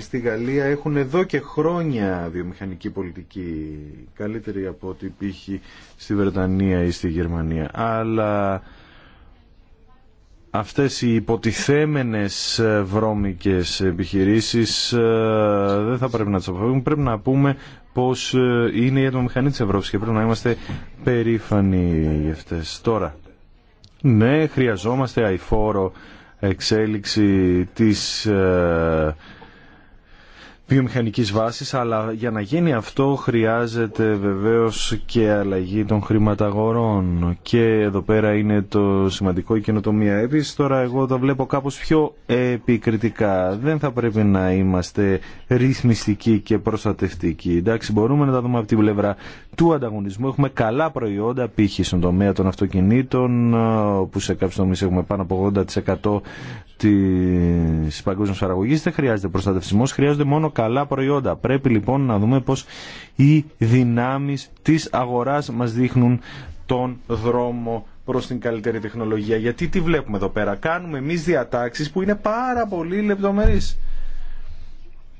στη Γαλλία έχουν εδώ και χρόνια βιομηχανική πολιτική, καλύτερη από ό,τι υπήρχε στη Βρετανία ή στη Γερμανία. Αλλά αυτές οι υποτιθέμενες βρώμικες επιχειρήσεις ε, δεν θα πρέπει να τις αποφεύγουμε. Πρέπει να πούμε πως ε, είναι η ατμομηχανή της Ευρώπης και πρέπει να είμαστε περήφανοι για αυτές. Τώρα, ναι, χρειαζόμαστε αηφόρο εξέλιξη της ε, βιομηχανικής βάσης, αλλά για να γίνει αυτό χρειάζεται βεβαίως και αλλαγή των χρηματαγορών και εδώ πέρα είναι το σημαντικό η καινοτομία. Επίση. τώρα εγώ το βλέπω κάπως πιο επικριτικά. Δεν θα πρέπει να είμαστε ρυθμιστικοί και προστατευτικοί. Εντάξει, μπορούμε να τα δούμε από την πλευρά του ανταγωνισμού. Έχουμε καλά προϊόντα, π.χ. στον τομέα των αυτοκινήτων, όπου σε κάποιου τομεί έχουμε πάνω από 80% της παγκόσμιας παραγωγή. Δεν χρειάζεται προστατευσμό, χρειάζονται μόνο καλά προϊόντα. Πρέπει λοιπόν να δούμε πως οι δυνάμει της αγοράς μας δείχνουν τον δρόμο προς την καλύτερη τεχνολογία. Γιατί τι βλέπουμε εδώ πέρα. Κάνουμε εμεί διατάξει που είναι πάρα πολύ λεπτομερεί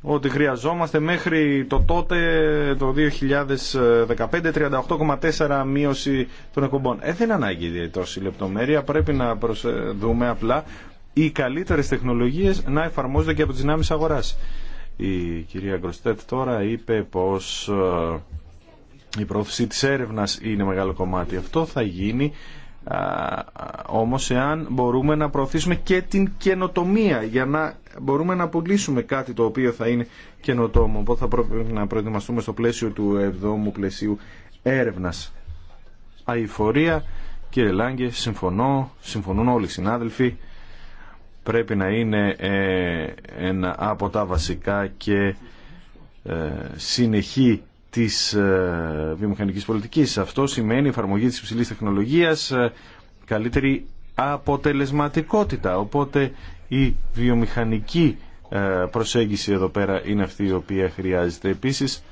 ότι χρειαζόμαστε μέχρι το τότε, το 2015, 38,4 μείωση των εκπομπών. Ε, δεν ανάγκη τόση λεπτομέρεια, πρέπει να δούμε απλά οι καλύτερες τεχνολογίες να εφαρμόζονται και από τις δυνάμεις αγοράς. Η κυρία Γκροστέτ τώρα είπε πως ε, η πρόθεση της έρευνας είναι μεγάλο κομμάτι. Αυτό θα γίνει όμως εάν μπορούμε να προωθήσουμε και την καινοτομία για να μπορούμε να πουλήσουμε κάτι το οποίο θα είναι καινοτόμο οπότε θα πρέπει να προετοιμαστούμε στο πλαίσιο του 7 πλαισίου έρευνας αηφορία κύριε Λάγκε συμφωνώ συμφωνούν όλοι οι συνάδελφοι πρέπει να είναι ε, ένα από τα βασικά και ε, συνεχή της ε, βιομηχανικής πολιτικής. Αυτό σημαίνει εφαρμογή της υψηλής τεχνολογίας, ε, καλύτερη αποτελεσματικότητα. Οπότε η βιομηχανική ε, προσέγγιση εδώ πέρα είναι αυτή η οποία χρειάζεται. Επίσης,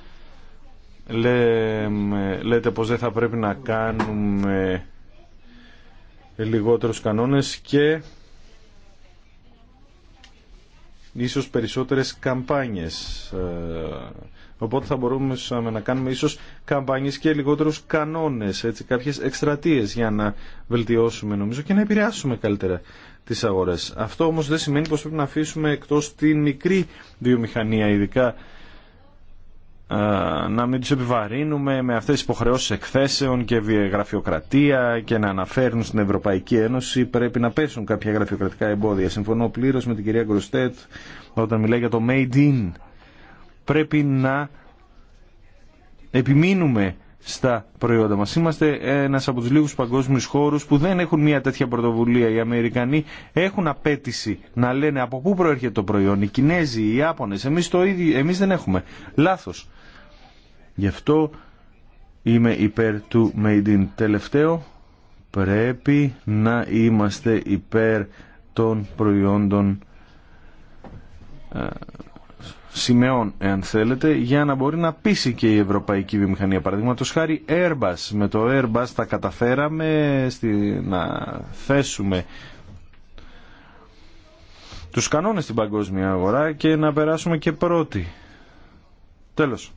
λέτε πως δεν θα πρέπει να κάνουμε λιγότερους κανόνες και ίσως περισσότερες καμπάνιες Οπότε θα μπορούμε να κάνουμε ίσω καμπάνιε και λιγότερου κανόνε κάποιε κάποιες για να βελτιώσουμε νομίζω και να επηρεάσουμε καλύτερα τι αγορέ. Αυτό όμω δεν σημαίνει πω πρέπει να αφήσουμε εκτό τη μικρή βιομηχανία, ειδικά να μην του επιβαρύνουμε με αυτέ τι υποχρεώσει εκθέσεων και γραφειοκρατία και να αναφέρουν στην Ευρωπαϊκή Ένωση πρέπει να πέσουν κάποια γραφειοκρατικά εμπόδια. Συμφωνώ πλήρω με την κυρία Γκροστέτ όταν μιλάει για το Made in πρέπει να επιμείνουμε στα προϊόντα μας. Είμαστε ένας από τους λίγους παγκόσμιους χώρους που δεν έχουν μια τέτοια πρωτοβουλία. Οι Αμερικανοί έχουν απέτηση να λένε από πού προέρχεται το προϊόν. Οι Κινέζοι, οι Ιάπωνες, εμείς, το ίδιο, εμείς δεν έχουμε. Λάθος. Γι' αυτό είμαι υπέρ του Made in. Τελευταίο, πρέπει να είμαστε υπέρ των προϊόντων ε, σημεών, εάν θέλετε, για να μπορεί να πείσει και η ευρωπαϊκή βιομηχανία. Παραδείγματο χάρη Airbus. Με το Airbus τα καταφέραμε στη, να θέσουμε τους κανόνες στην παγκόσμια αγορά και να περάσουμε και πρώτοι. Τέλος.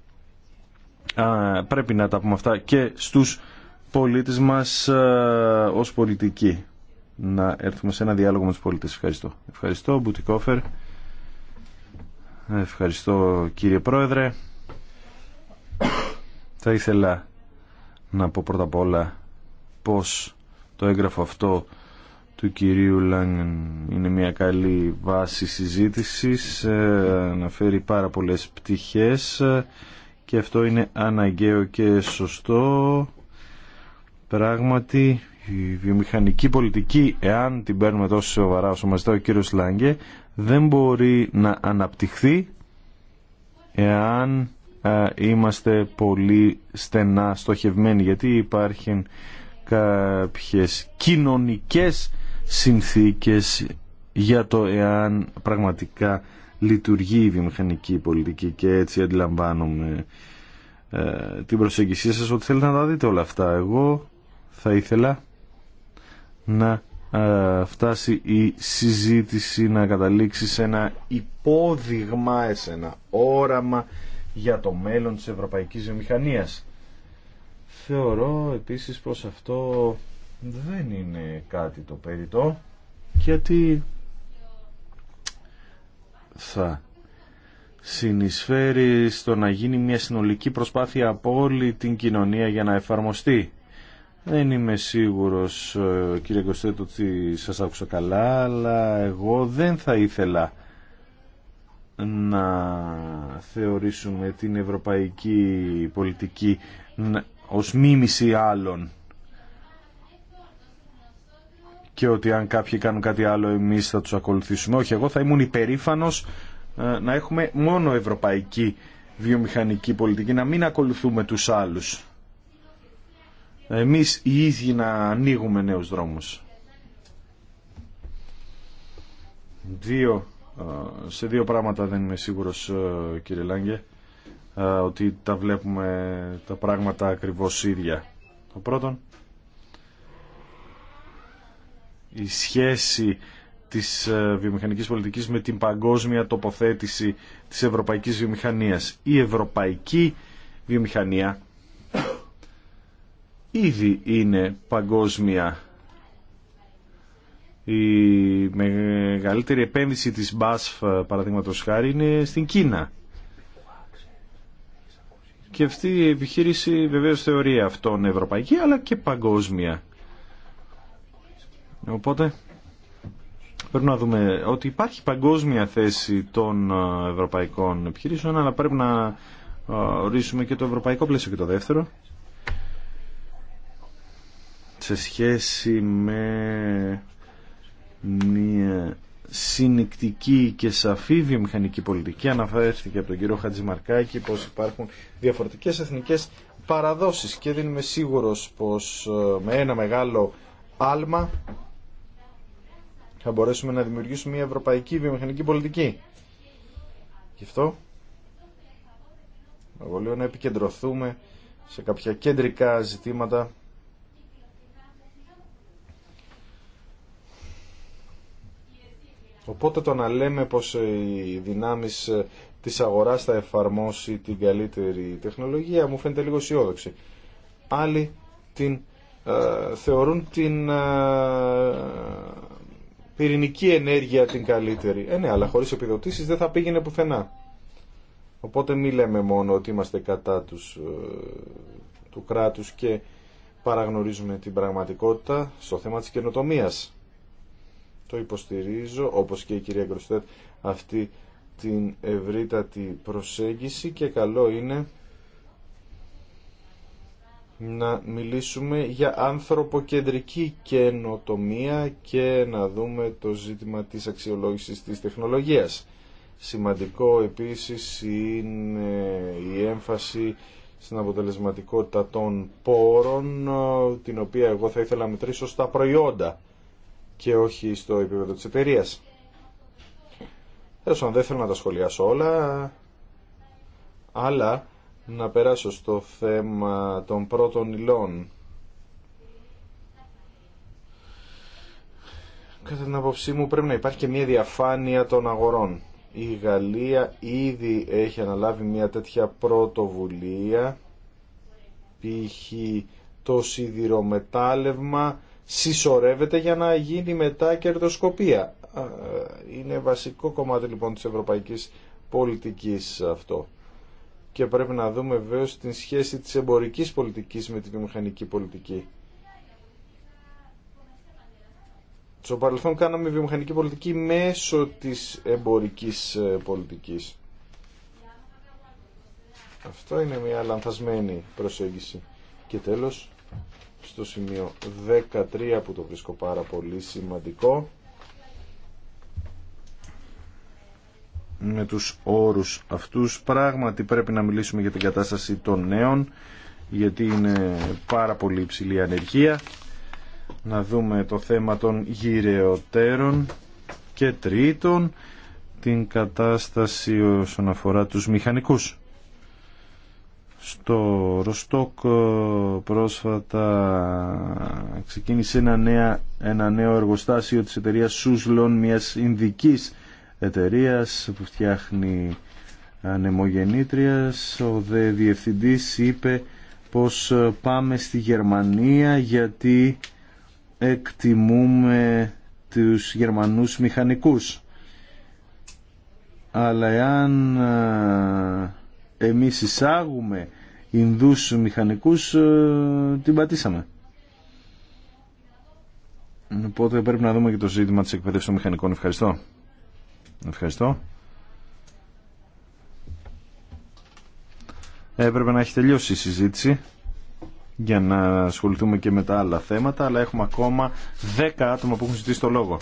πρέπει να τα πούμε αυτά και στους πολίτες μας α, ως πολιτικοί. Να έρθουμε σε ένα διάλογο με τους πολίτες. Ευχαριστώ. Ευχαριστώ, Μπουτικόφερ. Ευχαριστώ κύριε Πρόεδρε. Θα ήθελα να πω πρώτα απ' όλα πως το έγγραφο αυτό του κυρίου Λάγκεν είναι μια καλή βάση συζήτησης, ε, αναφέρει πάρα πολλές πτυχές και αυτό είναι αναγκαίο και σωστό. Πράγματι η βιομηχανική πολιτική, εάν την παίρνουμε τόσο σοβαρά όσο μας ο κύριος Λάγκε, δεν μπορεί να αναπτυχθεί εάν είμαστε πολύ στενά στοχευμένοι, γιατί υπάρχουν κάποιες κοινωνικές συνθήκες για το εάν πραγματικά λειτουργεί η βιομηχανική πολιτική και έτσι αντιλαμβάνομαι ε, την προσέγγισή σας ότι θέλετε να τα δείτε όλα αυτά. Εγώ θα ήθελα να ε, φτάσει η συζήτηση να καταλήξει σε ένα υπόδειγμα, σε ένα όραμα για το μέλλον της ευρωπαϊκής βιομηχανίας. Θεωρώ επίσης πως αυτό δεν είναι κάτι το περιττό γιατί θα συνεισφέρει στο να γίνει μια συνολική προσπάθεια από όλη την κοινωνία για να εφαρμοστεί δεν είμαι σίγουρος, ε, κύριε Κωστέτο, ότι σας άκουσα καλά, αλλά εγώ δεν θα ήθελα να θεωρήσουμε την ευρωπαϊκή πολιτική ως μίμηση άλλων και ότι αν κάποιοι κάνουν κάτι άλλο εμείς θα τους ακολουθήσουμε. Όχι, εγώ θα ήμουν υπερήφανος ε, να έχουμε μόνο ευρωπαϊκή βιομηχανική πολιτική, να μην ακολουθούμε τους άλλους εμείς οι ίδιοι να ανοίγουμε νέους δρόμους. Δύο, ε, σε δύο πράγματα δεν είμαι σίγουρος ε, κύριε Λάγκε ε, ότι τα βλέπουμε τα πράγματα ακριβώς ίδια. Το πρώτον, η σχέση της βιομηχανικής πολιτικής με την παγκόσμια τοποθέτηση της ευρωπαϊκής βιομηχανίας. Η ευρωπαϊκή βιομηχανία ήδη είναι παγκόσμια. Η μεγαλύτερη επένδυση της BASF, παραδείγματος χάρη, είναι στην Κίνα. Και αυτή η επιχείρηση βεβαίως θεωρεί αυτόν ευρωπαϊκή, αλλά και παγκόσμια. Οπότε, πρέπει να δούμε ότι υπάρχει παγκόσμια θέση των ε, ευρωπαϊκών επιχειρήσεων, αλλά πρέπει να ε, ορίσουμε και το ευρωπαϊκό πλαίσιο και το δεύτερο σε σχέση με μια συνεκτική και σαφή βιομηχανική πολιτική αναφέρθηκε από τον κύριο Χατζημαρκάκη πως υπάρχουν διαφορετικές εθνικές παραδόσεις και δεν είμαι σίγουρος πως ε, με ένα μεγάλο άλμα θα μπορέσουμε να δημιουργήσουμε μια ευρωπαϊκή βιομηχανική πολιτική. Γι' αυτό εγώ λέω να επικεντρωθούμε σε κάποια κεντρικά ζητήματα Οπότε το να λέμε πως οι δυνάμεις ε, της αγοράς θα εφαρμόσει την καλύτερη τεχνολογία μου φαίνεται λίγο αισιόδοξη. Άλλοι την, ε, θεωρούν την ε, πυρηνική ενέργεια την καλύτερη. Ε, ναι, αλλά χωρίς επιδοτήσεις δεν θα πήγαινε πουθενά. Οπότε μη λέμε μόνο ότι είμαστε κατά τους, ε, του κράτους και παραγνωρίζουμε την πραγματικότητα στο θέμα της καινοτομίας. Το υποστηρίζω, όπως και η κυρία Γκροστέτ, αυτή την ευρύτατη προσέγγιση και καλό είναι να μιλήσουμε για ανθρωποκεντρική καινοτομία και να δούμε το ζήτημα της αξιολόγησης της τεχνολογίας. Σημαντικό επίσης είναι η έμφαση στην αποτελεσματικότητα των πόρων, την οποία εγώ θα ήθελα να μετρήσω στα προϊόντα και όχι στο επίπεδο της εταιρεία. δεν θέλω να τα σχολιάσω όλα, αλλά να περάσω στο θέμα των πρώτων υλών. Κατά την απόψή μου πρέπει να υπάρχει και μια διαφάνεια των αγορών. Η Γαλλία ήδη έχει αναλάβει μια τέτοια πρωτοβουλία, π.χ. το σιδηρομετάλλευμα συσσωρεύεται για να γίνει μετά κερδοσκοπία. Είναι βασικό κομμάτι λοιπόν της ευρωπαϊκής πολιτικής αυτό. Και πρέπει να δούμε βέβαια την σχέση της εμπορικής πολιτικής με τη βιομηχανική πολιτική. Στο παρελθόν κάναμε βιομηχανική πολιτική μέσω της εμπορικής ε, πολιτικής. Αυτό είναι μια λανθασμένη προσέγγιση. Και τέλος, στο σημείο 13 που το βρίσκω πάρα πολύ σημαντικό με τους όρους αυτούς πράγματι πρέπει να μιλήσουμε για την κατάσταση των νέων γιατί είναι πάρα πολύ υψηλή ανεργία να δούμε το θέμα των γυρεωτέρων και τρίτον την κατάσταση όσον αφορά τους μηχανικούς στο Ροστόκ ε, πρόσφατα ξεκίνησε ένα, νέα, ένα νέο εργοστάσιο της εταιρείας Σούσλον, μιας Ινδικής εταιρείας που φτιάχνει ανεμογεννήτριας. Ο δε διευθυντής είπε πως ε, πάμε στη Γερμανία γιατί εκτιμούμε τους Γερμανούς μηχανικούς. Αλλά εάν ε, εμείς εισάγουμε Ινδούς μηχανικούς ε, την πατήσαμε. Οπότε πρέπει να δούμε και το ζήτημα της εκπαίδευσης των μηχανικών. Ευχαριστώ. Ευχαριστώ. Ε, έπρεπε να έχει τελειώσει η συζήτηση για να ασχοληθούμε και με τα άλλα θέματα, αλλά έχουμε ακόμα 10 άτομα που έχουν ζητήσει το λόγο.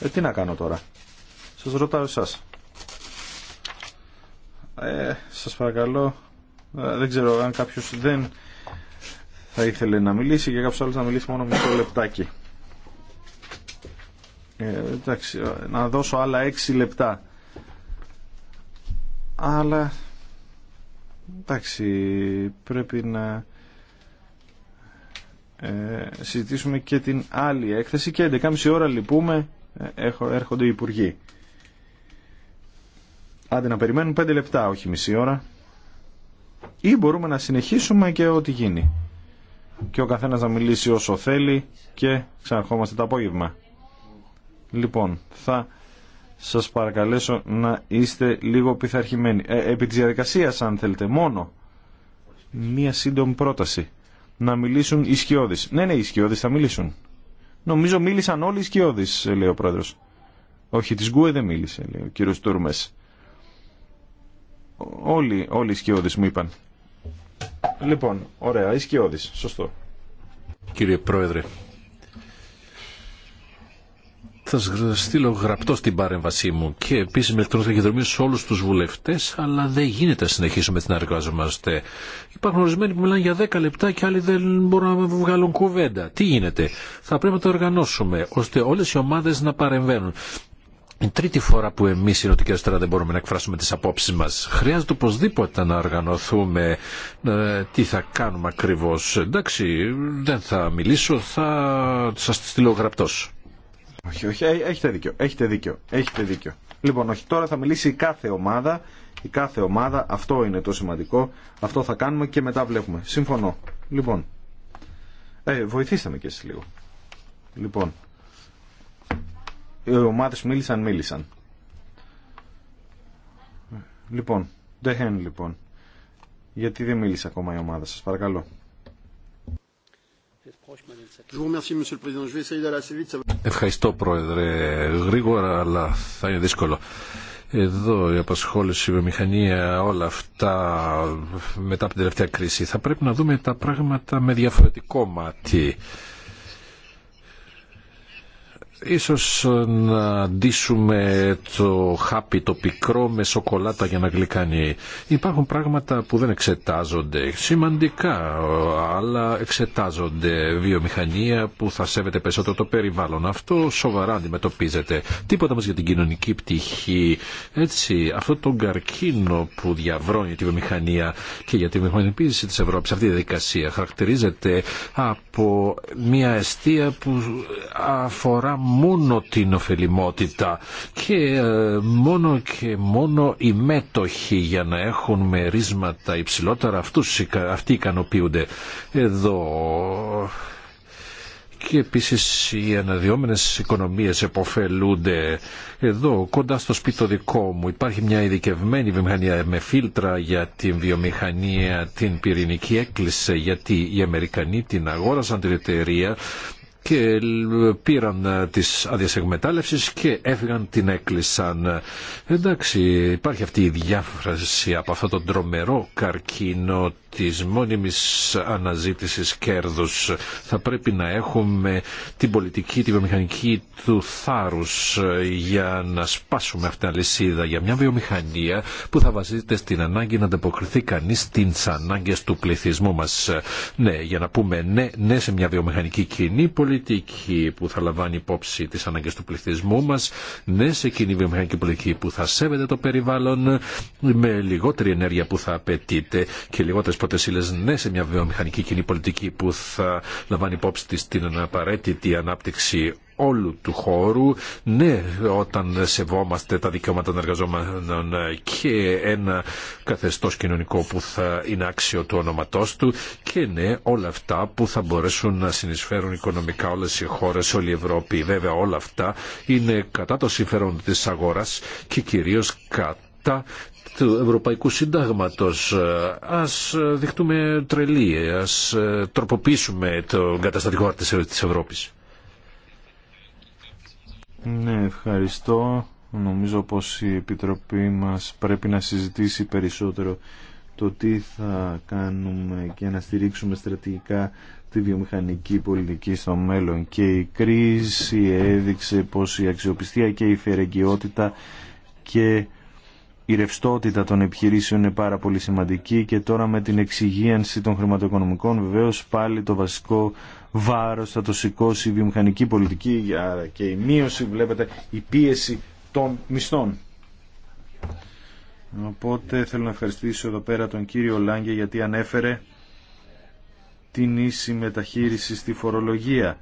Ε, τι να κάνω τώρα. Σας ρωτάω εσάς. Ε, σας παρακαλώ, ε, δεν ξέρω αν κάποιος δεν θα ήθελε να μιλήσει και κάποιος άλλος να μιλήσει μόνο μισό λεπτάκι. Ε, εντάξει, ε, να δώσω άλλα έξι λεπτά. Αλλά, εντάξει, πρέπει να ε, συζητήσουμε και την άλλη έκθεση και 11.30 ώρα λυπούμε, ε, έρχονται οι υπουργοί. Άντε να περιμένουν πέντε λεπτά, όχι μισή ώρα. Ή μπορούμε να συνεχίσουμε και ό,τι γίνει. Και ο καθένας να μιλήσει όσο θέλει και ξαναρχόμαστε το απόγευμα. Λοιπόν, θα σας παρακαλέσω να είστε λίγο πειθαρχημένοι. Ε, επί της διαδικασίας, αν θέλετε, μόνο μία σύντομη πρόταση. Να μιλήσουν οι σκιώδεις. Ναι, ναι, οι σκιώδεις θα μιλήσουν. Νομίζω μίλησαν όλοι οι σκιώδεις, λέει ο πρόεδρος. Όχι, τη Γκουε δεν μίλησε, λέει ο κύριος Τούρμες. Όλοι, όλοι οι σκιώδεις μου είπαν. Λοιπόν, ωραία, οι σκιώδεις, σωστό. Κύριε Πρόεδρε, θα στείλω γραπτό στην παρέμβασή μου και επίση με ηλεκτρονική διαδρομή σε όλου του βουλευτέ, αλλά δεν γίνεται να συνεχίσουμε να εργαζόμαστε. Υπάρχουν ορισμένοι που μιλάνε για 10 λεπτά και άλλοι δεν μπορούν να βγάλουν κουβέντα. Τι γίνεται. Θα πρέπει να το οργανώσουμε, ώστε όλε οι ομάδε να παρεμβαίνουν τρίτη φορά που εμείς οι νοτικές τώρα δεν μπορούμε να εκφράσουμε τις απόψεις μας. Χρειάζεται οπωσδήποτε να οργανωθούμε ε, τι θα κάνουμε ακριβώς. Εντάξει, δεν θα μιλήσω, θα σας τη στείλω γραπτός. Όχι, όχι, έχετε δίκιο, έχετε δίκιο, έχετε δίκιο. Λοιπόν, όχι, τώρα θα μιλήσει η κάθε ομάδα, η κάθε ομάδα, αυτό είναι το σημαντικό, αυτό θα κάνουμε και μετά βλέπουμε. Συμφωνώ. Λοιπόν, ε, βοηθήστε με και εσείς λίγο. Λοιπόν, οι ομάδες μίλησαν, μίλησαν. Λοιπόν, Ντεχέν λοιπόν. Γιατί δεν μίλησε ακόμα η ομάδα σας, παρακαλώ. Ευχαριστώ Πρόεδρε. Γρήγορα αλλά θα είναι δύσκολο. Εδώ η απασχόληση, η βιομηχανία, όλα αυτά μετά από την τελευταία κρίση. Θα πρέπει να δούμε τα πράγματα με διαφορετικό μάτι. Ίσως να ντύσουμε το χάπι το πικρό με σοκολάτα για να γλυκάνει. Υπάρχουν πράγματα που δεν εξετάζονται σημαντικά, αλλά εξετάζονται βιομηχανία που θα σέβεται περισσότερο το περιβάλλον. Αυτό σοβαρά αντιμετωπίζεται. Τίποτα μας για την κοινωνική πτυχή. Έτσι, αυτό το καρκίνο που διαβρώνει τη βιομηχανία και για τη πίεση της Ευρώπης αυτή η διαδικασία χαρακτηρίζεται από από μια αιστεία που αφορά μόνο την ωφελημότητα και ε, μόνο και μόνο οι μέτοχοι για να έχουν μερίσματα υψηλότερα αυτούς, αυτοί ικανοποιούνται. Εδώ και επίσης οι αναδυόμενες οικονομίες εποφελούνται. Εδώ κοντά στο σπίτι το δικό μου υπάρχει μια ειδικευμένη βιομηχανία με φίλτρα για την βιομηχανία την πυρηνική έκλεισε γιατί οι Αμερικανοί την αγόρασαν την εταιρεία και πήραν ε, τις άδειες εκμετάλλευσης και έφυγαν την έκλεισαν. Εντάξει, υπάρχει αυτή η διάφραση από αυτό το ντρομερό καρκίνο της μόνιμης αναζήτησης κέρδους. Θα πρέπει να έχουμε την πολιτική, τη βιομηχανική του θάρρους ε, για να σπάσουμε αυτήν την αλυσίδα για μια βιομηχανία που θα βασίζεται στην ανάγκη να ανταποκριθεί κανείς στις ανάγκες του πληθυσμού μας. Ε, ναι, για να πούμε ναι, ναι σε μια βιομηχανική κοινή πολιτική πολιτική που θα λαμβάνει υπόψη τις ανάγκες του πληθυσμού μας, ναι σε κοινή βιομηχανική πολιτική που θα σέβεται το περιβάλλον με λιγότερη ενέργεια που θα απαιτείται και λιγότερες ύλε, ναι σε μια βιομηχανική κοινή πολιτική που θα λαμβάνει υπόψη της την απαραίτητη ανάπτυξη όλου του χώρου. Ναι, όταν σεβόμαστε τα δικαιώματα των εργαζομένων και ένα καθεστώς κοινωνικό που θα είναι άξιο του όνοματός του και ναι, όλα αυτά που θα μπορέσουν να συνεισφέρουν οικονομικά όλες οι χώρες, όλη η Ευρώπη. Βέβαια όλα αυτά είναι κατά το συμφέρον της αγοράς και κυρίως κατά του Ευρωπαϊκού Συντάγματος. Ας δειχτούμε τρελή, ας τροποποιήσουμε τον καταστατικό της Ευρώπης. Ναι, ευχαριστώ. Νομίζω πως η Επιτροπή μας πρέπει να συζητήσει περισσότερο το τι θα κάνουμε και να στηρίξουμε στρατηγικά τη βιομηχανική πολιτική στο μέλλον. Και η κρίση έδειξε πως η αξιοπιστία και η φερεγγιότητα και η ρευστότητα των επιχειρήσεων είναι πάρα πολύ σημαντική και τώρα με την εξυγίανση των χρηματοοικονομικών βεβαίως πάλι το βασικό βάρος θα το σηκώσει η βιομηχανική πολιτική και η μείωση βλέπετε η πίεση των μισθών. Οπότε θέλω να ευχαριστήσω εδώ πέρα τον κύριο Λάγκε γιατί ανέφερε την ίση μεταχείριση στη φορολογία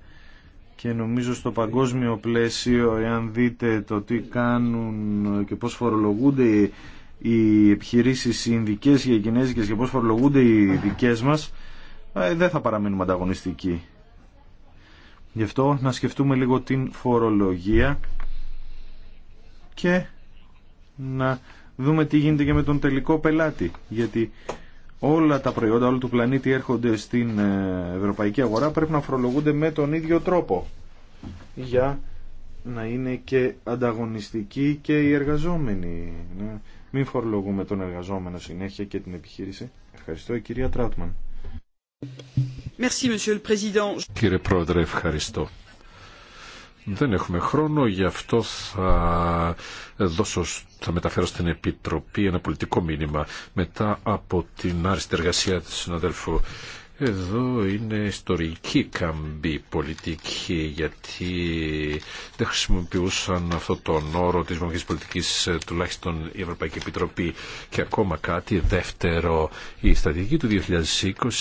και νομίζω στο παγκόσμιο πλαίσιο εάν δείτε το τι κάνουν και πώς φορολογούνται οι επιχειρήσεις οι ειδικές και οι κινέζικες και πώς φορολογούνται οι δικές μας ε, δεν θα παραμείνουμε ανταγωνιστικοί Γι' αυτό να σκεφτούμε λίγο την φορολογία και να δούμε τι γίνεται και με τον τελικό πελάτη. Γιατί όλα τα προϊόντα όλου του πλανήτη έρχονται στην ε, ευρωπαϊκή αγορά πρέπει να φορολογούνται με τον ίδιο τρόπο για να είναι και ανταγωνιστικοί και οι εργαζόμενοι. Μην φορολογούμε τον εργαζόμενο συνέχεια και την επιχείρηση. Ευχαριστώ η κυρία Τράουτμαν. Κύριε Πρόεδρε, ευχαριστώ. Δεν έχουμε χρόνο, γι' αυτό θα, δώσω, θα μεταφέρω στην Επιτροπή ένα πολιτικό μήνυμα μετά από την άριστη εργασία του συναδέλφου εδώ είναι ιστορική καμπή πολιτική γιατί δεν χρησιμοποιούσαν αυτό τον όρο της βαμβικής πολιτικής ε, τουλάχιστον η Ευρωπαϊκή Επιτροπή και ακόμα κάτι δεύτερο. Η στρατηγική του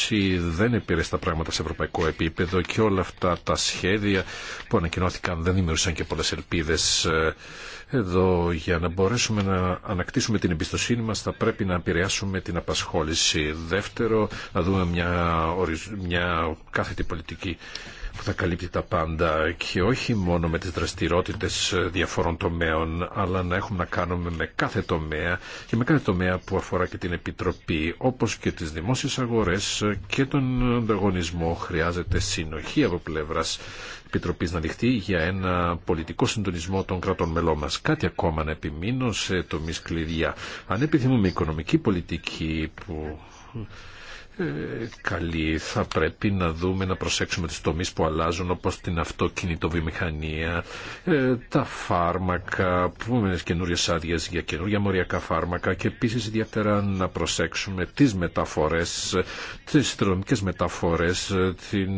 2020 δεν επήρε στα πράγματα σε ευρωπαϊκό επίπεδο και όλα αυτά τα σχέδια που ανακοινώθηκαν δεν δημιούργησαν και πολλές ελπίδες ε, εδώ για να μπορέσουμε να ανακτήσουμε την εμπιστοσύνη μας θα πρέπει να επηρεάσουμε την απασχόληση. Δεύτερο, να δούμε μια, μια κάθετη πολιτική που θα καλύπτει τα πάντα και όχι μόνο με τις δραστηριότητες διαφόρων τομέων, αλλά να έχουμε να κάνουμε με κάθε τομέα και με κάθε τομέα που αφορά και την Επιτροπή, όπως και τις δημόσιες αγορές και τον ανταγωνισμό. Χρειάζεται συνοχή από πλευράς Επιτροπή να δειχτεί για ένα πολιτικό συντονισμό των κρατών μελών μα. Κάτι ακόμα να επιμείνω σε τομεί κλειδιά. Αν επιθυμούμε οικονομική πολιτική που ε, καλή. Θα πρέπει να δούμε, να προσέξουμε τις τομείς που αλλάζουν όπως την αυτοκινητοβιομηχανία, ε, τα φάρμακα, που τις καινούριες άδειε για καινούρια μοριακά φάρμακα και επίσης ιδιαίτερα να προσέξουμε τις μεταφορές, τις τρομικές μεταφορές, ε, την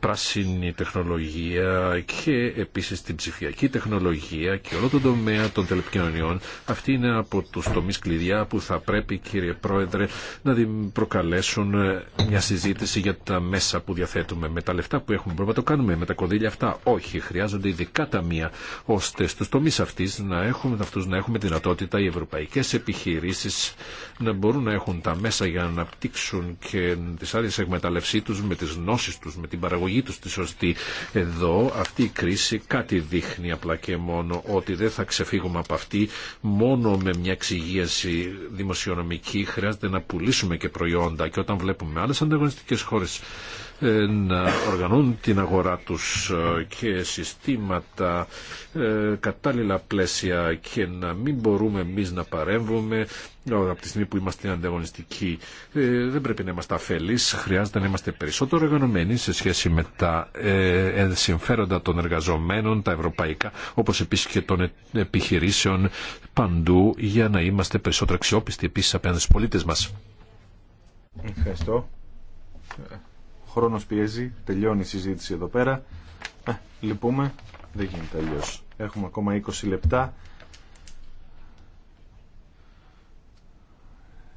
πράσινη τεχνολογία και επίσης την ψηφιακή τεχνολογία και όλο τον τομέα των τελεπικοινωνιών Αυτή είναι από τους τομείς κλειδιά που θα πρέπει κύριε Πρόεδρε να προκαλέσουμε ξεκινήσουν ε, μια συζήτηση για τα μέσα που διαθέτουμε. Με τα λεφτά που έχουμε μπορούμε να το κάνουμε, με τα κονδύλια αυτά. Όχι, χρειάζονται ειδικά ταμεία, ώστε στου τομεί αυτή να έχουμε, αυτούς, να έχουμε δυνατότητα οι ευρωπαϊκέ επιχειρήσει να μπορούν να έχουν τα μέσα για να αναπτύξουν και τι άλλε εκμεταλλευσή του με τι γνώσει του, με την παραγωγή του τη σωστή. Εδώ αυτή η κρίση κάτι δείχνει απλά και μόνο ότι δεν θα ξεφύγουμε από αυτή μόνο με μια εξυγίαση δημοσιονομική. Χρειάζεται να πουλήσουμε και προϊόντα και όταν βλέπουμε άλλες ανταγωνιστικές χώρες ε, να οργανώνουν την αγορά τους ε, και συστήματα ε, κατάλληλα πλαίσια και να μην μπορούμε εμεί να παρέμβουμε από τη στιγμή που είμαστε ανταγωνιστικοί δεν πρέπει να είμαστε αφελείς χρειάζεται να είμαστε περισσότερο οργανωμένοι σε σχέση με τα συμφέροντα των εργαζομένων, τα ευρωπαϊκά όπως επίσης και των επιχειρήσεων παντού για να είμαστε περισσότερο αξιόπιστοι επίσης απέναντι στους πολίτες Ευχαριστώ. Ο ε, χρόνος πιέζει, τελειώνει η συζήτηση εδώ πέρα. Ε, λυπούμε, δεν γίνεται αλλιώ. Έχουμε ακόμα 20 λεπτά.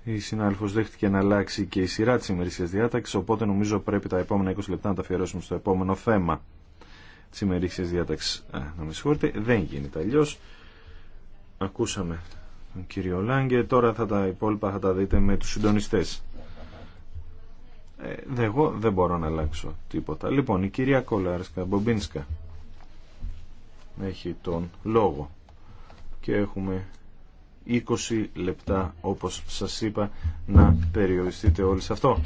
Η συνάδελφος δέχτηκε να αλλάξει και η σειρά τη ημερήσια διάταξη. οπότε νομίζω πρέπει τα επόμενα 20 λεπτά να τα αφιερώσουμε στο επόμενο θέμα τη ημερήσια διάταξη ε, να με συγχωρείτε, δεν γίνεται αλλιώ. Ακούσαμε τον κύριο Λάγκε, τώρα θα τα υπόλοιπα θα τα δείτε με τους συντονιστές. Ε, εγώ δεν μπορώ να αλλάξω τίποτα. Λοιπόν, η κυρία Κολάρσκα Μπομπίνσκα έχει τον λόγο και έχουμε 20 λεπτά όπως σας είπα να περιοριστείτε όλοι σε αυτό.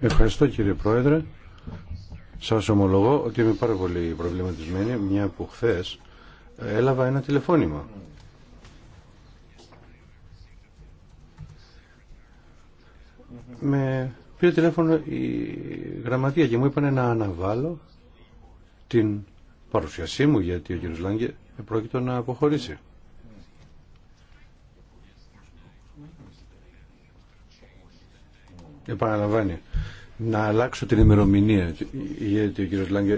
Ευχαριστώ κύριε Πρόεδρε. Σας ομολογώ ότι είμαι πάρα πολύ προβληματισμένη μια που χθε έλαβα ένα τηλεφώνημα με πήρε τηλέφωνο η γραμματεία και μου είπαν να αναβάλω την παρουσιασή μου γιατί ο κ. Λάγκε πρόκειται να αποχωρήσει. Επαναλαμβάνει να αλλάξω την ημερομηνία γιατί ο κύριος Λάγκε ε,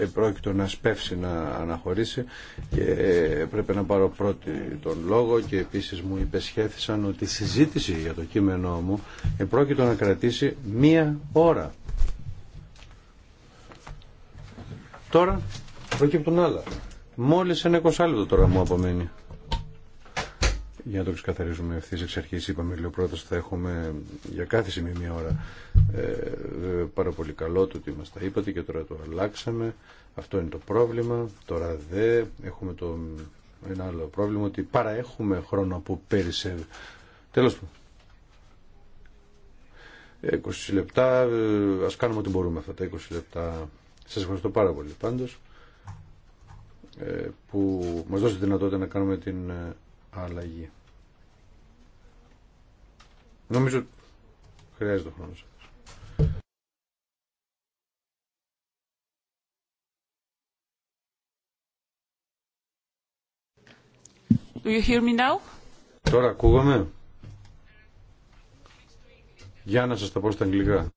ε, επρόκειτο να σπεύσει να αναχωρήσει και ε, πρέπει να πάρω πρώτη τον λόγο και επίσης μου υπεσχέθησαν ότι η συζήτηση για το κείμενό μου επρόκειτο να κρατήσει μία ώρα τώρα προκύπτουν άλλα μόλις ένα το τώρα μου απομένει για να το ξεκαθαρίζουμε ευθύ εξ αρχή, είπαμε λίγο πρώτα θα έχουμε για κάθε σημείο μία ώρα. Ε, πάρα πολύ καλό το ότι μα τα είπατε και τώρα το αλλάξαμε. Αυτό είναι το πρόβλημα. Τώρα δε έχουμε το, ένα άλλο πρόβλημα ότι πάρα έχουμε χρόνο από πέρυσι. Τέλο πάντων. 20 λεπτά, ε, ας κάνουμε ό,τι μπορούμε αυτά τα 20 λεπτά. Σας ευχαριστώ πάρα πολύ πάντως ε, που μας δώσετε δυνατότητα να κάνουμε την ε, αλλαγή. Νομίζω χρειάζεται ο χρόνο. Do you hear me now? Τώρα ακούγαμε. Για να σας τα πω στα αγγλικά.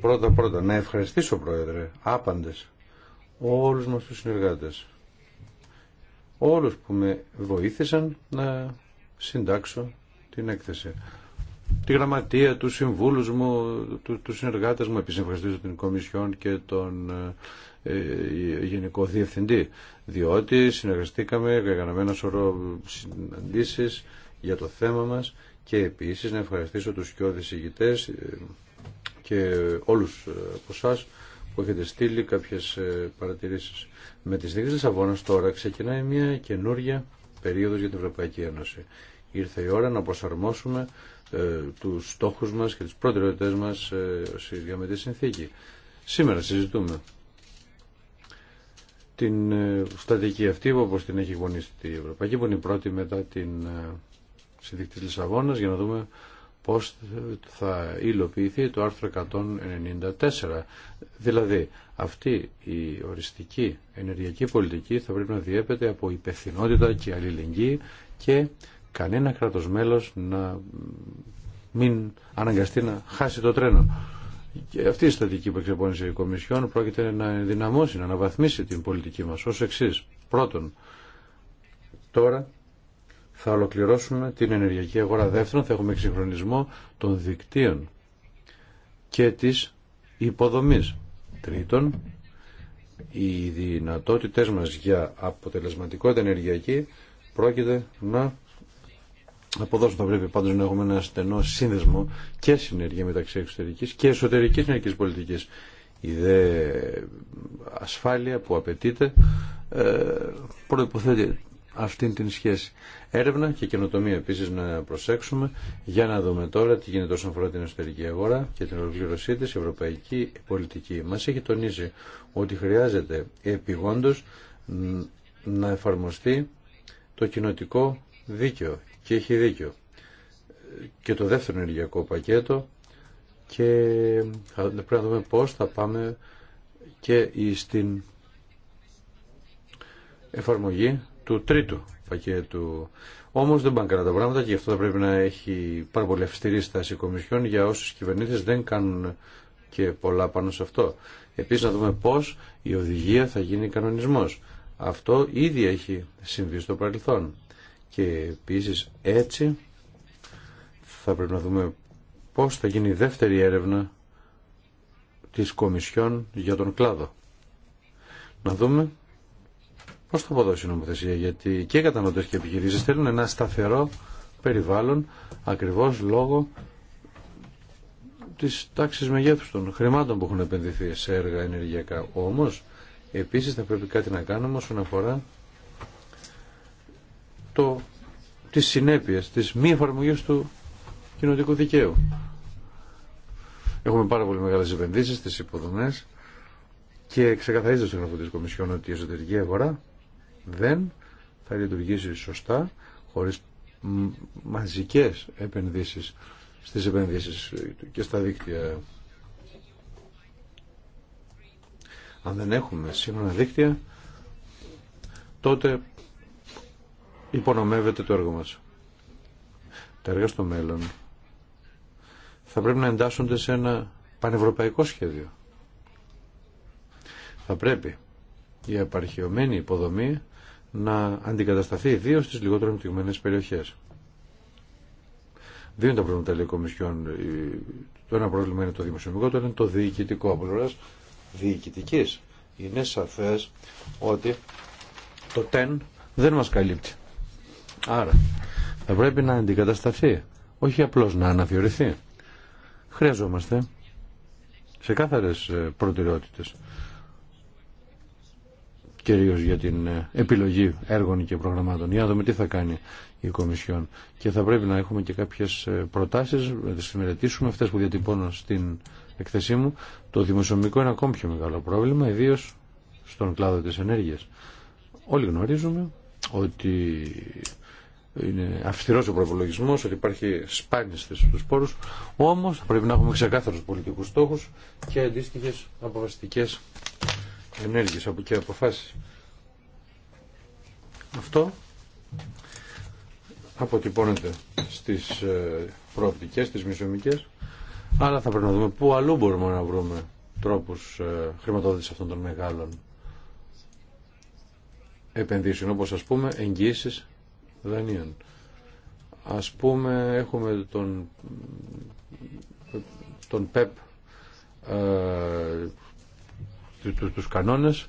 Πρώτα πρώτα, να ευχαριστήσω Πρόεδρε, άπαντες, όλους μας τους συνεργάτες όλους που με βοήθησαν να συντάξω την έκθεση. Τη γραμματεία, του συμβούλους μου, του, του συνεργάτες μου, επίσης ευχαριστήσω την Κομισιόν και τον ε, ε Γενικό Διευθυντή, διότι συνεργαστήκαμε, έκαναμε ένα σωρό συναντήσεις για το θέμα μας και επίσης να ευχαριστήσω τους κοιόδης ηγητές ε, και όλους ε, από εσάς που έχετε στείλει, κάποιες ε, παρατηρήσεις. Με τις δίκες της Αβώνας τώρα ξεκινάει μια καινούργια περίοδος για την Ευρωπαϊκή Ένωση. Ήρθε η ώρα να προσαρμόσουμε ε, τους στόχους μας και τις προτεραιότητες μας ε, με τη συνθήκη. Σήμερα συζητούμε την ε, στατική αυτή όπως την έχει γονίσει η Ευρωπαϊκή που είναι η πρώτη μετά την ε, συνθήκη για να δούμε πώς θα υλοποιηθεί το άρθρο 194. Δηλαδή, αυτή η οριστική ενεργειακή πολιτική θα πρέπει να διέπεται από υπευθυνότητα και αλληλεγγύη και κανένα κράτος μέλος να μην αναγκαστεί να χάσει το τρένο. Και αυτή η στατική που εξεπώνησε η Κομισιόν πρόκειται να ενδυναμώσει, να αναβαθμίσει την πολιτική μας ως εξή. Πρώτον, τώρα θα ολοκληρώσουμε την ενεργειακή αγορά. Δεύτερον, θα έχουμε εξυγχρονισμό των δικτύων και της υποδομής. Τρίτον, οι δυνατότητες μας για αποτελεσματικότητα ενεργειακή πρόκειται να αποδώσουν. Θα πρέπει πάντως να έχουμε ένα στενό σύνδεσμο και συνεργεία μεταξύ εξωτερικής και εσωτερικής ενεργειακής πολιτικής. Η δε ασφάλεια που απαιτείται ε, προϋποθέτει αυτήν την σχέση. Έρευνα και καινοτομία επίσης να προσέξουμε για να δούμε τώρα τι γίνεται όσον αφορά την εσωτερική αγορά και την ολοκλήρωσή της ευρωπαϊκή πολιτική. Μας έχει τονίσει ότι χρειάζεται επιγόντω να εφαρμοστεί το κοινοτικό δίκαιο και έχει δίκαιο και το δεύτερο ενεργειακό πακέτο και πρέπει να δούμε πώς θα πάμε και στην εφαρμογή του τρίτου πακέτου. Όμω δεν πάνε καλά τα πράγματα και γι' αυτό θα πρέπει να έχει πάρα πολύ αυστηρή στάση Κομισιόν για όσου κυβερνήτε δεν κάνουν και πολλά πάνω σε αυτό. Επίση να δούμε πώ η οδηγία θα γίνει κανονισμό. Αυτό ήδη έχει συμβεί στο παρελθόν. Και επίση έτσι θα πρέπει να δούμε πώ θα γίνει η δεύτερη έρευνα της Κομισιόν για τον κλάδο. Να δούμε Πώς θα αποδώσει η νομοθεσία, γιατί και οι καταναλωτέ και οι επιχειρήσεις θέλουν ένα σταθερό περιβάλλον ακριβώς λόγω της τάξης μεγέθους των χρημάτων που έχουν επενδυθεί σε έργα ενεργειακά. Όμως, επίσης θα πρέπει κάτι να κάνουμε όσον αφορά το, τις συνέπειες, μη εφαρμογή του κοινωτικού δικαίου. Έχουμε πάρα πολύ μεγάλες επενδύσεις στις υποδομές και ξεκαθαρίζω στον γραφό της Κομισιόν ότι η εσωτερική αγορά δεν θα λειτουργήσει σωστά χωρίς μαζικές επενδύσεις στις επενδύσεις και στα δίκτυα. Αν δεν έχουμε σύγχρονα δίκτυα, τότε υπονομεύεται το έργο μας. Τα έργα στο μέλλον θα πρέπει να εντάσσονται σε ένα πανευρωπαϊκό σχέδιο. Θα πρέπει η απαρχαιωμένη υποδομή να αντικατασταθεί ιδίω στις λιγότερο εμπτυγμένες περιοχές. Δύο είναι τα προβλήματα λέει Το ένα πρόβλημα είναι το δημοσιονομικό, το άλλο είναι το διοικητικό. Από πλευρά διοικητική είναι σαφέ ότι το ΤΕΝ δεν μα καλύπτει. Άρα θα πρέπει να αντικατασταθεί, όχι απλώ να αναθεωρηθεί. Χρειαζόμαστε σε κάθαρε προτεραιότητε κυρίως για την ε, επιλογή έργων και προγραμμάτων. Για να δούμε τι θα κάνει η Κομισιόν. Και θα πρέπει να έχουμε και κάποιες ε, προτάσεις, να τις μελετήσουμε, αυτές που διατυπώνω στην εκθεσή μου. Το δημοσιονομικό είναι ακόμη πιο μεγάλο πρόβλημα, ιδίω στον κλάδο της ενέργειας. Όλοι γνωρίζουμε ότι είναι αυστηρό ο προπολογισμό, ότι υπάρχει σπάνιση στου πόρου. Όμω πρέπει να έχουμε ξεκάθαρου πολιτικού στόχου και αντίστοιχε αποφασιστικέ ενέργειες και αποφάσεις. Αυτό αποτυπώνεται στις ε, προοπτικές, στις μισομικές, αλλά θα πρέπει να δούμε πού αλλού μπορούμε να βρούμε τρόπους ε, χρηματοδότησης αυτών των μεγάλων επενδύσεων, όπως ας πούμε εγγύησει δανείων. Ας πούμε έχουμε τον, τον ΠΕΠ ε, τους κανόνες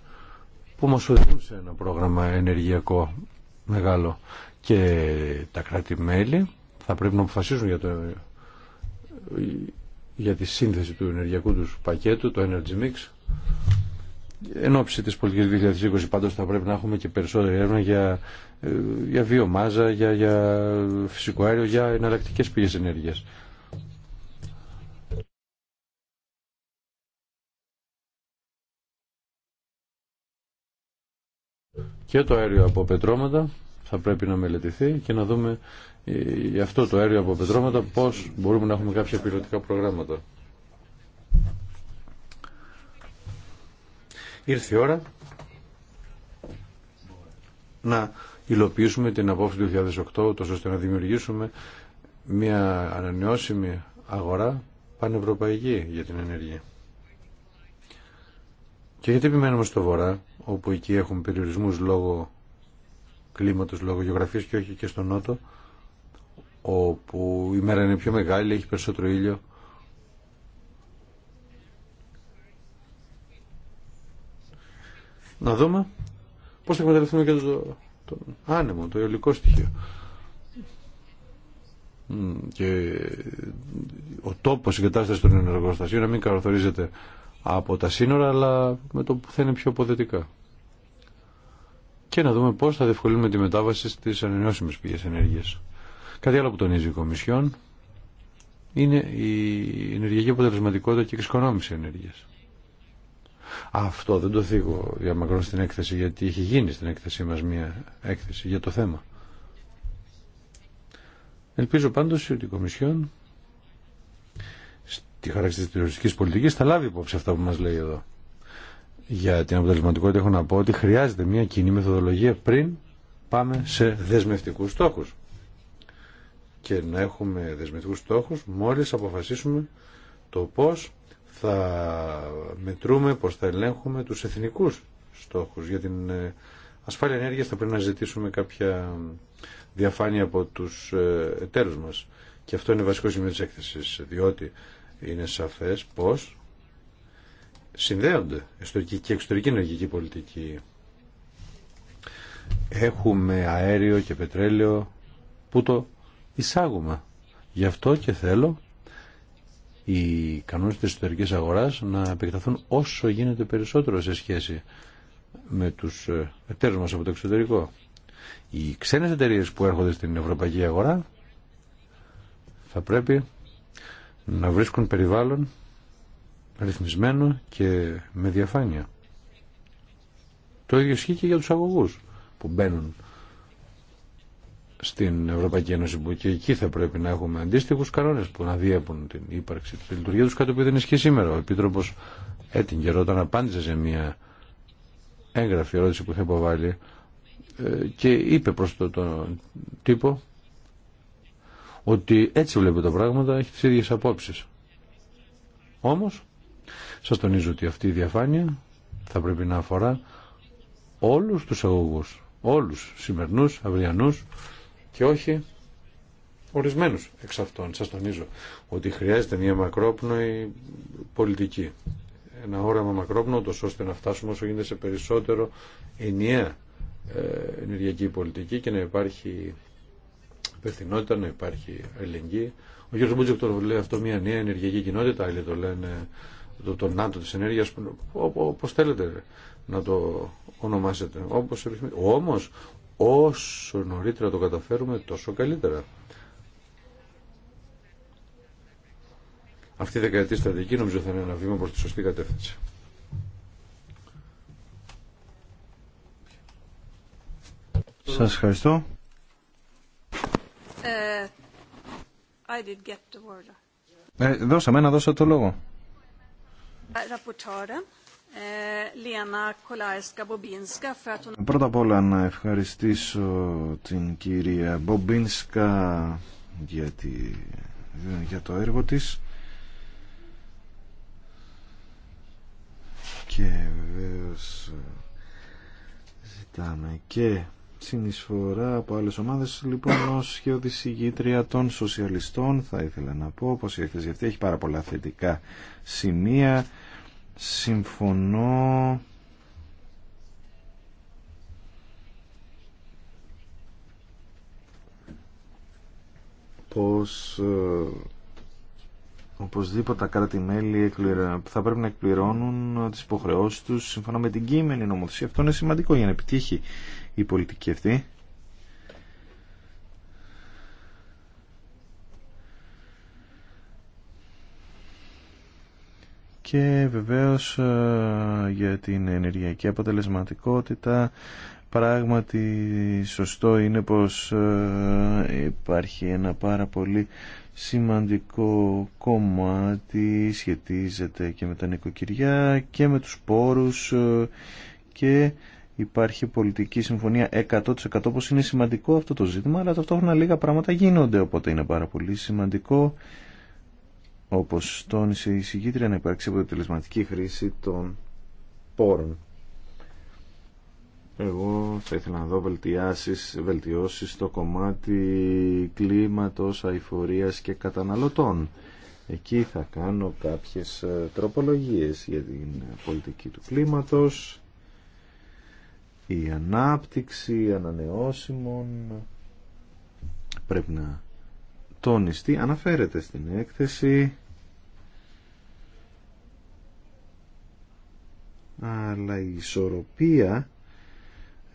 που μας οδηγούν σε ένα πρόγραμμα ενεργειακό μεγάλο και τα κράτη-μέλη θα πρέπει να αποφασίσουν για, το, για τη σύνθεση του ενεργειακού τους πακέτου, το Energy Mix. Εν ώψη της πολιτικής 2020 πάντως θα πρέπει να έχουμε και περισσότερη έρευνα για, ε, για βιομάζα, για, για φυσικό αέριο, για εναλλακτικέ πηγές ενέργειας. και το αέριο από πετρώματα θα πρέπει να μελετηθεί και να δούμε ε, για αυτό το αέριο από πετρώματα πώς μπορούμε να έχουμε κάποια πιλωτικά προγράμματα. Ήρθε η ώρα να υλοποιήσουμε την απόφαση του 2008 τόσο ώστε να δημιουργήσουμε μια ανανεώσιμη αγορά πανευρωπαϊκή για την ενέργεια. Και γιατί επιμένουμε στο Βορρά όπου εκεί έχουν περιορισμούς λόγω κλίματος, λόγω γεωγραφίας και όχι και στο νότο όπου η μέρα είναι πιο μεγάλη, έχει περισσότερο ήλιο Να δούμε πώς θα εκμεταλλευτούμε και το, το άνεμο, το αιωλικό στοιχείο και ο τόπος η των ενεργοστασίων να μην καροθορίζεται από τα σύνορα αλλά με το που θα είναι πιο αποδετικά. Και να δούμε πώς θα διευκολύνουμε τη μετάβαση στις ανανεώσιμες πηγές ενέργειας. Κάτι άλλο που τονίζει η Κομισιόν είναι η ενεργειακή αποτελεσματικότητα και η εξοικονόμηση ενέργειας. Αυτό δεν το θίγω για μακρόν στην έκθεση γιατί έχει γίνει στην έκθεσή μας μια έκθεση για το θέμα. Ελπίζω πάντως ότι η Κομισιόν τη χάραξη της τουριστικής πολιτικής θα λάβει υπόψη αυτά που μας λέει εδώ. Για την αποτελεσματικότητα έχω να πω ότι χρειάζεται μια κοινή μεθοδολογία πριν πάμε σε δεσμευτικούς στόχους. Και να έχουμε δεσμευτικούς στόχους μόλις αποφασίσουμε το πώς θα μετρούμε, πώς θα ελέγχουμε τους εθνικούς στόχους. Για την ε, ασφάλεια ενέργειας θα πρέπει να ζητήσουμε κάποια διαφάνεια από τους ε, εταίρους μας. Και αυτό είναι βασικό σημείο τη έκθεση διότι είναι σαφές πως συνδέονται εσωτερική και εξωτερική ενεργική πολιτική. Έχουμε αέριο και πετρέλαιο που το εισάγουμε. Γι' αυτό και θέλω οι κανόνες της εσωτερικής αγοράς να επεκταθούν όσο γίνεται περισσότερο σε σχέση με τους ε, εταίρους μας από το εξωτερικό. Οι ξένες εταιρείε που έρχονται στην ευρωπαϊκή αγορά θα πρέπει να βρίσκουν περιβάλλον ρυθμισμένο και με διαφάνεια. Το ίδιο ισχύει και για τους αγωγούς που μπαίνουν στην Ευρωπαϊκή Ένωση που και εκεί θα πρέπει να έχουμε αντίστοιχους κανόνες που να διέπουν την ύπαρξη τη λειτουργία τους κάτι που δεν ισχύει σήμερα. Ο Επίτροπος καιρό όταν απάντησε σε μια έγγραφη ερώτηση που είχε υποβάλει ε, και είπε προς τον το τύπο ότι έτσι βλέπω τα πράγματα, έχει τις ίδιες απόψεις. Όμως, σας τονίζω ότι αυτή η διαφάνεια θα πρέπει να αφορά όλους τους αγωγούς, όλους σημερινούς, αυριανούς και όχι ορισμένους εξ αυτών. Σας τονίζω ότι χρειάζεται μια μακρόπνοη πολιτική. Ένα όραμα μακρόπνο, ώστε να φτάσουμε όσο γίνεται σε περισσότερο ενιαία ε, ενεργειακή πολιτική και να υπάρχει υπευθυνότητα, να υπάρχει αλληλεγγύη. Ο κ. Μπούτζεκ το λέει αυτό μια νέα ενεργειακή κοινότητα, άλλοι το λένε το, το ΝΑΤΟ της ενέργειας, Όπω θέλετε να το ονομάσετε. Όπως Όμως, όσο νωρίτερα το καταφέρουμε, τόσο καλύτερα. Αυτή η δεκαετή στρατηγική νομίζω θα είναι ένα βήμα προς τη σωστή κατεύθυνση. Σας ευχαριστώ. Uh, ε, δώσα μένα get δώσαμε να δώσω το λόγο. Ε, ε, Πρώτα απ' όλα να ευχαριστήσω την κυρία Μπομπίνσκα για, για το έργο της και βεβαίω ζητάμε και συνεισφορά από άλλε ομάδες λοιπόν ως σχεδισηγήτρια των σοσιαλιστών θα ήθελα να πω πως η έκθεση αυτή έχει πάρα πολλά θετικά σημεία συμφωνώ πως ε, Οπωσδήποτε τα κράτη-μέλη θα πρέπει να εκπληρώνουν ε, τις υποχρεώσεις τους σύμφωνα με την κείμενη νομοθεσία. Αυτό είναι σημαντικό για να επιτύχει η πολιτική αυτή. και βεβαίως ε, για την ενεργειακή αποτελεσματικότητα πράγματι σωστό είναι πως ε, υπάρχει ένα πάρα πολύ σημαντικό κομμάτι σχετίζεται και με τα νοικοκυριά και με τους πόρους ε, και υπάρχει πολιτική συμφωνία 100% πως είναι σημαντικό αυτό το ζήτημα αλλά ταυτόχρονα λίγα πράγματα γίνονται οπότε είναι πάρα πολύ σημαντικό όπως τόνισε η συγκήτρια να υπάρξει αποτελεσματική χρήση των πόρων. Εγώ θα ήθελα να δω βελτιάσεις, βελτιώσεις στο κομμάτι κλίματος, αηφορίας και καταναλωτών. Εκεί θα κάνω κάποιες ε, τροπολογίες για την πολιτική του κλίματος, η ανάπτυξη ανανεώσιμων πρέπει να τονιστεί, αναφέρεται στην έκθεση αλλά η ισορροπία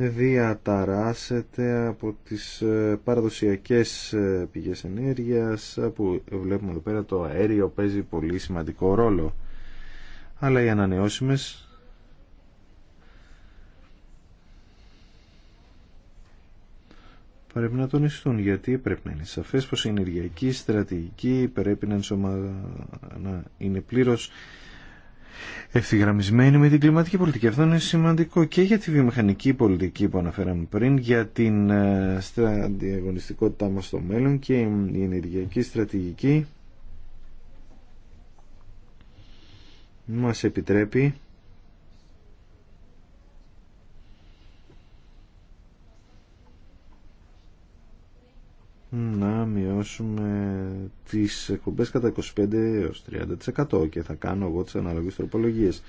διαταράσσεται από τις ε, παραδοσιακές ε, πηγές ενέργειας ε, που βλέπουμε εδώ πέρα το αέριο παίζει πολύ σημαντικό ρόλο αλλά οι ανανεώσιμες πρέπει να τονιστούν γιατί πρέπει να είναι σαφές πως η ενεργειακή στρατηγική πρέπει να, να είναι πλήρως ευθυγραμμισμένη με την κλιματική πολιτική. Αυτό είναι σημαντικό και για τη βιομηχανική πολιτική που αναφέραμε πριν, για την ε, αντιαγωνιστικότητά μας στο μέλλον και η ενεργειακή στρατηγική μας επιτρέπει να μειώσουμε τις εκπομπές κατά 25 έως 30% και θα κάνω εγώ τις αναλογίες τροπολογίες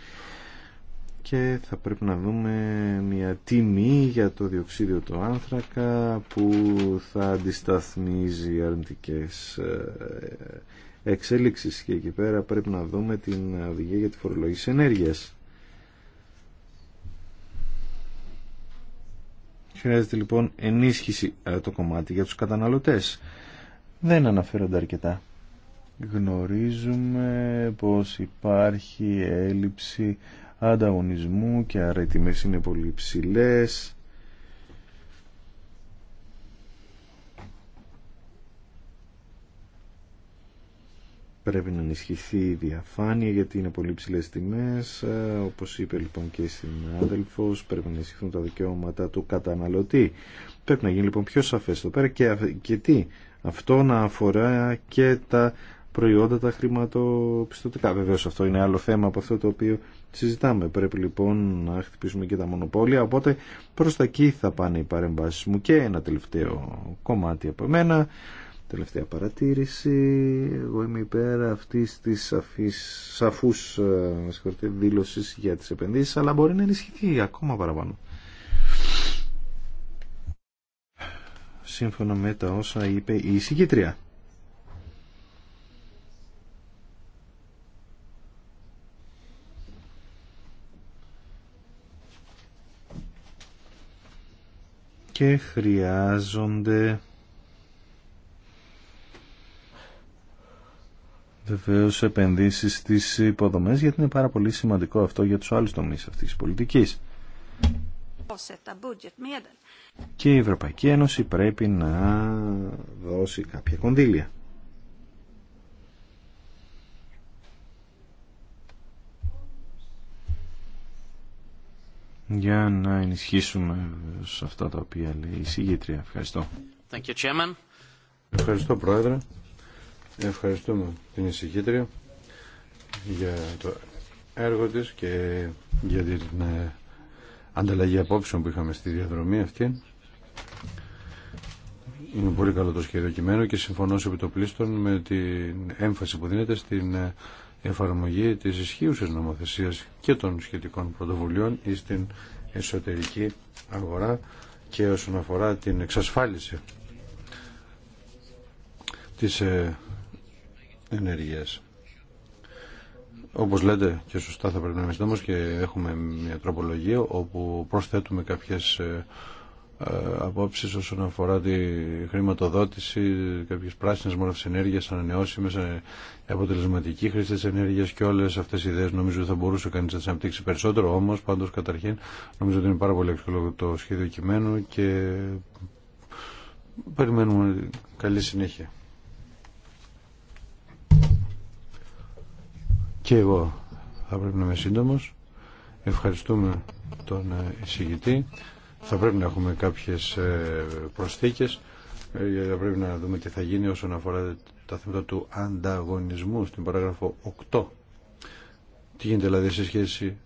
και θα πρέπει να δούμε μια τιμή για το διοξίδιο του άνθρακα που θα αντισταθμίζει αρνητικές ε, εξέλιξεις και εκεί πέρα πρέπει να δούμε την οδηγία για τη φορολογική ενέργειας Χρειάζεται λοιπόν ενίσχυση ε, το κομμάτι για τους καταναλωτές. Δεν αναφέρονται αρκετά. Γνωρίζουμε πως υπάρχει έλλειψη ανταγωνισμού και άρα οι είναι πολύ ψηλές πρέπει να ενισχυθεί η διαφάνεια γιατί είναι πολύ ψηλέ τιμέ. Ε, Όπω είπε λοιπόν και η συνάδελφο, πρέπει να ενισχυθούν τα δικαιώματα του καταναλωτή. Πρέπει να γίνει λοιπόν πιο σαφέ εδώ πέρα και, και τι. Αυτό να αφορά και τα προϊόντα τα χρηματοπιστωτικά. Βεβαίω αυτό είναι άλλο θέμα από αυτό το οποίο συζητάμε. Πρέπει λοιπόν να χτυπήσουμε και τα μονοπόλια. Οπότε προ τα εκεί θα πάνε οι παρεμβάσει μου. Και ένα τελευταίο κομμάτι από μένα. Τελευταία παρατήρηση. Εγώ είμαι υπέρ αυτή τη σαφού ε, δήλωση για τι επενδύσει, αλλά μπορεί να ενισχυθεί ακόμα παραπάνω. Σύμφωνα με τα όσα είπε η συγκήτρια. Και χρειάζονται Βεβαίω επενδύσει στι υποδομές γιατί είναι πάρα πολύ σημαντικό αυτό για τους άλλους τομεί αυτή τη πολιτική. Και η Ευρωπαϊκή Ένωση πρέπει να δώσει κάποια κονδύλια. Για να ενισχύσουμε σε αυτά τα οποία λέει η συγγήτρια. Ευχαριστώ. Ευχαριστώ, Πρόεδρε. Ευχαριστούμε την εισηγήτρια για το έργο της και για την ε, ανταλλαγή απόψεων που είχαμε στη διαδρομή αυτή. Είναι πολύ καλό το σχέδιο και συμφωνώ σε επιτοπλίστων με την έμφαση που δίνεται στην ε, εφαρμογή της ισχύουσης νομοθεσίας και των σχετικών πρωτοβουλειών ή στην εσωτερική αγορά και όσον αφορά την εξασφάλιση της ε, ενέργειας. Όπως λέτε και σωστά θα πρέπει να είμαστε όμως και έχουμε μια τροπολογία όπου προσθέτουμε κάποιες ε, ε, απόψεις όσον αφορά τη χρηματοδότηση, κάποιες πράσινες μόρφες ενέργειας, ανανεώσιμες, ε, αποτελεσματική χρήση της ενέργειας και όλες αυτές οι ιδέες νομίζω ότι θα μπορούσε κανείς να τις αναπτύξει περισσότερο, όμως πάντως καταρχήν νομίζω ότι είναι πάρα πολύ αξιολόγο το σχέδιο κειμένου και περιμένουμε καλή συνέχεια. Και εγώ θα πρέπει να είμαι σύντομο. Ευχαριστούμε τον ε, εισηγητή. Θα πρέπει να έχουμε κάποιες ε, προσθήκες. Θα ε, πρέπει να δούμε τι θα γίνει όσον αφορά τα θέματα του ανταγωνισμού στην παράγραφο 8. Τι γίνεται δηλαδή σε σχέση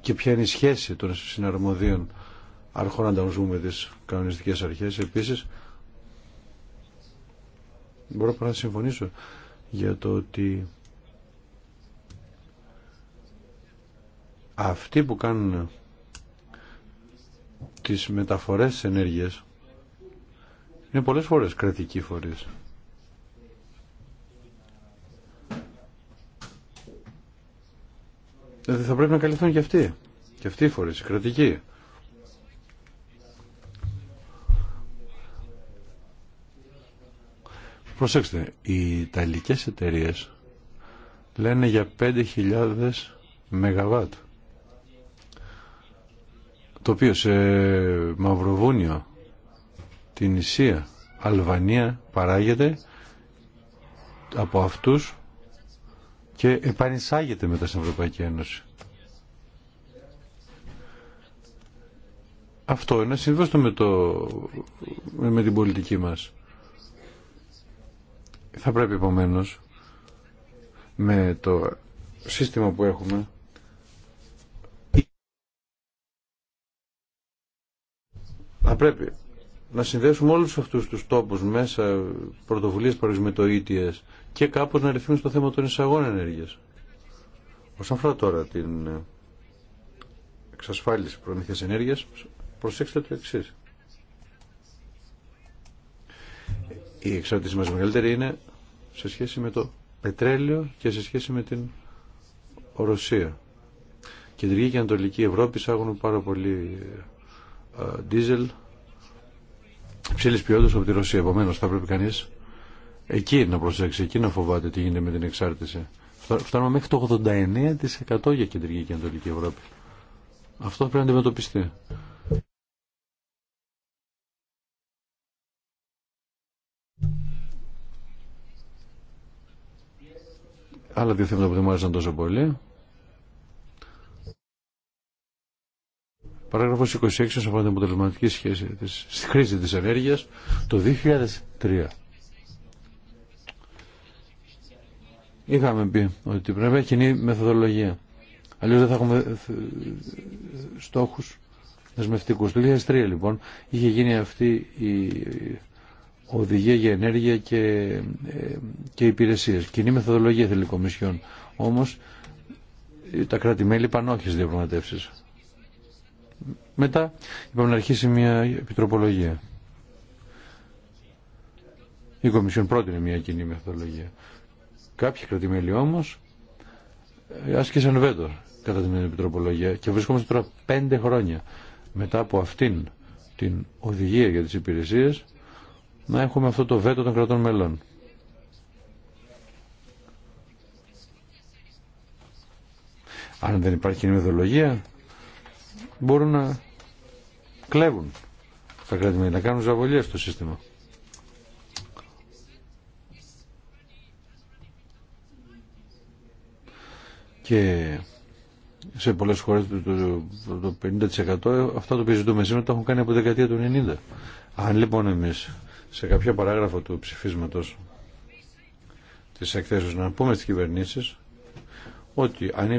και ποια είναι η σχέση των συναρμοδίων αρχών ανταγωνισμού με τις κανονιστικές αρχές. Επίσης, μπορώ να συμφωνήσω για το ότι αυτοί που κάνουν τις μεταφορές της ενέργειας είναι πολλές φορές κρατικοί φορείς. Δηλαδή θα πρέπει να καλυφθούν και αυτοί. Και αυτοί οι φορείς, οι κρατικοί. Προσέξτε, οι Ιταλικές εταιρείες λένε για 5.000 μεγαβάτ το οποίο σε Μαυροβούνιο, την Ισία, Αλβανία παράγεται από αυτούς και επανεισάγεται μετά στην Ευρωπαϊκή Ένωση. Αυτό είναι συμβαστό με, το, με την πολιτική μας. Θα πρέπει επομένω με το σύστημα που έχουμε Θα πρέπει να συνδέσουμε όλους αυτούς τους τόπους μέσα πρωτοβουλίε παρουσμετοίτιες e και κάπως να ρυθμίσουμε το θέμα των εισαγών ενέργεια. Όσον αφορά τώρα την εξασφάλιση προμήθεια ενέργειας, προσέξτε το εξή. Η εξάρτηση μας μεγαλύτερη είναι σε σχέση με το πετρέλαιο και σε σχέση με την Ρωσία. Κεντρική και Ανατολική Ευρώπη εισάγουν πάρα πολύ δίζελ ψηλής ποιότητας από τη Ρωσία. Επομένω, θα πρέπει κανείς εκεί να προσέξει, εκεί να φοβάται τι γίνεται με την εξάρτηση. Φτάνουμε μέχρι το 89% για κεντρική και ανατολική Ευρώπη. Αυτό πρέπει να αντιμετωπιστεί. Άλλα δύο θέματα που δεν μου άρεσαν τόσο πολύ. Παράγραφος 26 όσον αφορά την αποτελεσματική σχέση της, στη χρήση της ενέργειας το 2003. Είχαμε πει ότι πρέπει να κοινή μεθοδολογία. Αλλιώς δεν θα έχουμε ε, ε, στόχους δεσμευτικούς. Το 2003 λοιπόν είχε γίνει αυτή η οδηγία για ενέργεια και, ε, και υπηρεσίες. Κοινή μεθοδολογία θέλει η Κομισιόν. Όμως τα κράτη-μέλη είπαν όχι στις διαπραγματεύσεις. Μετά είπαμε να αρχίσει μια επιτροπολογία. Η Κομισιόν πρότεινε μια κοινή μεθοδολογία. Κάποιοι κρατημέλοι όμω ε, άσκησαν βέτο κατά την επιτροπολογία και βρισκόμαστε τώρα πέντε χρόνια μετά από αυτήν την οδηγία για τις υπηρεσίες να έχουμε αυτό το βέτο των κρατών μελών. Αν δεν υπάρχει κοινή μεθοδολογία μπορούν να κλέβουν τα κρατη να κάνουν ζαβολία στο σύστημα. Και σε πολλές χώρες το 50% αυτά το οποίο ζητούμε σήμερα το έχουν κάνει από δεκαετία του 90. Αν λοιπόν εμείς σε κάποια παράγραφο του ψηφίσματος της εκθέσεως να πούμε στις κυβερνήσεις ότι αν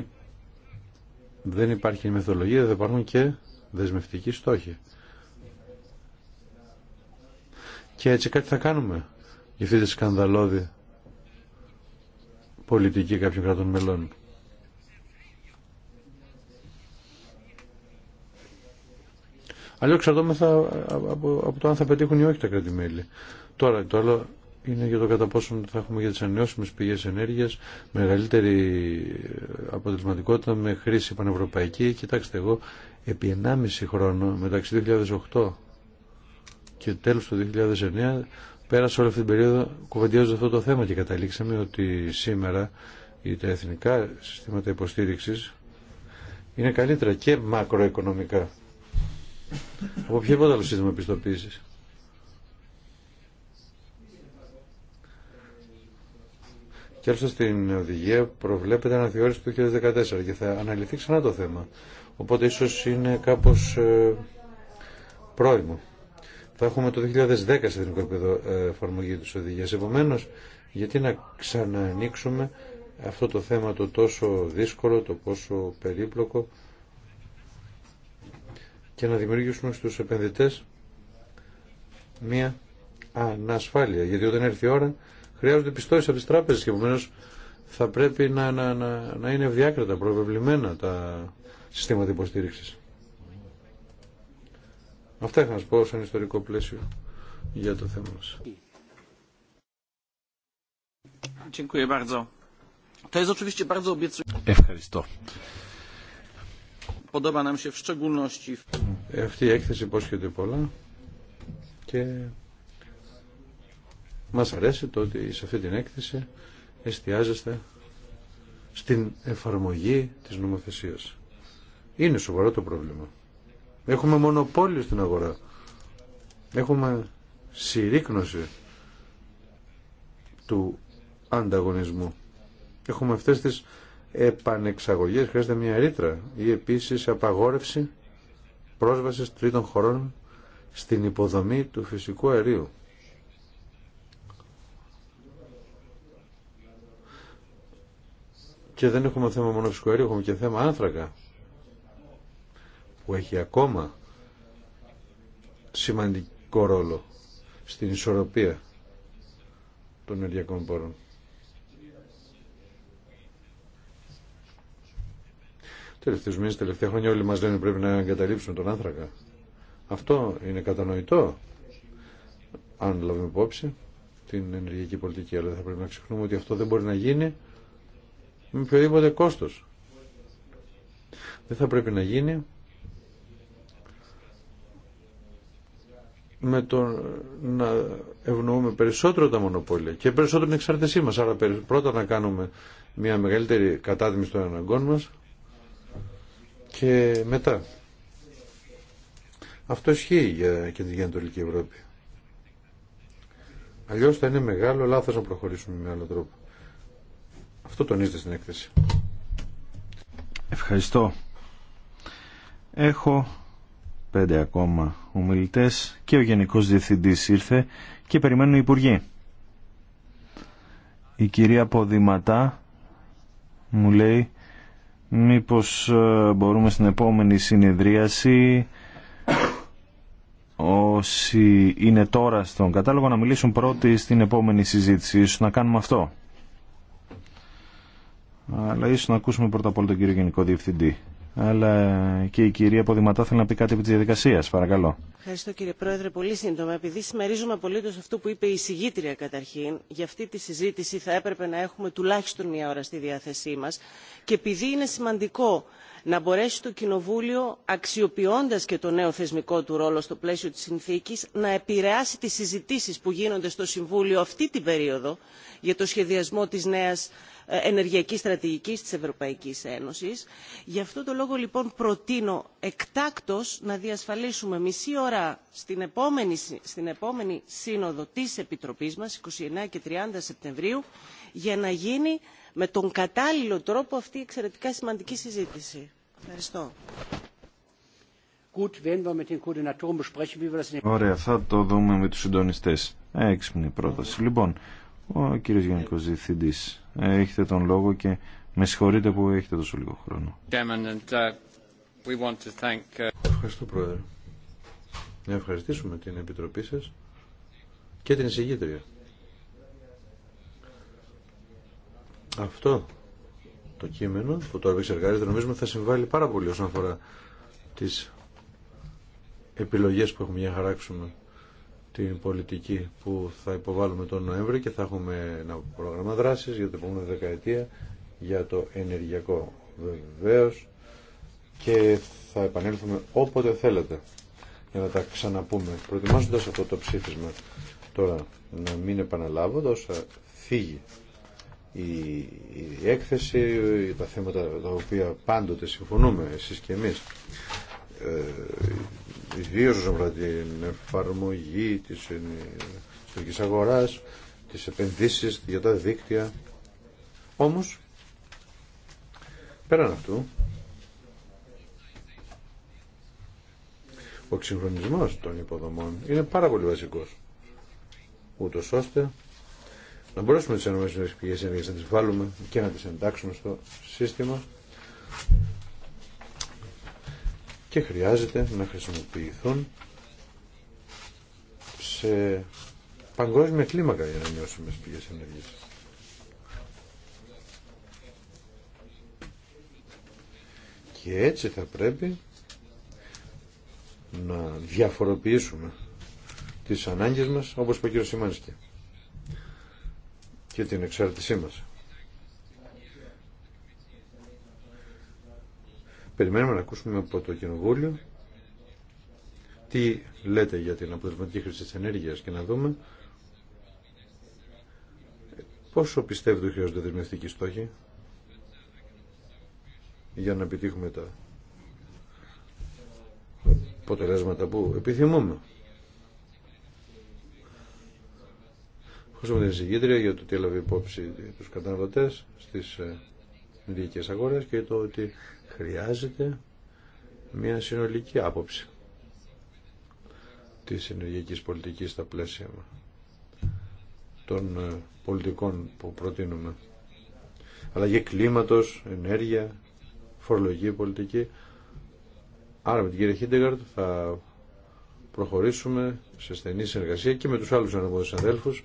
δεν υπάρχει μεθολογία, δεν υπάρχουν και δεσμευτικοί στόχοι. Και έτσι κάτι θα κάνουμε για αυτή τη σκανδαλώδη πολιτική κάποιων κρατών μελών. Αλλιώ εξαρτώμεθα από, από το αν θα πετύχουν ή όχι τα κράτη-μέλη. Τώρα το άλλο είναι για το κατά πόσο θα έχουμε για τις ανανεώσιμες πηγές ενέργειας μεγαλύτερη αποτελεσματικότητα με χρήση πανευρωπαϊκή. Κοιτάξτε εγώ, επί 1,5 χρόνο μεταξύ 2008 και τέλος του 2009 πέρασε όλη αυτή την περίοδο κουβεντιάζοντα αυτό το θέμα και καταλήξαμε ότι σήμερα τα εθνικά συστήματα υποστήριξης είναι καλύτερα και μακροοικονομικά από οποιοδήποτε άλλο σύστημα πιστοποίησης. και άλλωστε στην οδηγία προβλέπεται αναθεώρηση του 2014 και θα αναλυθεί ξανά το θέμα. Οπότε ίσως είναι κάπως ε, πρόημο. Θα έχουμε το 2010 στην εθνικό επίπεδο ε, εφαρμογή της οδηγίας. Επομένως, γιατί να ξανανοίξουμε αυτό το θέμα το τόσο δύσκολο, το πόσο περίπλοκο και να δημιουργήσουμε στους επενδυτές μία ανασφάλεια. Γιατί όταν έρθει η ώρα χρειάζονται πιστώσει από τι τράπεζε και επομένω θα πρέπει να, είναι ευδιάκριτα, προβεβλημένα τα συστήματα υποστήριξη. Αυτά είχα να σα πω σαν ιστορικό πλαίσιο για το θέμα μα. Ευχαριστώ. Αυτή η έκθεση υπόσχεται πολλά και μας αρέσει το ότι σε αυτή την έκθεση εστιάζεστε στην εφαρμογή της νομοθεσίας. Είναι σοβαρό το πρόβλημα. Έχουμε μονοπόλιο στην αγορά. Έχουμε συρρήκνωση του ανταγωνισμού. Έχουμε αυτές τις επανεξαγωγές, χρειάζεται μια ρήτρα ή επίσης απαγόρευση πρόσβασης τρίτων χωρών στην υποδομή του φυσικού αερίου. Και δεν έχουμε θέμα μόνο φυσικό έχουμε και θέμα άνθρακα που έχει ακόμα σημαντικό ρόλο στην ισορροπία των ενεργειακών πόρων. Τελευταίους μήνες, τελευταία χρόνια όλοι μας λένε πρέπει να εγκαταλείψουμε τον άνθρακα. Αυτό είναι κατανοητό, αν λάβουμε υπόψη την ενεργειακή πολιτική, αλλά θα πρέπει να ξεχνούμε ότι αυτό δεν μπορεί να γίνει με οποιοδήποτε κόστος. Δεν θα πρέπει να γίνει με το να ευνοούμε περισσότερο τα μονοπόλια και περισσότερο την εξαρτησή μας. Άρα πρώτα να κάνουμε μια μεγαλύτερη κατάδυμη των αναγκών μας και μετά. Αυτό ισχύει για και την Ανατολική Ευρώπη. Αλλιώς θα είναι μεγάλο λάθος να προχωρήσουμε με άλλο τρόπο. Αυτό τονίζεται στην έκθεση. Ευχαριστώ. Έχω πέντε ακόμα ομιλητές και ο Γενικός Διευθυντής ήρθε και περιμένουν οι Υπουργοί. Η κυρία Ποδηματά μου λέει μήπως ε, μπορούμε στην επόμενη συνεδρίαση όσοι είναι τώρα στον κατάλογο να μιλήσουν πρώτοι στην επόμενη συζήτηση. Ίσως να κάνουμε αυτό. Αλλά ίσω να ακούσουμε πρώτα απ' όλο τον κύριο Γενικό Διευθυντή. Αλλά και η κυρία Ποδηματά θέλει να πει κάτι επί τη διαδικασία. Παρακαλώ. Ευχαριστώ κύριε Πρόεδρε. Πολύ σύντομα. Επειδή συμμερίζομαι απολύτω αυτό που είπε η συγγήτρια καταρχήν, για αυτή τη συζήτηση θα έπρεπε να έχουμε τουλάχιστον μία ώρα στη διάθεσή μα. Και επειδή είναι σημαντικό να μπορέσει το κοινοβούλιο αξιοποιώντας και το νέο θεσμικό του ρόλο στο πλαίσιο της συνθήκης να επηρεάσει τις συζητήσεις που γίνονται στο συμβούλιο αυτή την περίοδο για το σχεδιασμό της νέας ε, ενεργειακής στρατηγικής της ευρωπαϊκής ένωσης. γι' αυτό το λόγο λοιπόν προτείνω εκτάκτως να διασφαλίσουμε μισή ώρα στην επόμενη, σύνοδο της επιτροπής μας 29 και 30 σεπτεμβρίου για να γίνει με τον κατάλληλο τρόπο αυτή η εξαιρετικά σημαντική συζήτηση. Ωραία, θα το δούμε με τους συντονιστές. Έξυπνη πρόταση. Λοιπόν, ο κύριος Γενικός Διευθυντής, έχετε τον λόγο και με συγχωρείτε που έχετε τόσο λίγο χρόνο. Uh, uh, Ευχαριστώ, Πρόεδρε. Να ευχαριστήσουμε την Επιτροπή σας και την εισηγήτρια. Αυτό το κείμενο που το επεξεργάζεται νομίζουμε θα συμβάλλει πάρα πολύ όσον αφορά τις επιλογές που έχουμε για να χαράξουμε την πολιτική που θα υποβάλουμε τον Νοέμβρη και θα έχουμε ένα πρόγραμμα δράσης για την επόμενη δεκαετία για το ενεργειακό βεβαίω και θα επανέλθουμε όποτε θέλετε για να τα ξαναπούμε προετοιμάζοντας αυτό το ψήφισμα τώρα να μην επαναλάβω όσα φύγει η, έκθεση, τα θέματα τα οποία πάντοτε συμφωνούμε εσείς και εμείς ε, ιδίως όσον την εφαρμογή της ελληνικής αγοράς, τις επενδύσεις για τα δίκτυα. Όμως, πέραν αυτού, ο εξυγχρονισμός των υποδομών είναι πάρα πολύ βασικός, ούτως ώστε να μπορέσουμε τις ενωμένες πηγές ενέργειας να τις βάλουμε και να τις εντάξουμε στο σύστημα και χρειάζεται να χρησιμοποιηθούν σε παγκόσμια κλίμακα για να μειώσουμε τις πηγές ενέργειας. Και έτσι θα πρέπει να διαφοροποιήσουμε τις ανάγκες μας, όπως είπε ο κ. Σιμάνσκι και την εξάρτησή μας. Περιμένουμε να ακούσουμε από το Κοινοβούλιο τι λέτε για την αποτελεσματική χρήση της ενέργειας και να δούμε πόσο πιστεύετε χρειάζονται δεσμευτικοί στόχοι για να επιτύχουμε τα αποτελέσματα που επιθυμούμε. Ακούσαμε την συγκίτρια για το ότι έλαβε υπόψη τους καταναλωτές στις δικές ε, αγορές και το ότι χρειάζεται μια συνολική άποψη της ενεργειακής πολιτικής στα πλαίσια των ε, πολιτικών που προτείνουμε. αλλά και κλίματος, ενέργεια, φορολογική πολιτική. Άρα με την κυρία Χίντεγκαρτ θα προχωρήσουμε σε στενή συνεργασία και με τους άλλους αναμόδους αδέλφους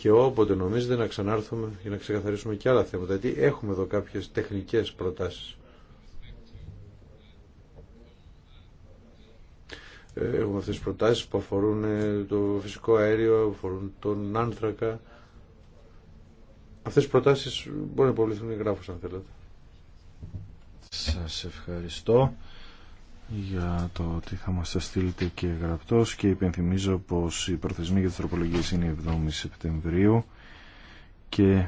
και όποτε νομίζετε να ξανάρθουμε για να ξεκαθαρίσουμε και άλλα θέματα, γιατί έχουμε εδώ κάποιες τεχνικές προτάσεις. Ε, έχουμε αυτές τις προτάσεις που αφορούν ε, το φυσικό αέριο, που αφορούν τον άνθρακα. Αυτές τις προτάσεις μπορεί να υποβληθούν γράφους αν θέλετε. Σας ευχαριστώ για το ότι θα μας τα στείλετε και γραπτός και υπενθυμίζω πως η προθεσμοί για τις τροπολογίες είναι η 7η Σεπτεμβρίου και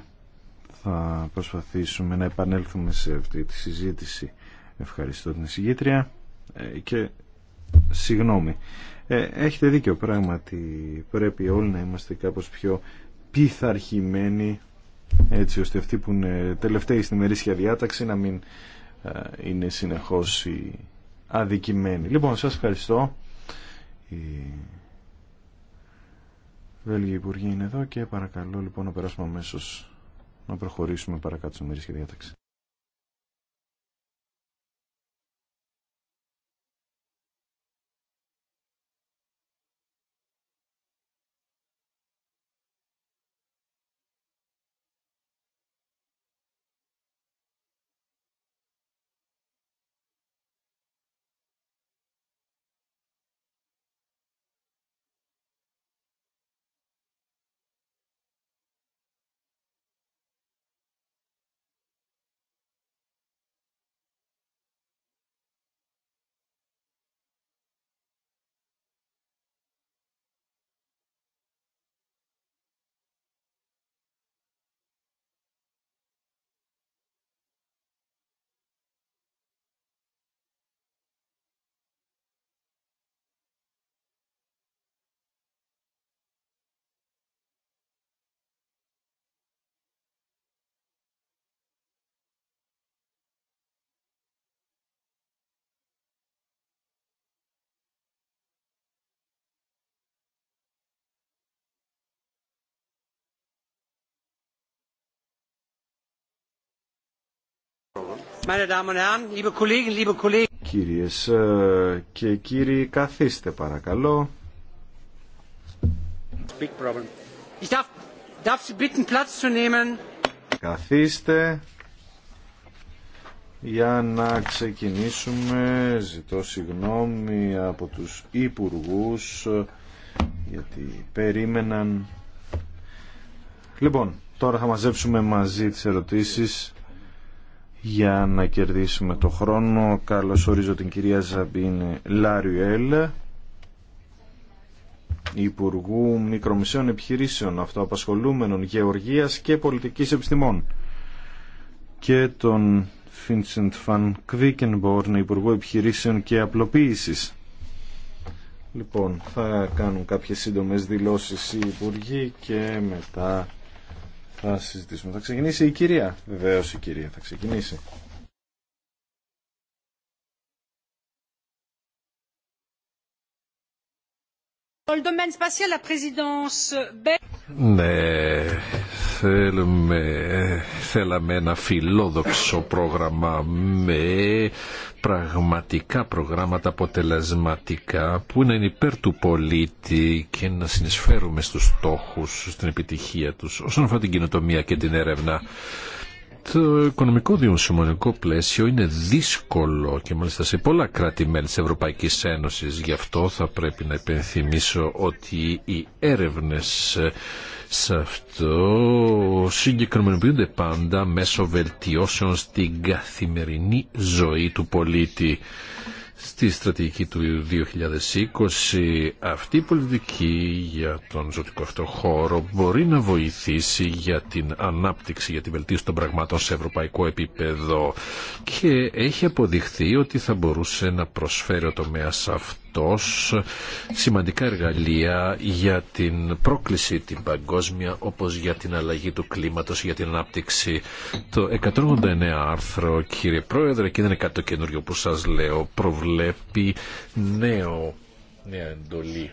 θα προσπαθήσουμε να επανέλθουμε σε αυτή τη συζήτηση. Ευχαριστώ την εισηγήτρια ε, και συγγνώμη. Ε, έχετε δίκιο πράγματι. Πρέπει όλοι να είμαστε κάπως πιο πειθαρχημένοι έτσι ώστε αυτοί που είναι τελευταίοι στη μερίσια διάταξη να μην ε, είναι συνεχώς αδικημένη. Λοιπόν, σας ευχαριστώ. Η Βέλγια Υπουργή είναι εδώ και παρακαλώ λοιπόν να περάσουμε αμέσως να προχωρήσουμε παρακάτω στο μερίς και διάταξη. Κυρίες ε, και κύριοι, καθίστε παρακαλώ. Καθίστε για να ξεκινήσουμε. Ζητώ συγγνώμη από τους υπουργούς γιατί περίμεναν. Λοιπόν, τώρα θα μαζέψουμε μαζί τις ερωτήσεις για να κερδίσουμε το χρόνο. Καλώς ορίζω την κυρία Ζαμπίν Λάριουελ, Υπουργού Μικρομεσαίων Επιχειρήσεων, Αυτοαπασχολούμενων Γεωργίας και Πολιτικής Επιστημών και τον Φίντσεντ Φαν Κβίκενμπορν, Υπουργό Επιχειρήσεων και Απλοποίησης. Λοιπόν, θα κάνουν κάποιες σύντομες δηλώσεις οι Υπουργοί και μετά θα συζητήσουμε. Θα ξεκινήσει η κυρία. Βεβαίω η κυρία θα ξεκινήσει. Ναι, θέλουμε, θέλαμε ένα φιλόδοξο πρόγραμμα με πραγματικά προγράμματα αποτελεσματικά που να είναι υπέρ του πολίτη και να συνεισφέρουμε στους στόχους, στην επιτυχία τους όσον αφορά την κοινοτομία και την έρευνα. Το οικονομικό δημοσιονομικό πλαίσιο είναι δύσκολο και μάλιστα σε πολλά κράτη-μέλη της Ευρωπαϊκής Ένωσης. Γι' αυτό θα πρέπει να υπενθυμίσω ότι οι έρευνες σε αυτό συγκεκριμενοποιούνται πάντα μέσω βελτιώσεων στην καθημερινή ζωή του πολίτη. Στη στρατηγική του 2020 αυτή η πολιτική για τον ζωτικό αυτό χώρο μπορεί να βοηθήσει για την ανάπτυξη, για την βελτίωση των πραγμάτων σε ευρωπαϊκό επίπεδο και έχει αποδειχθεί ότι θα μπορούσε να προσφέρει ο τομέας αυτό αυτός σημαντικά εργαλεία για την πρόκληση την παγκόσμια όπως για την αλλαγή του κλίματος, για την ανάπτυξη. Το 189 άρθρο κύριε Πρόεδρε και δεν είναι κάτι το καινούριο που σας λέω προβλέπει νέο, νέα εντολή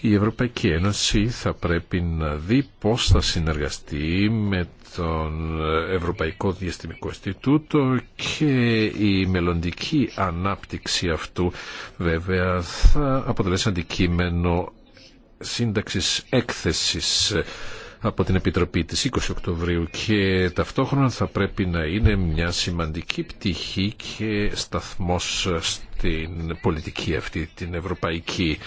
η Ευρωπαϊκή Ένωση θα πρέπει να δει πώς θα συνεργαστεί με τον Ευρωπαϊκό Διαστημικό Ινστιτούτο και η μελλοντική ανάπτυξη αυτού βέβαια θα αποτελέσει αντικείμενο σύνταξης έκθεσης από την Επιτροπή της 20 Οκτωβρίου και ταυτόχρονα θα πρέπει να είναι μια σημαντική πτυχή και σταθμός στην πολιτική αυτή την ευρωπαϊκή.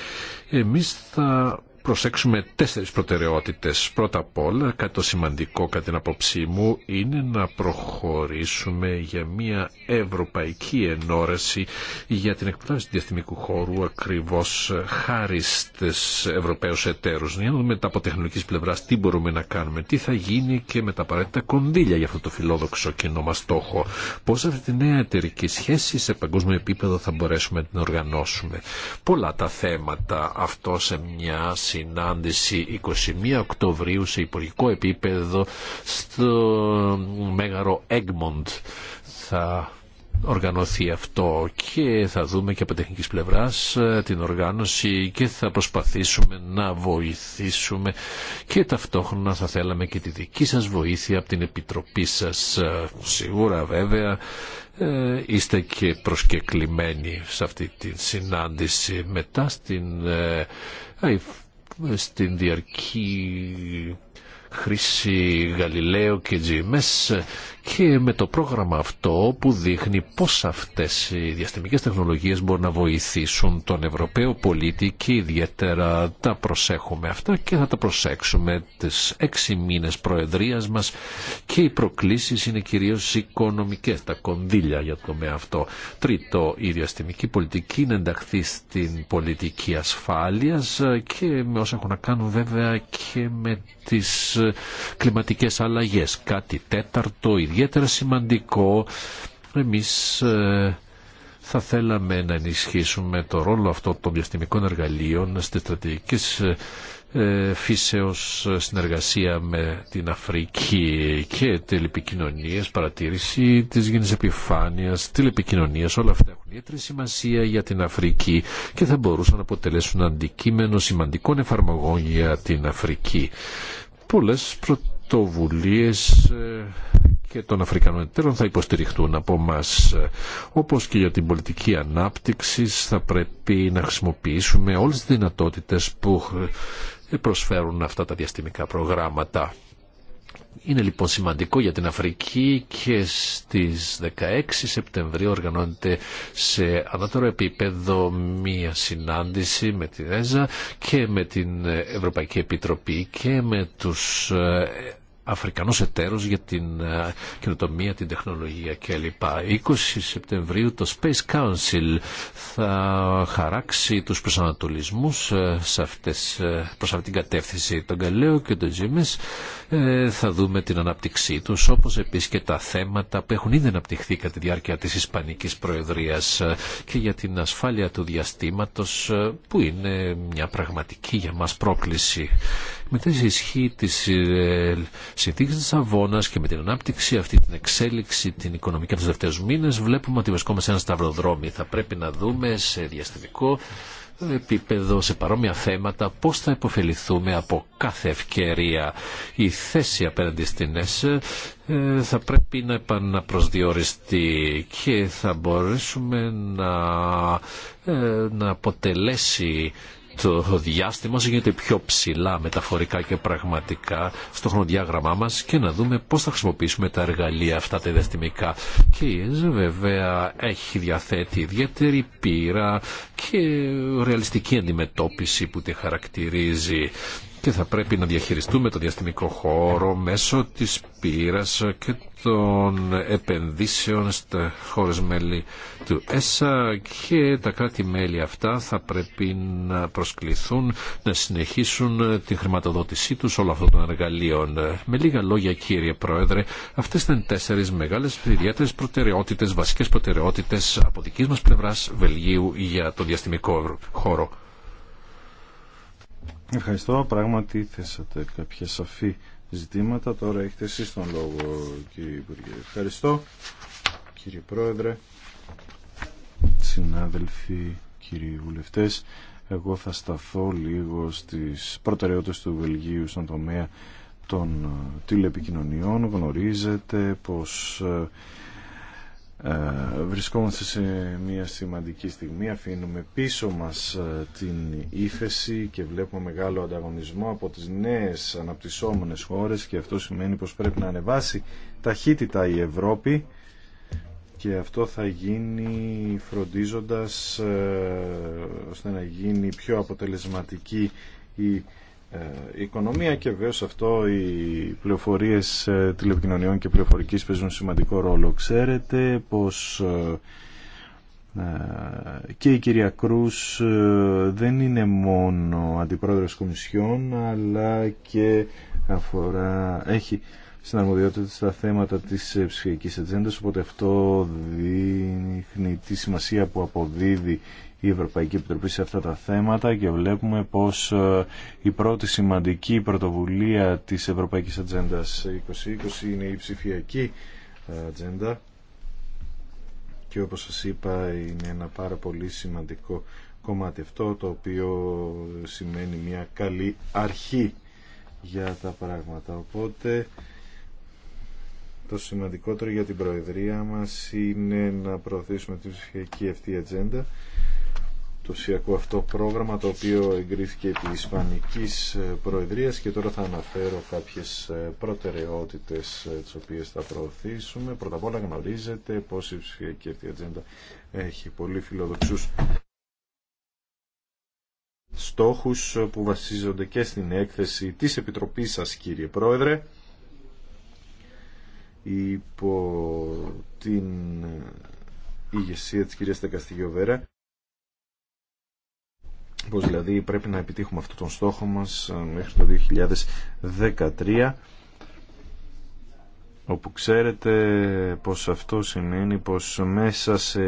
Εμείς θα προσέξουμε τέσσερις προτεραιότητες. Πρώτα απ' όλα, κάτι το σημαντικό κατά την απόψή μου, είναι να προχωρήσουμε για μια ευρωπαϊκή ενόραση για την εκπλάση του διαστημικού χώρου ακριβώς χάρη στις Ευρωπαίους εταίρους. Για να δούμε από τεχνολογικής πλευράς τι μπορούμε να κάνουμε, τι θα γίνει και με τα απαραίτητα κονδύλια για αυτό το φιλόδοξο κοινό μας στόχο. Πώς αυτή τη νέα εταιρική σχέση σε παγκόσμιο επίπεδο θα μπορέσουμε να την οργανώσουμε. Πολλά τα θέματα αυτό σε μια συνάντηση 21 Οκτωβρίου σε υπουργικό επίπεδο στο Μέγαρο Egmont. Θα οργανωθεί αυτό και θα δούμε και από τεχνικής πλευράς ε, την οργάνωση και θα προσπαθήσουμε να βοηθήσουμε και ταυτόχρονα θα θέλαμε και τη δική σας βοήθεια από την Επιτροπή σας. Ε, σίγουρα βέβαια ε, είστε και προσκεκλημένοι σε αυτή τη συνάντηση μετά στην στην διαρκή χρήση Γαλιλαίου και GMS και με το πρόγραμμα αυτό που δείχνει πώς αυτές οι διαστημικές τεχνολογίες μπορούν να βοηθήσουν τον Ευρωπαίο πολίτη και ιδιαίτερα τα προσέχουμε αυτά και θα τα προσέξουμε τις έξι μήνες προεδρίας μας και οι προκλήσεις είναι κυρίως οικονομικές, τα κονδύλια για το με αυτό. Τρίτο, η διαστημική πολιτική είναι ενταχθεί στην πολιτική ασφάλειας και με όσα έχουν να κάνουν βέβαια και με τις κλιματικές αλλαγές. Κάτι τέταρτο, ιδιαίτερα σημαντικό, εμείς ε, θα θέλαμε να ενισχύσουμε το ρόλο αυτό των διαστημικών εργαλείων στη στρατηγική ε, φύσεως συνεργασία με την Αφρική και τηλεπικοινωνίες, παρατήρηση της γίνης επιφάνειας, τηλεπικοινωνίες, όλα αυτά έχουν ιδιαίτερη σημασία για την Αφρική και θα μπορούσαν να αποτελέσουν αντικείμενο σημαντικών εφαρμογών για την Αφρική πολλές πρωτοβουλίες ε, και των Αφρικανών εταίρων θα υποστηριχτούν από εμά. Όπως και για την πολιτική ανάπτυξη θα πρέπει να χρησιμοποιήσουμε όλες τις δυνατότητες που ε, προσφέρουν αυτά τα διαστημικά προγράμματα. Είναι λοιπόν σημαντικό για την Αφρική και στις 16 Σεπτεμβρίου οργανώνεται σε ανώτερο επίπεδο μία συνάντηση με την ΕΖΑ και με την Ευρωπαϊκή Επιτροπή και με τους ε, Αφρικανός εταίρος για την ε, καινοτομία, την τεχνολογία κλπ. 20 Σεπτεμβρίου το Space Council θα χαράξει τους προσανατολισμούς ε, σε αυτές, ε, προς αυτήν την κατεύθυνση. Τον καλέο και τον Τζίμες θα δούμε την αναπτυξή τους όπως επίσης και τα θέματα που έχουν ήδη αναπτυχθεί κατά τη διάρκεια της Ισπανικής Προεδρίας και για την ασφάλεια του διαστήματος που είναι μια πραγματική για μας πρόκληση με τη ισχύ της ε, συνθήκη της Αβώνας και με την ανάπτυξη αυτή, την εξέλιξη, την οικονομική του δεύτερου μήνες, βλέπουμε ότι βρισκόμαστε σε ένα σταυροδρόμι. Θα πρέπει να δούμε σε διαστημικό επίπεδο, σε παρόμοια θέματα, πώς θα υποφεληθούμε από κάθε ευκαιρία. Η θέση απέναντι στην ΕΣΕ θα πρέπει να επαναπροσδιοριστεί και θα μπορέσουμε να, ε, να αποτελέσει το διάστημα γίνεται πιο ψηλά μεταφορικά και πραγματικά στο χρονοδιάγραμμά μας και να δούμε πώς θα χρησιμοποιήσουμε τα εργαλεία αυτά τα διαστημικά. Και η ΕΖΕ βέβαια έχει διαθέτει ιδιαίτερη πείρα και ρεαλιστική αντιμετώπιση που τη χαρακτηρίζει και θα πρέπει να διαχειριστούμε το διαστημικό χώρο μέσω της πύρας και των επενδύσεων στα χώρες μέλη του ΕΣΑ και τα κράτη-μέλη αυτά θα πρέπει να προσκληθούν να συνεχίσουν τη χρηματοδότησή τους όλων αυτών των εργαλείων. Με λίγα λόγια κύριε Πρόεδρε, αυτές ήταν τέσσερις μεγάλες ιδιαίτερε προτεραιότητες, βασικές προτεραιότητες από δικής μας πλευράς Βελγίου για το διαστημικό χώρο. Ευχαριστώ. Πράγματι θέσατε κάποια σαφή ζητήματα. Τώρα έχετε εσείς τον λόγο κύριε Υπουργέ. Ευχαριστώ κύριε Πρόεδρε, συνάδελφοι, κύριοι βουλευτές. Εγώ θα σταθώ λίγο στις προτεραιότητες του Βελγίου στον τομέα των ε, τηλεπικοινωνιών. Γνωρίζετε πως ε, ε, βρισκόμαστε σε μια σημαντική στιγμή αφήνουμε πίσω μας ε, την ύφεση και βλέπουμε μεγάλο ανταγωνισμό από τις νέες αναπτυσσόμενες χώρες και αυτό σημαίνει πως πρέπει να ανεβάσει ταχύτητα η Ευρώπη και αυτό θα γίνει φροντίζοντας ε, ώστε να γίνει πιο αποτελεσματική η ε, η οικονομία και βέβαια αυτό οι πληροφορίε ε, τηλεπικοινωνιών και πληροφορική παίζουν σημαντικό ρόλο. Ξέρετε πως ε, και η κυρία Κρούς δεν είναι μόνο αντιπρόεδρος κομισιών αλλά και αφορά, έχει συναρμοδιότητα στα θέματα της ψυχικής ατζέντας οπότε αυτό δείχνει τη σημασία που αποδίδει η Ευρωπαϊκή Επιτροπή σε αυτά τα θέματα και βλέπουμε πως ε, η πρώτη σημαντική πρωτοβουλία της Ευρωπαϊκής Ατζέντα 2020 είναι η ψηφιακή ε, ατζέντα και όπως σας είπα είναι ένα πάρα πολύ σημαντικό κομμάτι αυτό το οποίο σημαίνει μια καλή αρχή για τα πράγματα οπότε το σημαντικότερο για την Προεδρία μας είναι να προωθήσουμε την ψηφιακή αυτή ατζέντα το αυτό πρόγραμμα το οποίο εγκρίθηκε επί Ισπανικής ε, Προεδρίας και τώρα θα αναφέρω κάποιες ε, προτεραιότητες ε, τις οποίες θα προωθήσουμε. Πρώτα απ' όλα γνωρίζετε πως η ψηφιακή ατζέντα έχει πολύ φιλοδοξούς στόχους που βασίζονται και στην έκθεση της Επιτροπής σας κύριε Πρόεδρε υπό την ηγεσία της κυρίας Τεκαστηγιοβέρα πως δηλαδή πρέπει να επιτύχουμε αυτό τον στόχο μας ε, μέχρι το 2013 όπου ξέρετε πως αυτό σημαίνει πως μέσα σε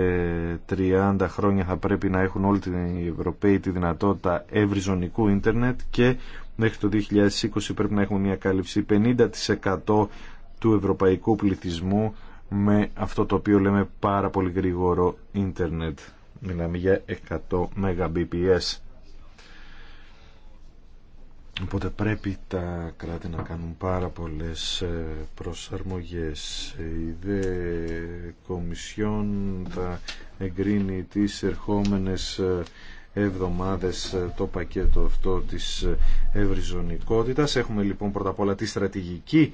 30 χρόνια θα πρέπει να έχουν όλοι οι Ευρωπαίοι τη δυνατότητα ευρυζωνικού ίντερνετ και μέχρι το 2020 πρέπει να έχουμε μια κάλυψη 50% του ευρωπαϊκού πληθυσμού με αυτό το οποίο λέμε πάρα πολύ γρήγορο ίντερνετ. Μιλάμε για 100 Mbps. Οπότε πρέπει τα κράτη να κάνουν πάρα πολλές ε, προσαρμογές. Η ΔΕ Κομισιόν θα εγκρίνει τις ερχόμενες ε, εβδομάδες ε, το πακέτο αυτό της ευρυζωνικότητας. Έχουμε λοιπόν πρώτα απ' όλα τη στρατηγική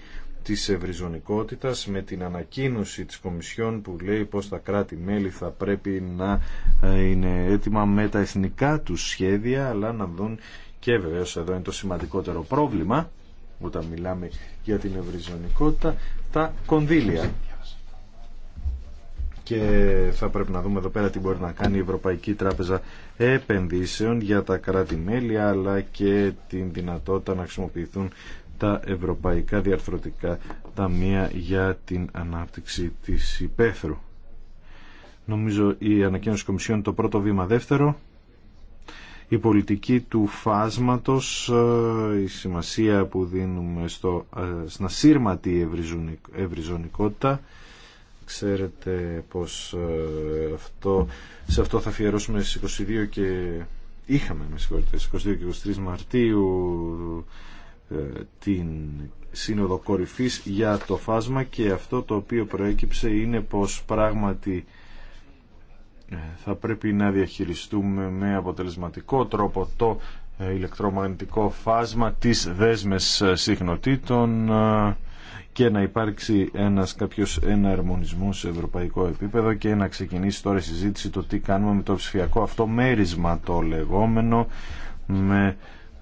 της ευρυζωνικότητας με την ανακοίνωση της Κομισιόν που λέει πως τα κράτη-μέλη θα πρέπει να ε, είναι έτοιμα με τα εθνικά τους σχέδια αλλά να δουν και βεβαίω εδώ είναι το σημαντικότερο πρόβλημα όταν μιλάμε για την ευρυζωνικότητα τα κονδύλια και θα πρέπει να δούμε εδώ πέρα τι μπορεί να κάνει η Ευρωπαϊκή Τράπεζα Επενδύσεων για τα κράτη-μέλη αλλά και την δυνατότητα να χρησιμοποιηθούν τα ευρωπαϊκά διαρθρωτικά ταμεία για την ανάπτυξη της Υπέθρου. Νομίζω η ανακοίνωση Κομισιόν το πρώτο βήμα δεύτερο. Η πολιτική του φάσματος, ε, η σημασία που δίνουμε στο, ε, στην ασύρματη ευρυζωνικότητα. Ξέρετε πως ε, αυτό, σε αυτό θα αφιερώσουμε στις 22 και είχαμε με συγχωρείτε, 22 και 23 Μαρτίου ε, την Σύνοδο Κορυφής για το φάσμα και αυτό το οποίο προέκυψε είναι πως πράγματι ε, θα πρέπει να διαχειριστούμε με αποτελεσματικό τρόπο το ε, ηλεκτρομαγνητικό φάσμα της δέσμες συχνοτήτων και να υπάρξει ένας κάποιος εναρμονισμός σε ευρωπαϊκό επίπεδο και να ξεκινήσει τώρα η συζήτηση το τι κάνουμε με το ψηφιακό αυτό μέρισμα το λεγόμενο με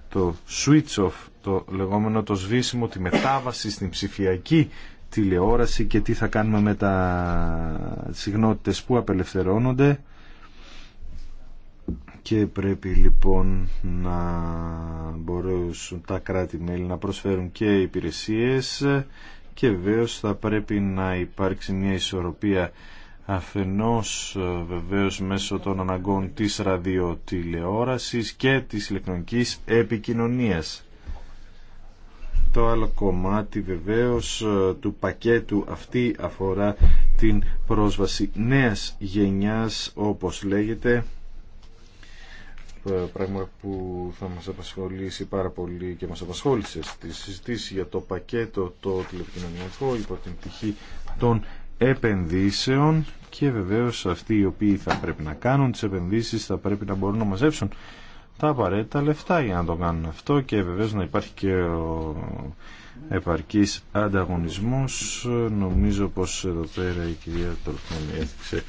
το switch off το λεγόμενο το σβήσιμο, τη μετάβαση στην ψηφιακή τηλεόραση και τι θα κάνουμε με τα συγνότητες που απελευθερώνονται και πρέπει λοιπόν να μπορέσουν τα κράτη-μέλη να προσφέρουν και υπηρεσίες και βεβαίω θα πρέπει να υπάρξει μια ισορροπία αφενός βεβαίως μέσω των αναγκών της ραδιοτηλεόρασης και της ηλεκτρονικής επικοινωνίας. Το άλλο κομμάτι βεβαίως ε, του πακέτου αυτή αφορά την πρόσβαση νέας γενιάς όπως λέγεται ε, πράγμα που θα μας απασχολήσει πάρα πολύ και μας απασχόλησε στη συζήτηση για το πακέτο το τηλεπικοινωνιακό υπό την πτυχή των επενδύσεων και βεβαίως αυτοί οι οποίοι θα πρέπει να κάνουν τις επενδύσεις θα πρέπει να μπορούν να μαζέψουν τα απαραίτητα λεφτά για να το κάνουν αυτό και βεβαίως να υπάρχει και ο επαρκής ανταγωνισμός. Νομίζω πως εδώ πέρα η κυρία Τολκμένη έδειξε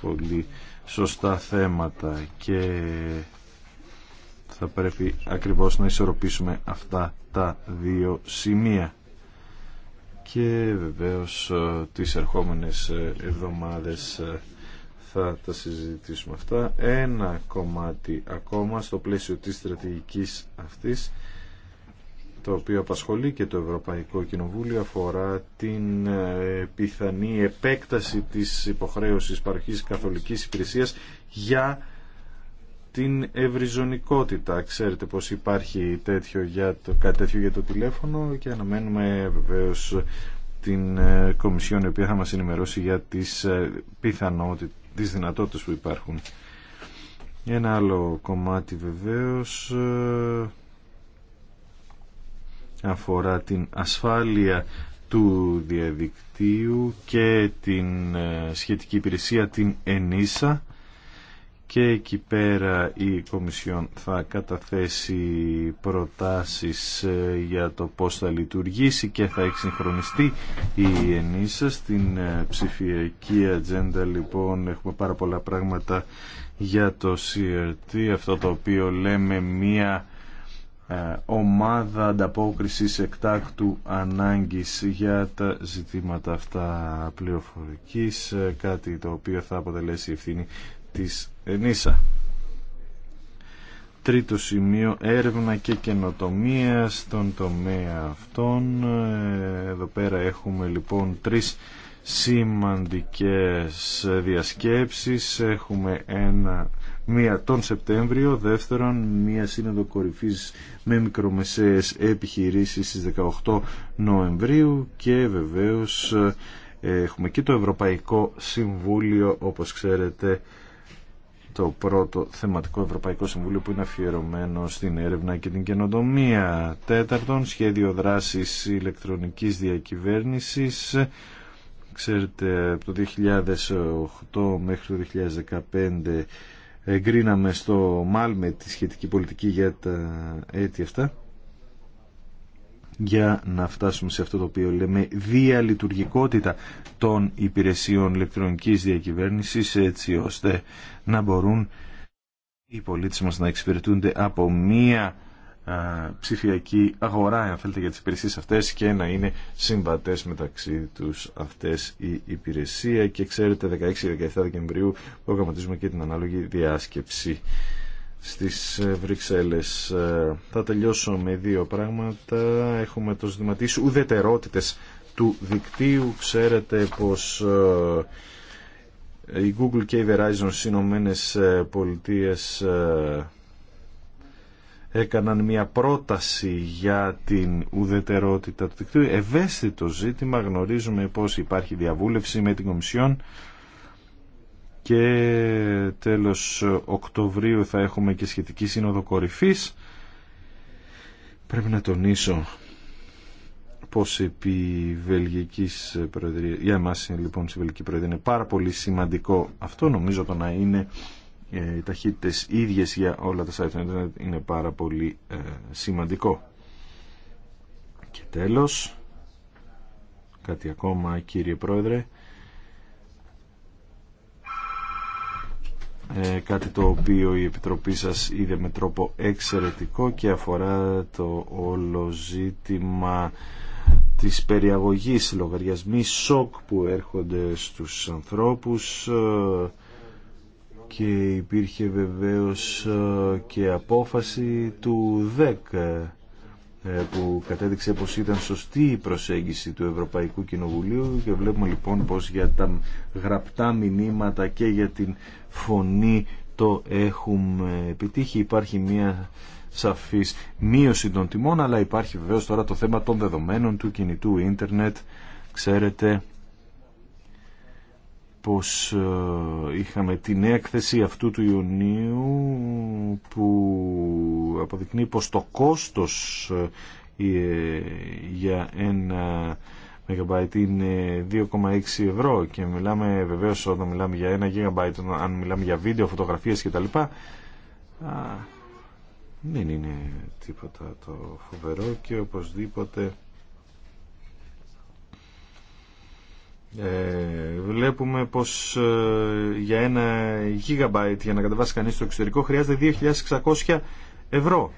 πολύ σωστά θέματα και θα πρέπει ακριβώς να ισορροπήσουμε αυτά τα δύο σημεία και βεβαίως ε, τις ερχόμενες ε, εβδομάδες ε, θα τα συζητήσουμε αυτά. Ένα κομμάτι ακόμα στο πλαίσιο της στρατηγικής αυτής το οποίο απασχολεί και το Ευρωπαϊκό Κοινοβούλιο αφορά την ε, πιθανή επέκταση της υποχρέωσης παροχής καθολικής υπηρεσίας για την ευρυζωνικότητα. Ξέρετε πως υπάρχει τέτοιο για το, κάτι τέτοιο για το τηλέφωνο και αναμένουμε βεβαίως την ε, Κομισιόν η οποία θα μας ενημερώσει για τις ε, πιθανότητες τις δυνατότητες που υπάρχουν. Ένα άλλο κομμάτι βεβαίως ε, αφορά την ασφάλεια του διαδικτύου και την ε, σχετική υπηρεσία την ΕΝΙΣΑ και εκεί πέρα η Κομισιόν θα καταθέσει προτάσεις ε, για το πώς θα λειτουργήσει και θα εξυγχρονιστεί η ενίσα στην ε, ψηφιακή ατζέντα λοιπόν έχουμε πάρα πολλά πράγματα για το CRT αυτό το οποίο λέμε μία ε, ομάδα ανταπόκρισης εκτάκτου ανάγκης για τα ζητήματα αυτά πληροφορικής κάτι το οποίο θα αποτελέσει ευθύνη της ΕΝΙΣΑ. Τρίτο σημείο, έρευνα και καινοτομία στον τομέα αυτών. Εδώ πέρα έχουμε λοιπόν τρεις σημαντικές διασκέψεις. Έχουμε ένα, μία τον Σεπτέμβριο, δεύτερον μία σύνοδο κορυφής με μικρομεσαίες επιχειρήσεις στις 18 Νοεμβρίου και βεβαίως έχουμε και το Ευρωπαϊκό Συμβούλιο όπως ξέρετε το πρώτο θεματικό Ευρωπαϊκό Συμβούλιο που είναι αφιερωμένο στην έρευνα και την καινοτομία. Τέταρτον, σχέδιο δράσης ηλεκτρονικής διακυβέρνησης. Ξέρετε, από το 2008 μέχρι το 2015 εγκρίναμε στο Μάλμε τη σχετική πολιτική για τα έτη αυτά για να φτάσουμε σε αυτό το οποίο λέμε διαλειτουργικότητα των υπηρεσιών ηλεκτρονικής διακυβέρνησης έτσι ώστε να μπορούν οι πολίτες μας να εξυπηρετούνται από μία ψηφιακή αγορά, αν θέλετε, για τις υπηρεσίες αυτές και να είναι συμβατές μεταξύ τους αυτές η υπηρεσία και ξέρετε 16-17 Δεκεμβρίου προγραμματίζουμε και την ανάλογη διάσκεψη στις ε, Βρυξέλλες. Ε, θα τελειώσω με δύο πράγματα. Έχουμε το ζητηματίσει ουδετερότητες του δικτύου. Ξέρετε πως ε, ε, η Google και η Verizon στι Ηνωμένε Πολιτείε ε, έκαναν μια πρόταση για την ουδετερότητα του δικτύου. Ευαίσθητο ζήτημα, γνωρίζουμε πως υπάρχει διαβούλευση με την Κομισιόν και τέλος Οκτωβρίου θα έχουμε και σχετική σύνοδο κορυφής. Πρέπει να τονίσω πώς επί Βελγικής Προεδρία, για εμάς λοιπόν στη Βελγική Προεδρία είναι πάρα πολύ σημαντικό αυτό νομίζω το να είναι ε, οι ταχύτητες ίδιες για όλα τα site του είναι πάρα πολύ ε, σημαντικό. Και τέλος, κάτι ακόμα κύριε Πρόεδρε, ε, κάτι το οποίο η Επιτροπή σας είδε με τρόπο εξαιρετικό και αφορά το όλο ζήτημα της περιαγωγής λογαριασμοί σοκ που έρχονται στους ανθρώπους ε, και υπήρχε βεβαίως ε, και απόφαση του ΔΕΚ ε, που κατέδειξε πως ήταν σωστή η προσέγγιση του Ευρωπαϊκού Κοινοβουλίου και βλέπουμε λοιπόν πως για τα γραπτά μηνύματα και για την φωνή το έχουμε επιτύχει. Υπάρχει μια σαφής μείωση των τιμών, αλλά υπάρχει βεβαίως τώρα το θέμα των δεδομένων του κινητού ίντερνετ. Ξέρετε πως ε, είχαμε την έκθεση αυτού του Ιουνίου που αποδεικνύει πως το κόστος ε, ε, για ένα Μεγαμπάιτ είναι 2,6 ευρώ και μιλάμε βεβαίως όταν μιλάμε για ένα GB αν μιλάμε για βίντεο, φωτογραφίες κτλ δεν είναι τίποτα το φοβερό και οπωσδήποτε ε, βλέπουμε πως ε, για ένα γίγαμπάιτ για να κατεβάσει κανείς στο εξωτερικό χρειάζεται 2.600 ευρώ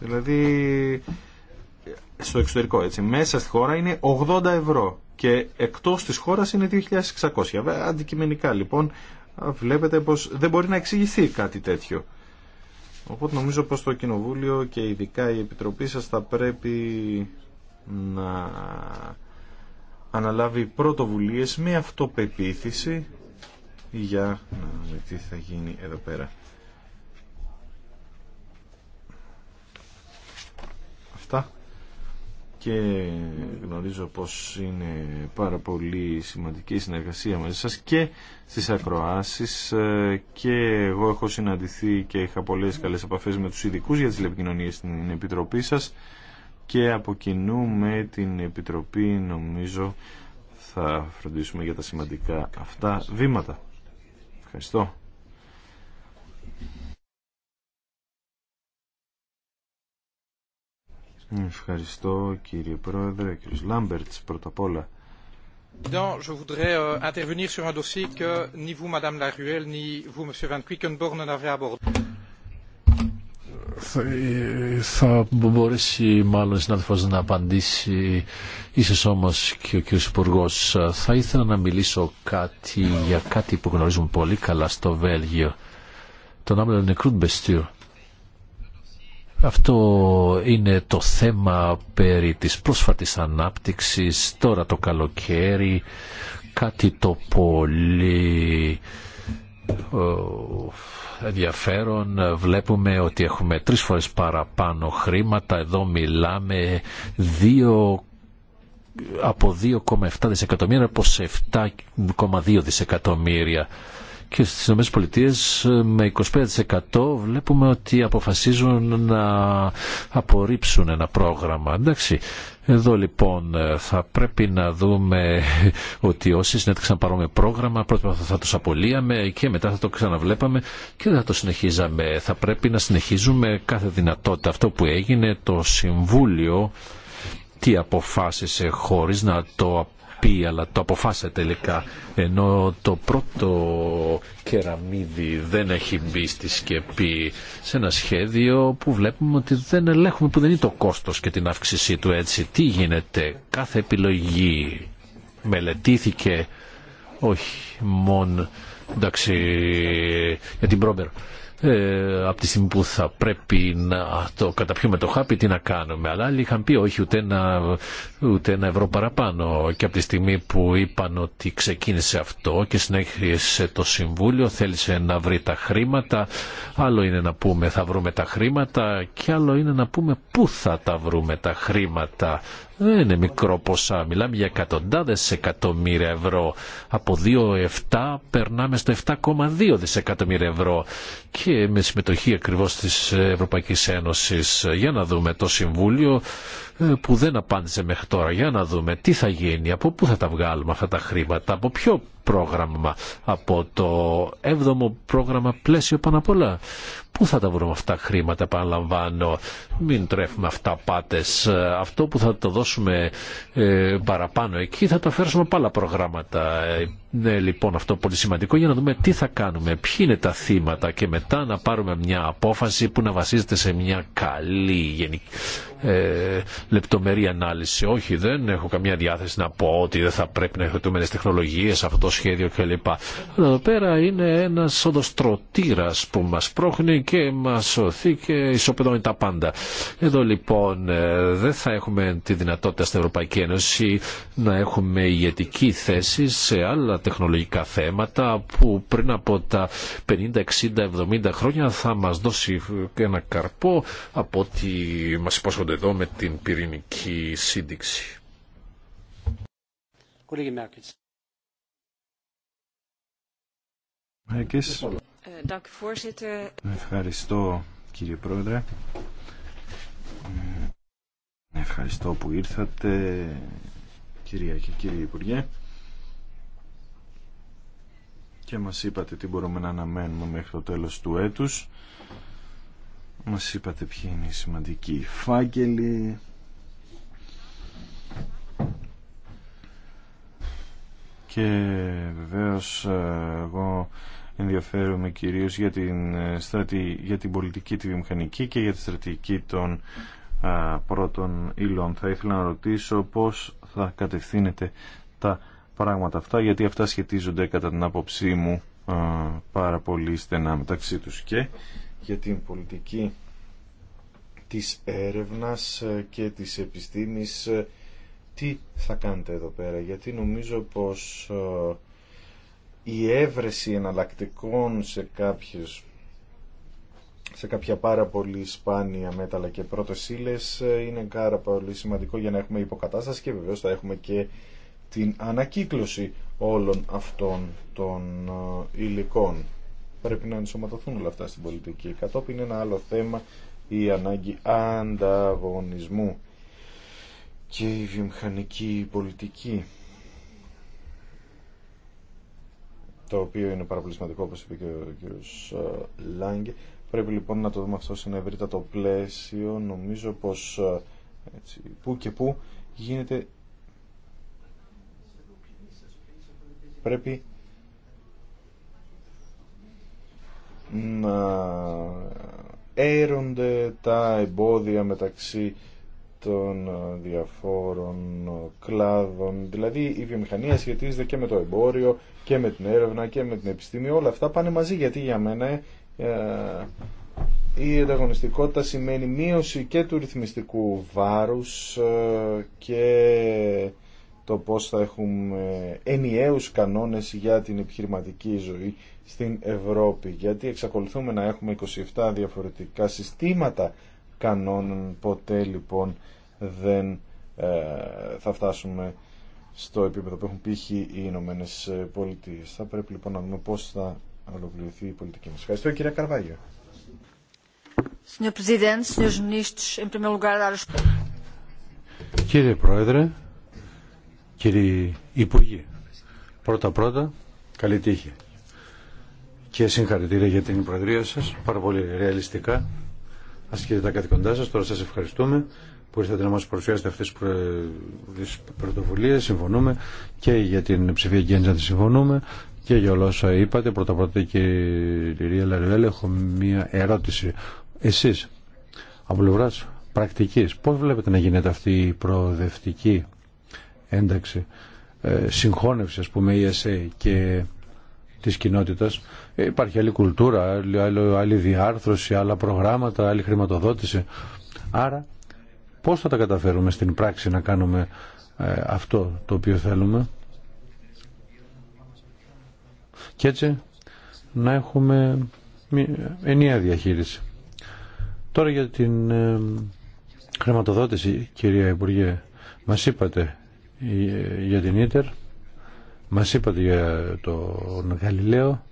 δηλαδή στο εξωτερικό έτσι μέσα στη χώρα είναι 80 ευρώ και εκτός της χώρας είναι 2.600 αντικειμενικά λοιπόν βλέπετε πως δεν μπορεί να εξηγηθεί κάτι τέτοιο. Οπότε νομίζω πως το Κοινοβούλιο και ειδικά η Επιτροπή σας θα πρέπει να αναλάβει πρωτοβουλίες με αυτοπεποίθηση για να δούμε τι θα γίνει εδώ πέρα. Αυτά και γνωρίζω πως είναι πάρα πολύ σημαντική η συνεργασία μαζί σας και στις ακροάσεις ε, και εγώ έχω συναντηθεί και είχα πολλές καλές επαφές με τους ειδικούς για τις λεπικοινωνίες στην Επιτροπή σας και από κοινού με την Επιτροπή νομίζω θα φροντίσουμε για τα σημαντικά αυτά βήματα. Ευχαριστώ. Ευχαριστώ κύριε Πρόεδρε, κύριος Λάμπερτς πρώτα απ' όλα. Je voudrais euh, intervenir sur un dossier que ni vous, Madame Laruelle, ni vous, Monsieur Van Quickenborn, n'avez abordé. Θα μπορέσει μάλλον η συνάδελφος να απαντήσει, ίσως όμως και ο κ. Υπουργό. Θα ήθελα να μιλήσω κάτι για κάτι που γνωρίζουμε πολύ καλά στο Βέλγιο, τον άμελο νεκρούν Μπεστήρ. Αυτό είναι το θέμα περί της πρόσφατης ανάπτυξης, τώρα το καλοκαίρι, κάτι το πολύ ε, ενδιαφέρον βλέπουμε ότι έχουμε τρεις φορές παραπάνω χρήματα εδώ μιλάμε δύο από 2,7 δισεκατομμύρια προς 7,2 δισεκατομμύρια και στις ΗΠΑ ε, με 25% βλέπουμε ότι αποφασίζουν να απορρίψουν ένα πρόγραμμα. Εντάξει, εδώ λοιπόν ε, θα πρέπει να δούμε ε, ότι όσοι να παρόμοιο πρόγραμμα πρώτα θα τους απολύαμε και μετά θα το ξαναβλέπαμε και δεν θα το συνεχίζαμε. Θα πρέπει να συνεχίζουμε κάθε δυνατότητα. Αυτό που έγινε το Συμβούλιο τι αποφάσισε χωρίς να το πει αλλά το αποφάσισε τελικά ενώ το πρώτο κεραμίδι δεν έχει μπει στη σκεπή σε ένα σχέδιο που βλέπουμε ότι δεν ελέγχουμε που δεν είναι το κόστος και την αύξησή του έτσι τι γίνεται κάθε επιλογή μελετήθηκε όχι μόνο εντάξει για την Πρόμπερ ε, από τη στιγμή που θα πρέπει να το καταπιούμε το χάπι, τι να κάνουμε. Αλλά άλλοι είχαν πει όχι ούτε ένα, ούτε ένα ευρώ παραπάνω. Και από τη στιγμή που είπαν ότι ξεκίνησε αυτό και συνέχισε το Συμβούλιο, θέλησε να βρει τα χρήματα. Άλλο είναι να πούμε θα βρούμε τα χρήματα και άλλο είναι να πούμε πού θα τα βρούμε τα χρήματα. Δεν είναι μικρό ποσά. Μιλάμε για εκατοντάδε εκατομμύρια ευρώ. Από 2,7 περνάμε στο 7,2 δισεκατομμύρια ευρώ. Και με συμμετοχή ακριβώ της Ευρωπαϊκής Ένωσης. Για να δούμε το Συμβούλιο ε, που δεν απάντησε μέχρι τώρα. Για να δούμε τι θα γίνει, από πού θα τα βγάλουμε αυτά τα χρήματα, από ποιο πρόγραμμα, από το 7ο πρόγραμμα πλαίσιο πάνω απ' όλα. Πού θα τα βρούμε αυτά τα χρήματα, επαναλαμβάνω. Μην τρέφουμε αυτά πάτες. Ε, αυτό που θα το δώσουμε ε, παραπάνω εκεί θα το φέρσουμε από άλλα προγράμματα. Ναι, λοιπόν αυτό πολύ σημαντικό για να δούμε τι θα κάνουμε, ποιοι είναι τα θύματα και μετά να πάρουμε μια απόφαση που να βασίζεται σε μια καλή ε, λεπτομερή ανάλυση. Όχι, δεν έχω καμία διάθεση να πω ότι δεν θα πρέπει να έχουμε τεχνολογίες, αυτό το σχέδιο κλπ. Αλλά εδώ πέρα είναι ένας οδοστρωτήρας που μας πρόχνει και μας σωθεί και ισοπεδώνει τα πάντα. Εδώ λοιπόν ε, δεν θα έχουμε τη δυνατότητα στην Ευρωπαϊκή Ένωση να έχουμε ηγετική θέση σε άλλα τεχνολογικά θέματα που πριν από τα 50, 60, 70 χρόνια θα μας δώσει ένα καρπό από ό,τι μας υπόσχονται εδώ με την πυρηνική σύνδεξη. Ε, ευχαριστώ κύριε Πρόεδρε. Ε, ευχαριστώ που ήρθατε κυρία και κύριοι Υπουργέ και μας είπατε τι μπορούμε να αναμένουμε μέχρι το τέλος του έτους. Μας είπατε ποιοι είναι οι σημαντικοί φάκελοι. Και βεβαίως ε, εγώ ενδιαφέρομαι κυρίως για την, ε, στρατη, για την πολιτική, τη βιομηχανική και για τη στρατηγική των α, ε, πρώτων υλών. Θα ήθελα να ρωτήσω πώς θα κατευθύνεται τα πράγματα αυτά γιατί αυτά σχετίζονται κατά την άποψή μου πάρα πολύ στενά μεταξύ τους και για την πολιτική της έρευνας και της επιστήμης τι θα κάνετε εδώ πέρα γιατί νομίζω πως η έβρεση εναλλακτικών σε κάποιους σε κάποια πάρα πολύ σπάνια μέταλλα και πρώτες ύλες είναι πάρα πολύ σημαντικό για να έχουμε υποκατάσταση και βεβαίως θα έχουμε και την ανακύκλωση όλων αυτών των ε, υλικών. Πρέπει να ενσωματωθούν όλα αυτά στην πολιτική. Κατόπιν ένα άλλο θέμα η ανάγκη ανταγωνισμού και η βιομηχανική πολιτική το οποίο είναι πάρα πολύ όπως είπε και ο κ. Ε, Λάγκε πρέπει λοιπόν να το δούμε αυτό σε ένα ευρύτατο πλαίσιο νομίζω πως ε, που και που γίνεται πρέπει να έρονται τα εμπόδια μεταξύ των διαφόρων κλάδων. Δηλαδή η βιομηχανία σχετίζεται και με το εμπόριο και με την έρευνα και με την επιστήμη. Όλα αυτά πάνε μαζί γιατί για μένα ε, η ανταγωνιστικότητα σημαίνει μείωση και του ρυθμιστικού βάρους ε, και το πώς θα έχουμε ενιαίους κανόνες για την επιχειρηματική ζωή στην Ευρώπη. Γιατί εξακολουθούμε να έχουμε 27 διαφορετικά συστήματα κανόνων. Ποτέ λοιπόν δεν ε, θα φτάσουμε στο επίπεδο που έχουν πύχει οι Ηνωμένε Πολιτείε. Θα πρέπει λοιπόν να δούμε πώς θα ολοκληρωθεί η πολιτική μας. Ευχαριστώ κύριε Καρβάγιο. Κύριε Πρόεδρε, Κύριοι Υπουργοί, πρώτα-πρώτα, καλή τύχη. Και συγχαρητήρια για την Προεδρία σας, πάρα πολύ ρεαλιστικά. Ασκείτε τα κοντά σας, τώρα σας ευχαριστούμε που ήρθατε να μας παρουσιάσετε αυτές τις πρωτοβουλίες, συμφωνούμε και για την ψηφιακή να τη συμφωνούμε και για όλα όσα είπατε. Πρώτα πρώτα κύριε Λαριουέλ, έχω μία ερώτηση. Εσείς, από πλευρά πρακτικής, πώς βλέπετε να γίνεται αυτή η προοδευτική ένταξη, ε, συγχώνευση ας πούμε ESA και της κοινότητας. Ε, υπάρχει άλλη κουλτούρα, άλλη διάρθρωση, άλλα προγράμματα, άλλη χρηματοδότηση. Άρα πώς θα τα καταφέρουμε στην πράξη να κάνουμε ε, αυτό το οποίο θέλουμε και έτσι να έχουμε ενιαία διαχείριση. Τώρα για την χρηματοδότηση, κυρία Υπουργέ, μας είπατε για την Ίτερ μας είπατε για τον Γαλιλαίο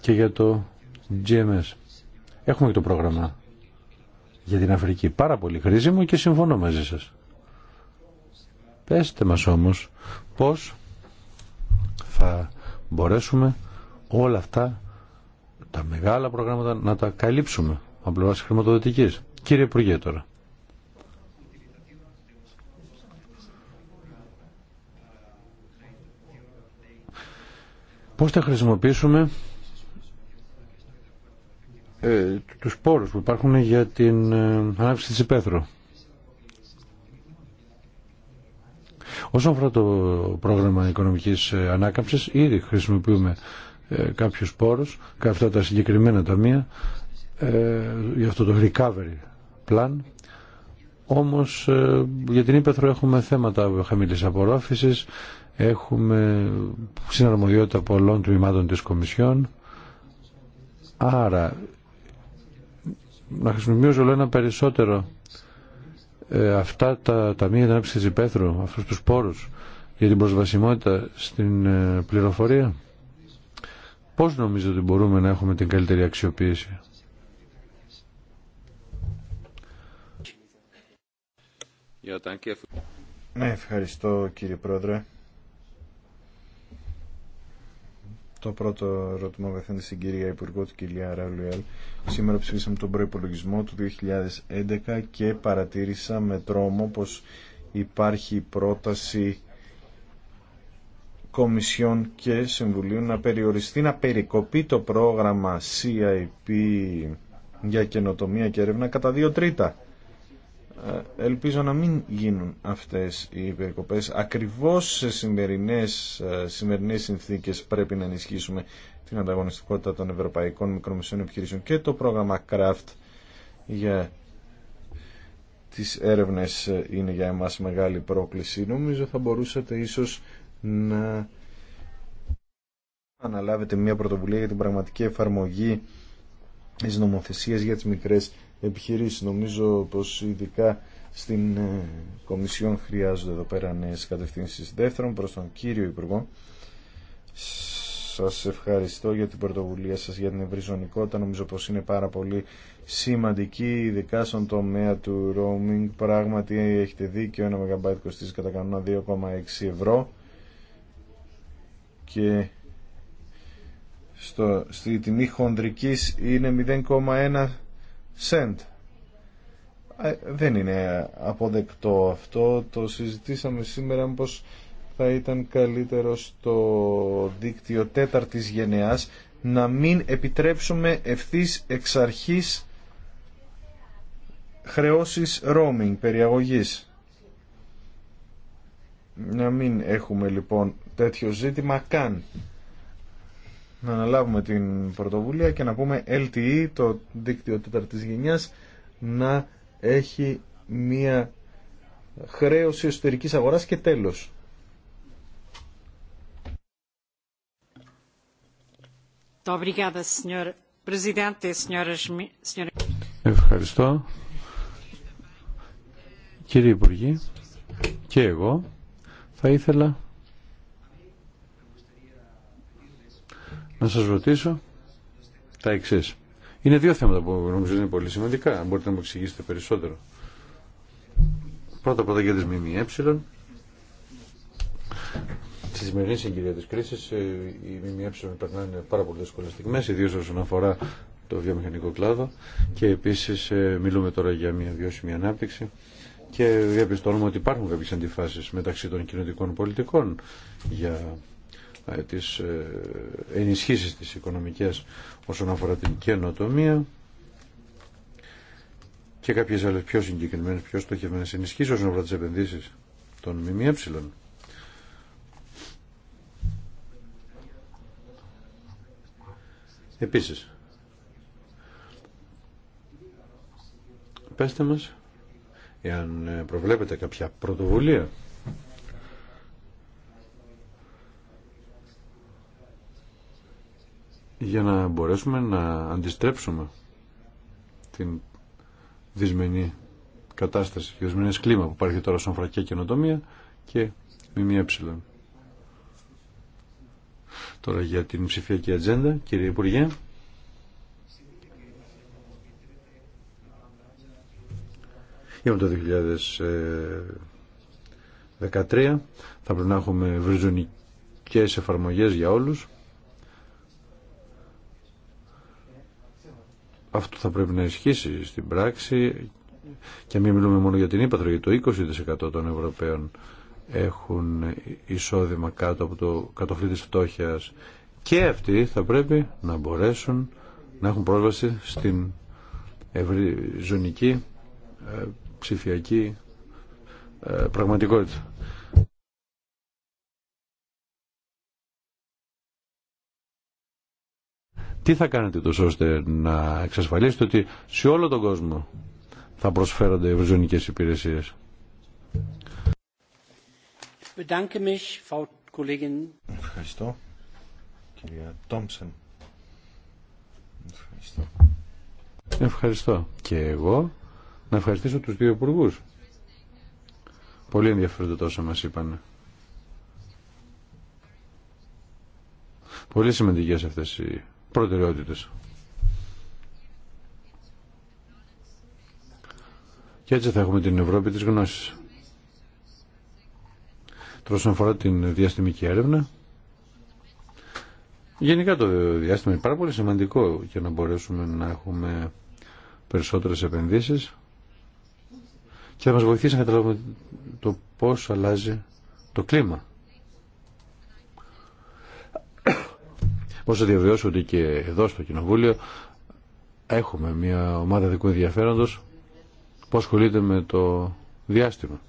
και για το GMS έχουμε και το πρόγραμμα για την Αφρική πάρα πολύ χρήσιμο και συμφωνώ μαζί σας πέστε μας όμως πως θα μπορέσουμε όλα αυτά τα μεγάλα προγράμματα να τα καλύψουμε από χρηματοδοτικής Κύριε Υπουργέ τώρα, Πώς θα χρησιμοποιήσουμε ε, τους πόρους που υπάρχουν για την ε, ανάπτυξη της υπαίθρου. Όσον αφορά το πρόγραμμα οικονομικής ε, ανάκαμψης, ήδη χρησιμοποιούμε ε, κάποιους πόρους, αυτά τα συγκεκριμένα ταμεία, ε, για αυτό το recovery plan. Όμως ε, για την Ήπεθρο έχουμε θέματα χαμηλής απορρόφησης, έχουμε συναρμοδιότητα πολλών τμήματων της Κομισιόν άρα να χρησιμοποιήσω όλο ένα περισσότερο ε, αυτά τα ταμεία την άψη της υπαίθρου, αυτούς τους πόρους για την προσβασιμότητα στην ε, πληροφορία πώς νομίζω ότι μπορούμε να έχουμε την καλύτερη αξιοποίηση Ναι, ευχαριστώ κύριε Πρόεδρε. Το πρώτο ερώτημα απευθύνεται στην κυρία Υπουργό, την κυρία Ραουλιέλ. Σήμερα ψηφίσαμε τον προπολογισμό του 2011 και παρατήρησα με τρόμο πως υπάρχει πρόταση Κομισιών και Συμβουλίου να περιοριστεί, να περικοπεί το πρόγραμμα CIP για καινοτομία και έρευνα κατά δύο τρίτα. Ε, ελπίζω να μην γίνουν αυτές οι περικοπές. Ακριβώς σε σημερινές, ε, σημερινές συνθήκες πρέπει να ενισχύσουμε την ανταγωνιστικότητα των ευρωπαϊκών μικρομεσαίων επιχειρήσεων και το πρόγραμμα CRAFT για τις έρευνες ε, είναι για εμάς μεγάλη πρόκληση. Νομίζω θα μπορούσατε ίσως να αναλάβετε μια πρωτοβουλία για την πραγματική εφαρμογή της νομοθεσίας για τις μικρές Επιχειρήσει, Νομίζω πως ειδικά στην ε, Κομισιόν χρειάζονται εδώ πέρα νέες κατευθύνσεις. Δεύτερον, προς τον κύριο Υπουργό, σας ευχαριστώ για την πρωτοβουλία σας, για την ευρυζωνικότητα. Νομίζω πως είναι πάρα πολύ σημαντική, ειδικά στον τομέα του roaming. Πράγματι, έχετε δίκιο, ένα MB κοστίζει κατά κανόνα 2,6 ευρώ. Και στο, στη τιμή χοντρικής είναι 0,1 Send. Ε, δεν είναι αποδεκτό αυτό. Το συζητήσαμε σήμερα πως θα ήταν καλύτερο στο δίκτυο τέταρτης γενεάς να μην επιτρέψουμε ευθύς εξ αρχής χρεώσεις roaming, περιαγωγής. Να μην έχουμε λοιπόν τέτοιο ζήτημα καν να αναλάβουμε την πρωτοβουλία και να πούμε LTE, το δίκτυο τέταρτης γενιάς, να έχει μία χρέωση εσωτερικής αγοράς και τέλος. Ευχαριστώ. Κύριε Υπουργή, και εγώ θα ήθελα να σας ρωτήσω τα εξή. Είναι δύο θέματα που νομίζω είναι πολύ σημαντικά. Μπορείτε να μου εξηγήσετε περισσότερο. Πρώτα πρώτα για τις ΜΜΕ. Στη σημερινή συγκυρία τη κρίση, ε, οι ΜΜΕ περνάνε πάρα πολύ δύσκολες στιγμές, ιδίω όσον αφορά το βιομηχανικό κλάδο. Και επίσης ε, μιλούμε τώρα για μια βιώσιμη ανάπτυξη και διαπιστώνουμε ότι υπάρχουν κάποιε αντιφάσει μεταξύ των κοινωνικών πολιτικών για ε, τις ε, ενισχύσεις της οικονομικές όσον αφορά την καινοτομία και κάποιες άλλες πιο συγκεκριμένες, πιο στοχευμένες ενισχύσεις όσον αφορά τις επενδύσεις των ΜΜΕ. Επίσης, πέστε μας εάν ε, προβλέπετε κάποια πρωτοβουλία για να μπορέσουμε να αντιστρέψουμε την δυσμενή κατάσταση και δυσμενές κλίμα που υπάρχει τώρα σαν φρακιά καινοτομία και ψηλόν. Τώρα για την ψηφιακή ατζέντα, κύριε Υπουργέ. Για το 2013 ε, θα πρέπει να έχουμε βριζονικές εφαρμογές για όλους Αυτό θα πρέπει να ισχύσει στην πράξη και μην μιλούμε μόνο για την ύπαθρο γιατί το 20% των Ευρωπαίων έχουν εισόδημα κάτω από το κατοφλή της φτώχειας και αυτοί θα πρέπει να μπορέσουν να έχουν πρόσβαση στην ευρυζωνική ε, ψηφιακή ε, πραγματικότητα. Τι θα κάνετε τόσο ώστε να εξασφαλίσετε ότι σε όλο τον κόσμο θα προσφέρονται ευρυζωνικές υπηρεσίες. Ευχαριστώ, κυρία Τόμψεν. Ευχαριστώ. Ευχαριστώ και εγώ να ευχαριστήσω τους δύο υπουργού. Πολύ ενδιαφέροντα τόσο, μας είπαν. Πολύ σημαντικές αυτές οι προτεραιότητες. Και έτσι θα έχουμε την Ευρώπη της γνώσης. Τώρα όσον αφορά την διαστημική έρευνα, γενικά το διάστημα είναι πάρα πολύ σημαντικό για να μπορέσουμε να έχουμε περισσότερες επενδύσεις και θα μας βοηθήσει να καταλάβουμε το πώς αλλάζει το κλίμα. Όσο θα ότι και εδώ στο Κοινοβούλιο έχουμε μια ομάδα δικού ενδιαφέροντο που ασχολείται με το διάστημα.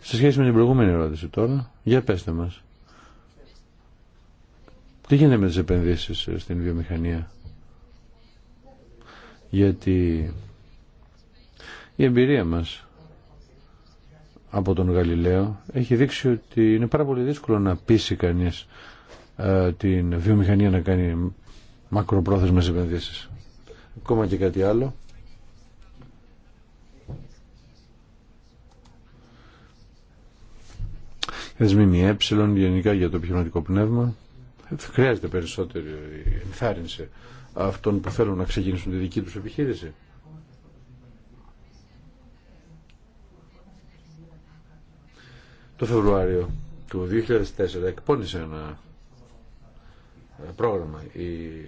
Σε σχέση με την προηγούμενη ερώτηση τώρα, για πέστε μας. Τι γίνεται με τις επενδύσεις στην βιομηχανία. Γιατί η εμπειρία μας από τον Γαλιλαίο έχει δείξει ότι είναι πάρα πολύ δύσκολο να πείσει κανείς ε, την βιομηχανία να κάνει μακροπρόθεσμες επενδύσεις. Ακόμα και κάτι άλλο. Δεσμήμοι ε, γενικά για το επιχειρηματικό πνεύμα. Χρειάζεται περισσότερη ενθάρρυνση αυτών που θέλουν να ξεκινήσουν τη δική τους επιχείρηση. το Φεβρουάριο του 2004 εκπώνησε ένα πρόγραμμα η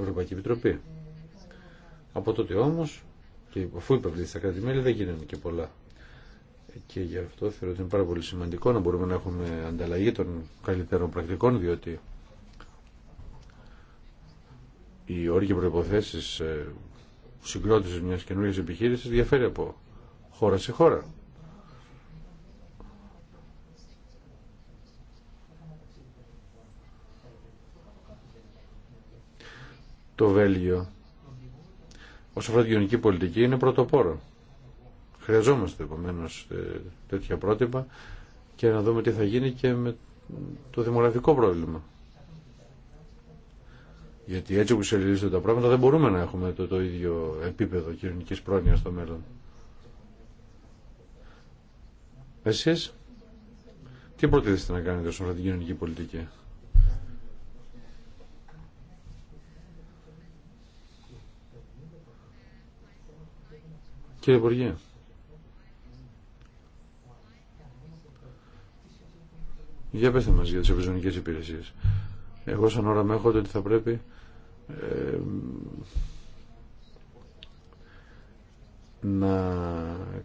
Ευρωπαϊκή Επιτροπή. Από τότε όμως, και αφού υπευθύνει στα κράτη-μέλη, δεν γίνανε και πολλά. Και γι' αυτό θεωρώ ότι είναι πάρα πολύ σημαντικό να μπορούμε να έχουμε ανταλλαγή των καλύτερων πρακτικών, διότι οι όροι προποθέσει ε, συγκρότηση μια καινούργια επιχείρηση διαφέρει από χώρα σε χώρα. το Βέλγιο όσο αφορά την κοινωνική πολιτική είναι πρωτοπόρο. Χρειαζόμαστε επομένω τέτοια πρότυπα και να δούμε τι θα γίνει και με το δημογραφικό πρόβλημα. Γιατί έτσι που συλλογίζονται τα πράγματα δεν μπορούμε να έχουμε το, το ίδιο επίπεδο κοινωνικής πρόνοιας στο μέλλον. Εσείς, τι προτίθεστε να κάνετε όσον αφορά την κοινωνική πολιτική. Κύριε Υπουργέ. Για πέστε μας για τις ευρυζωνικές υπηρεσίες. Εγώ σαν ώρα με έχω ότι θα πρέπει να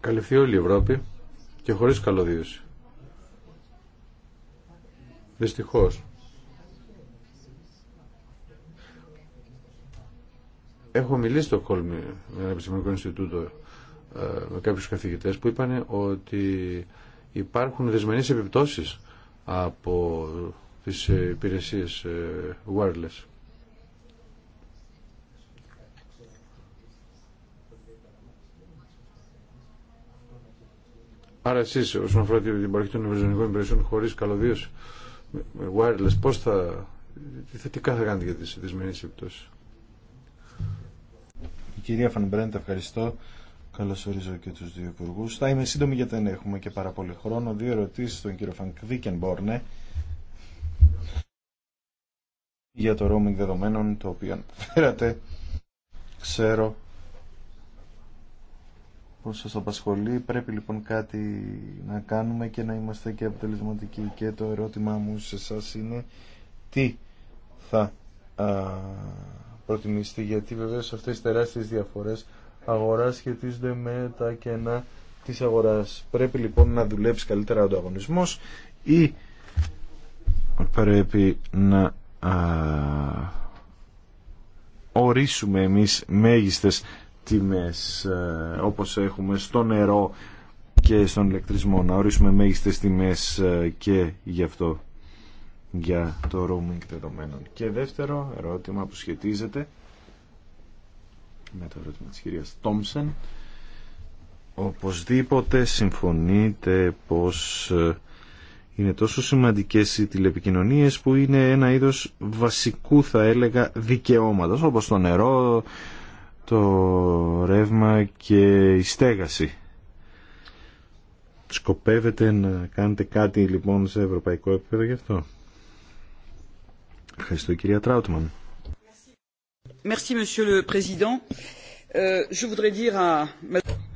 καλυφθεί όλη η Ευρώπη και χωρίς καλωδίωση. Δυστυχώς. Έχω μιλήσει στο Κόλμη με ένα επιστημονικό Ινστιτούτο ε, με κάποιους καθηγητές που είπαν ότι υπάρχουν δεσμενείς επιπτώσεις από τις ε, υπηρεσίες ε, wireless. Άρα εσείς όσον αφορά την παροχή των ευρωζωνικών υπηρεσιών χωρίς καλωδίωση wireless, πώς θα, τι θετικά θα για τις δεσμενείς επιπτώσεις. κυρία Φανμπρέντ, ευχαριστώ ορίζω και τους δύο υπουργού. Θα είμαι σύντομη γιατί δεν έχουμε και πάρα πολύ χρόνο. Δύο ερωτήσεις στον κύριο Μπόρνε για το roaming δεδομένων το οποίο αναφέρατε. Ξέρω πως σας απασχολεί. Πρέπει λοιπόν κάτι να κάνουμε και να είμαστε και αποτελεσματικοί. Και το ερώτημά μου σε εσά είναι τι θα α, προτιμήσετε γιατί βεβαίως αυτές τις τεράστιες διαφορές αγοράς σχετίζονται με τα κενά της αγοράς. Πρέπει λοιπόν να δουλέψει καλύτερα ο ανταγωνισμός ή πρέπει να ορίσουμε εμείς μέγιστες τιμές α, όπως έχουμε στο νερό και στον ηλεκτρισμό να ορίσουμε μέγιστες τιμές και γι' αυτό για το roaming δεδομένων. Και δεύτερο ερώτημα που σχετίζεται με το ερώτημα της κυρίας Τόμσεν. Οπωσδήποτε συμφωνείτε πως ε, είναι τόσο σημαντικές οι τηλεπικοινωνίες που είναι ένα είδος βασικού θα έλεγα δικαιώματος όπως το νερό, το ρεύμα και η στέγαση. Σκοπεύετε να κάνετε κάτι λοιπόν σε ευρωπαϊκό επίπεδο γι' αυτό. Ευχαριστώ κυρία Τράουτμαν. Monsieur Président. Euh, voudrais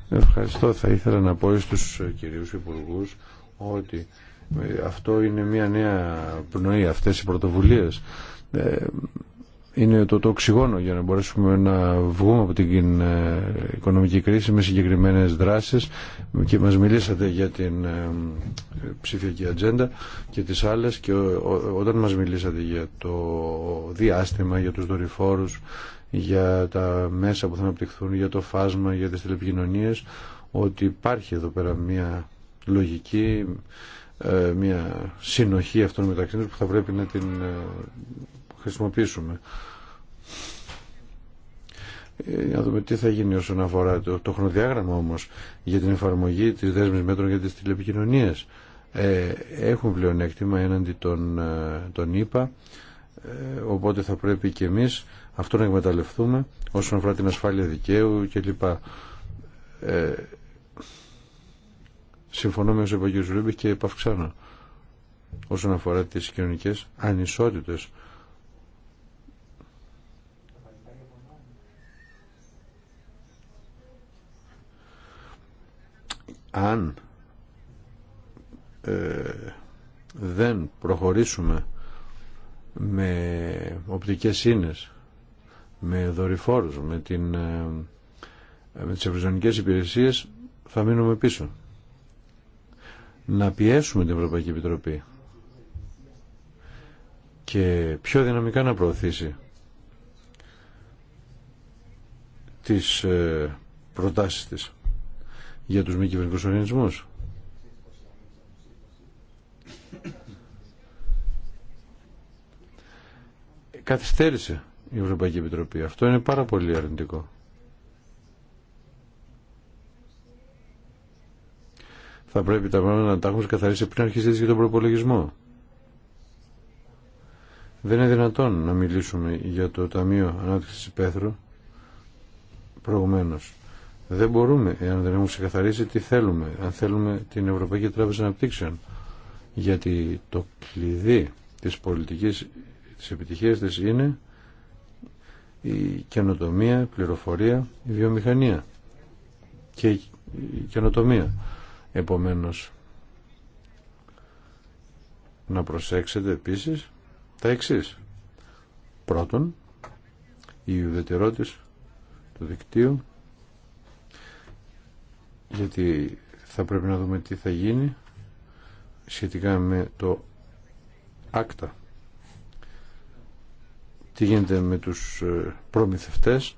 Ευχαριστώ. Θα ήθελα να πω στους ε, κυρίους υπουργούς ότι ε, αυτό είναι μια νέα πνοή αυτές οι πρωτοβουλίες ε, είναι το, το οξυγόνο για να μπορέσουμε να βγούμε από την ε, οικονομική κρίση με συγκεκριμένες δράσεις και μας μιλήσατε για την ε, ψηφιακή ατζέντα και τις άλλες και όταν μας μιλήσατε για το διάστημα, για τους δορυφόρους, για τα μέσα που θα αναπτυχθούν, για το φάσμα, για τις τηλεπικοινωνίες ότι υπάρχει εδώ πέρα μια λογική, ε, μια συνοχή αυτών μεταξύ τους που θα πρέπει να την χρησιμοποιήσουμε. Για ε, να δούμε τι θα γίνει όσον αφορά το, χρονοδιάγραμμα όμως για την εφαρμογή της δέσμης μέτρων για τις τηλεπικοινωνίες. Ε, έχουν πλεονέκτημα έναντι των, ε, των ε, οπότε θα πρέπει και εμείς αυτό να εκμεταλλευτούμε όσον αφορά την ασφάλεια δικαίου κλπ. Ε, συμφωνώ με όσο είπε ο κ. Ρούμπη και επαυξάνω όσον αφορά τις κοινωνικές ανισότητες αν ε, δεν προχωρήσουμε με οπτικές σύνες, με δορυφόρους, με, την, ε, με τις ευρωζωνικές υπηρεσίες θα μείνουμε πίσω. Να πιέσουμε την Ευρωπαϊκή Επιτροπή και πιο δυναμικά να προωθήσει τις ε, προτάσεις της για τους μη κυβερνικού οργανισμούς. Καθυστέρησε η Ευρωπαϊκή Επιτροπή. Αυτό είναι πάρα πολύ αρνητικό. Θα πρέπει τα πράγματα να τα έχουμε καθαρίσει πριν αρχίσει για τον προπολογισμό. Δεν είναι δυνατόν να μιλήσουμε για το Ταμείο Ανάπτυξης Πέθρου προηγουμένως. Δεν μπορούμε, εάν δεν έχουμε ξεκαθαρίσει, τι θέλουμε. Αν θέλουμε την Ευρωπαϊκή Τράπεζα Αναπτύξεων. Γιατί το κλειδί της πολιτικής της επιτυχίας της είναι η καινοτομία, η πληροφορία, η βιομηχανία και η καινοτομία. Επομένως, να προσέξετε επίσης τα εξής. Πρώτον, η ουδετερότητα του δικτύου γιατί θα πρέπει να δούμε τι θα γίνει σχετικά με το άκτα τι γίνεται με τους ε, προμηθευτές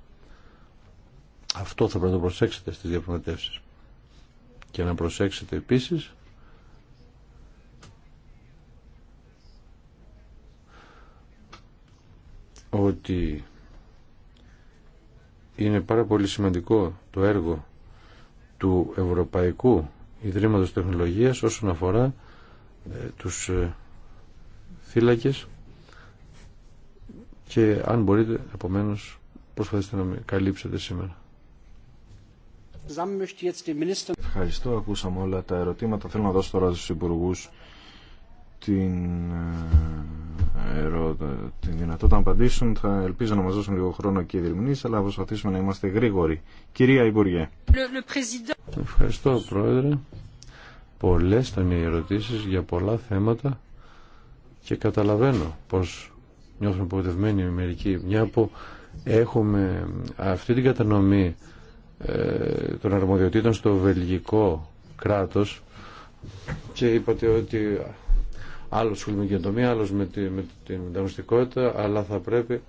αυτό θα πρέπει να το προσέξετε στις διαπραγματεύσεις και να προσέξετε επίσης ότι είναι πάρα πολύ σημαντικό το έργο του Ευρωπαϊκού Ιδρύματος Τεχνολογίας όσον αφορά ε, τους ε, θύλακες και αν μπορείτε επομένως προσπαθήστε να με καλύψετε σήμερα. Ευχαριστώ, ακούσαμε όλα τα ερωτήματα. Θέλω να δώσω τώρα στους υπουργούς την ε, ερω... τη δυνατότητα να απαντήσουν. Θα ελπίζω να μας δώσουν λίγο χρόνο και οι αλλά θα προσπαθήσουμε να είμαστε γρήγοροι. Κυρία Υπουργέ. Ευχαριστώ Πρόεδρε. Πολλές ήταν οι ερωτήσεις για πολλά θέματα και καταλαβαίνω πως νιώθουν απογοητευμένοι μερικοί. Μια που έχουμε αυτή την κατανομή ε, των αρμοδιοτήτων στο βελγικό κράτος και είπατε ότι Άλλος σχολεί με καινοτομία, άλλο με, με την ανταγωνιστικότητα, αλλά θα πρέπει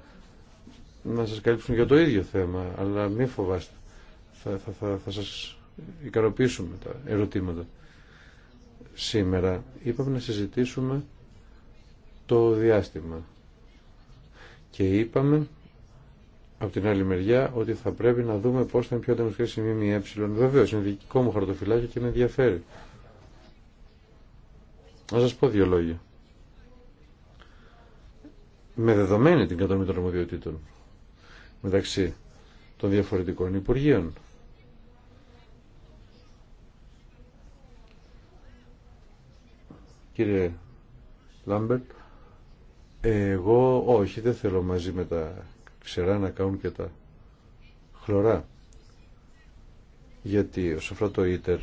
να σας καλύψουν για το ίδιο θέμα. Αλλά μη φοβάστε. Θα, θα, θα, θα σας ικανοποιήσουμε τα ερωτήματα. Σήμερα είπαμε να συζητήσουμε το διάστημα. Και είπαμε από την άλλη μεριά ότι θα πρέπει να δούμε πώς θα είναι πιο ανταγωνιστικές η ΜΜΕ. Βεβαίως είναι δικό μου χαρτοφυλάκιο και με ενδιαφέρει. Να σας πω δύο λόγια. Με δεδομένη την κατανομή των αρμοδιοτήτων μεταξύ των διαφορετικών Υπουργείων. Κύριε Λάμπερτ, εγώ όχι, δεν θέλω μαζί με τα ξερά να κάνουν και τα χλωρά. Γιατί ο αυτό το ίτερ,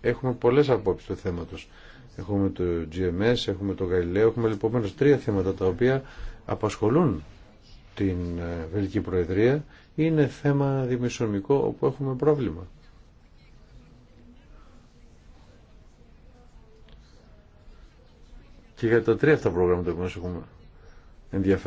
έχουμε πολλές απόψεις του θέματος έχουμε το GMS, έχουμε το Galileo, έχουμε λοιπόν τρία θέματα τα οποία απασχολούν την ε, Βελική Προεδρία. Είναι θέμα δημοσιονομικό όπου έχουμε πρόβλημα. Και για τα τρία αυτά προγράμματα που μας έχουμε ενδιαφέρον.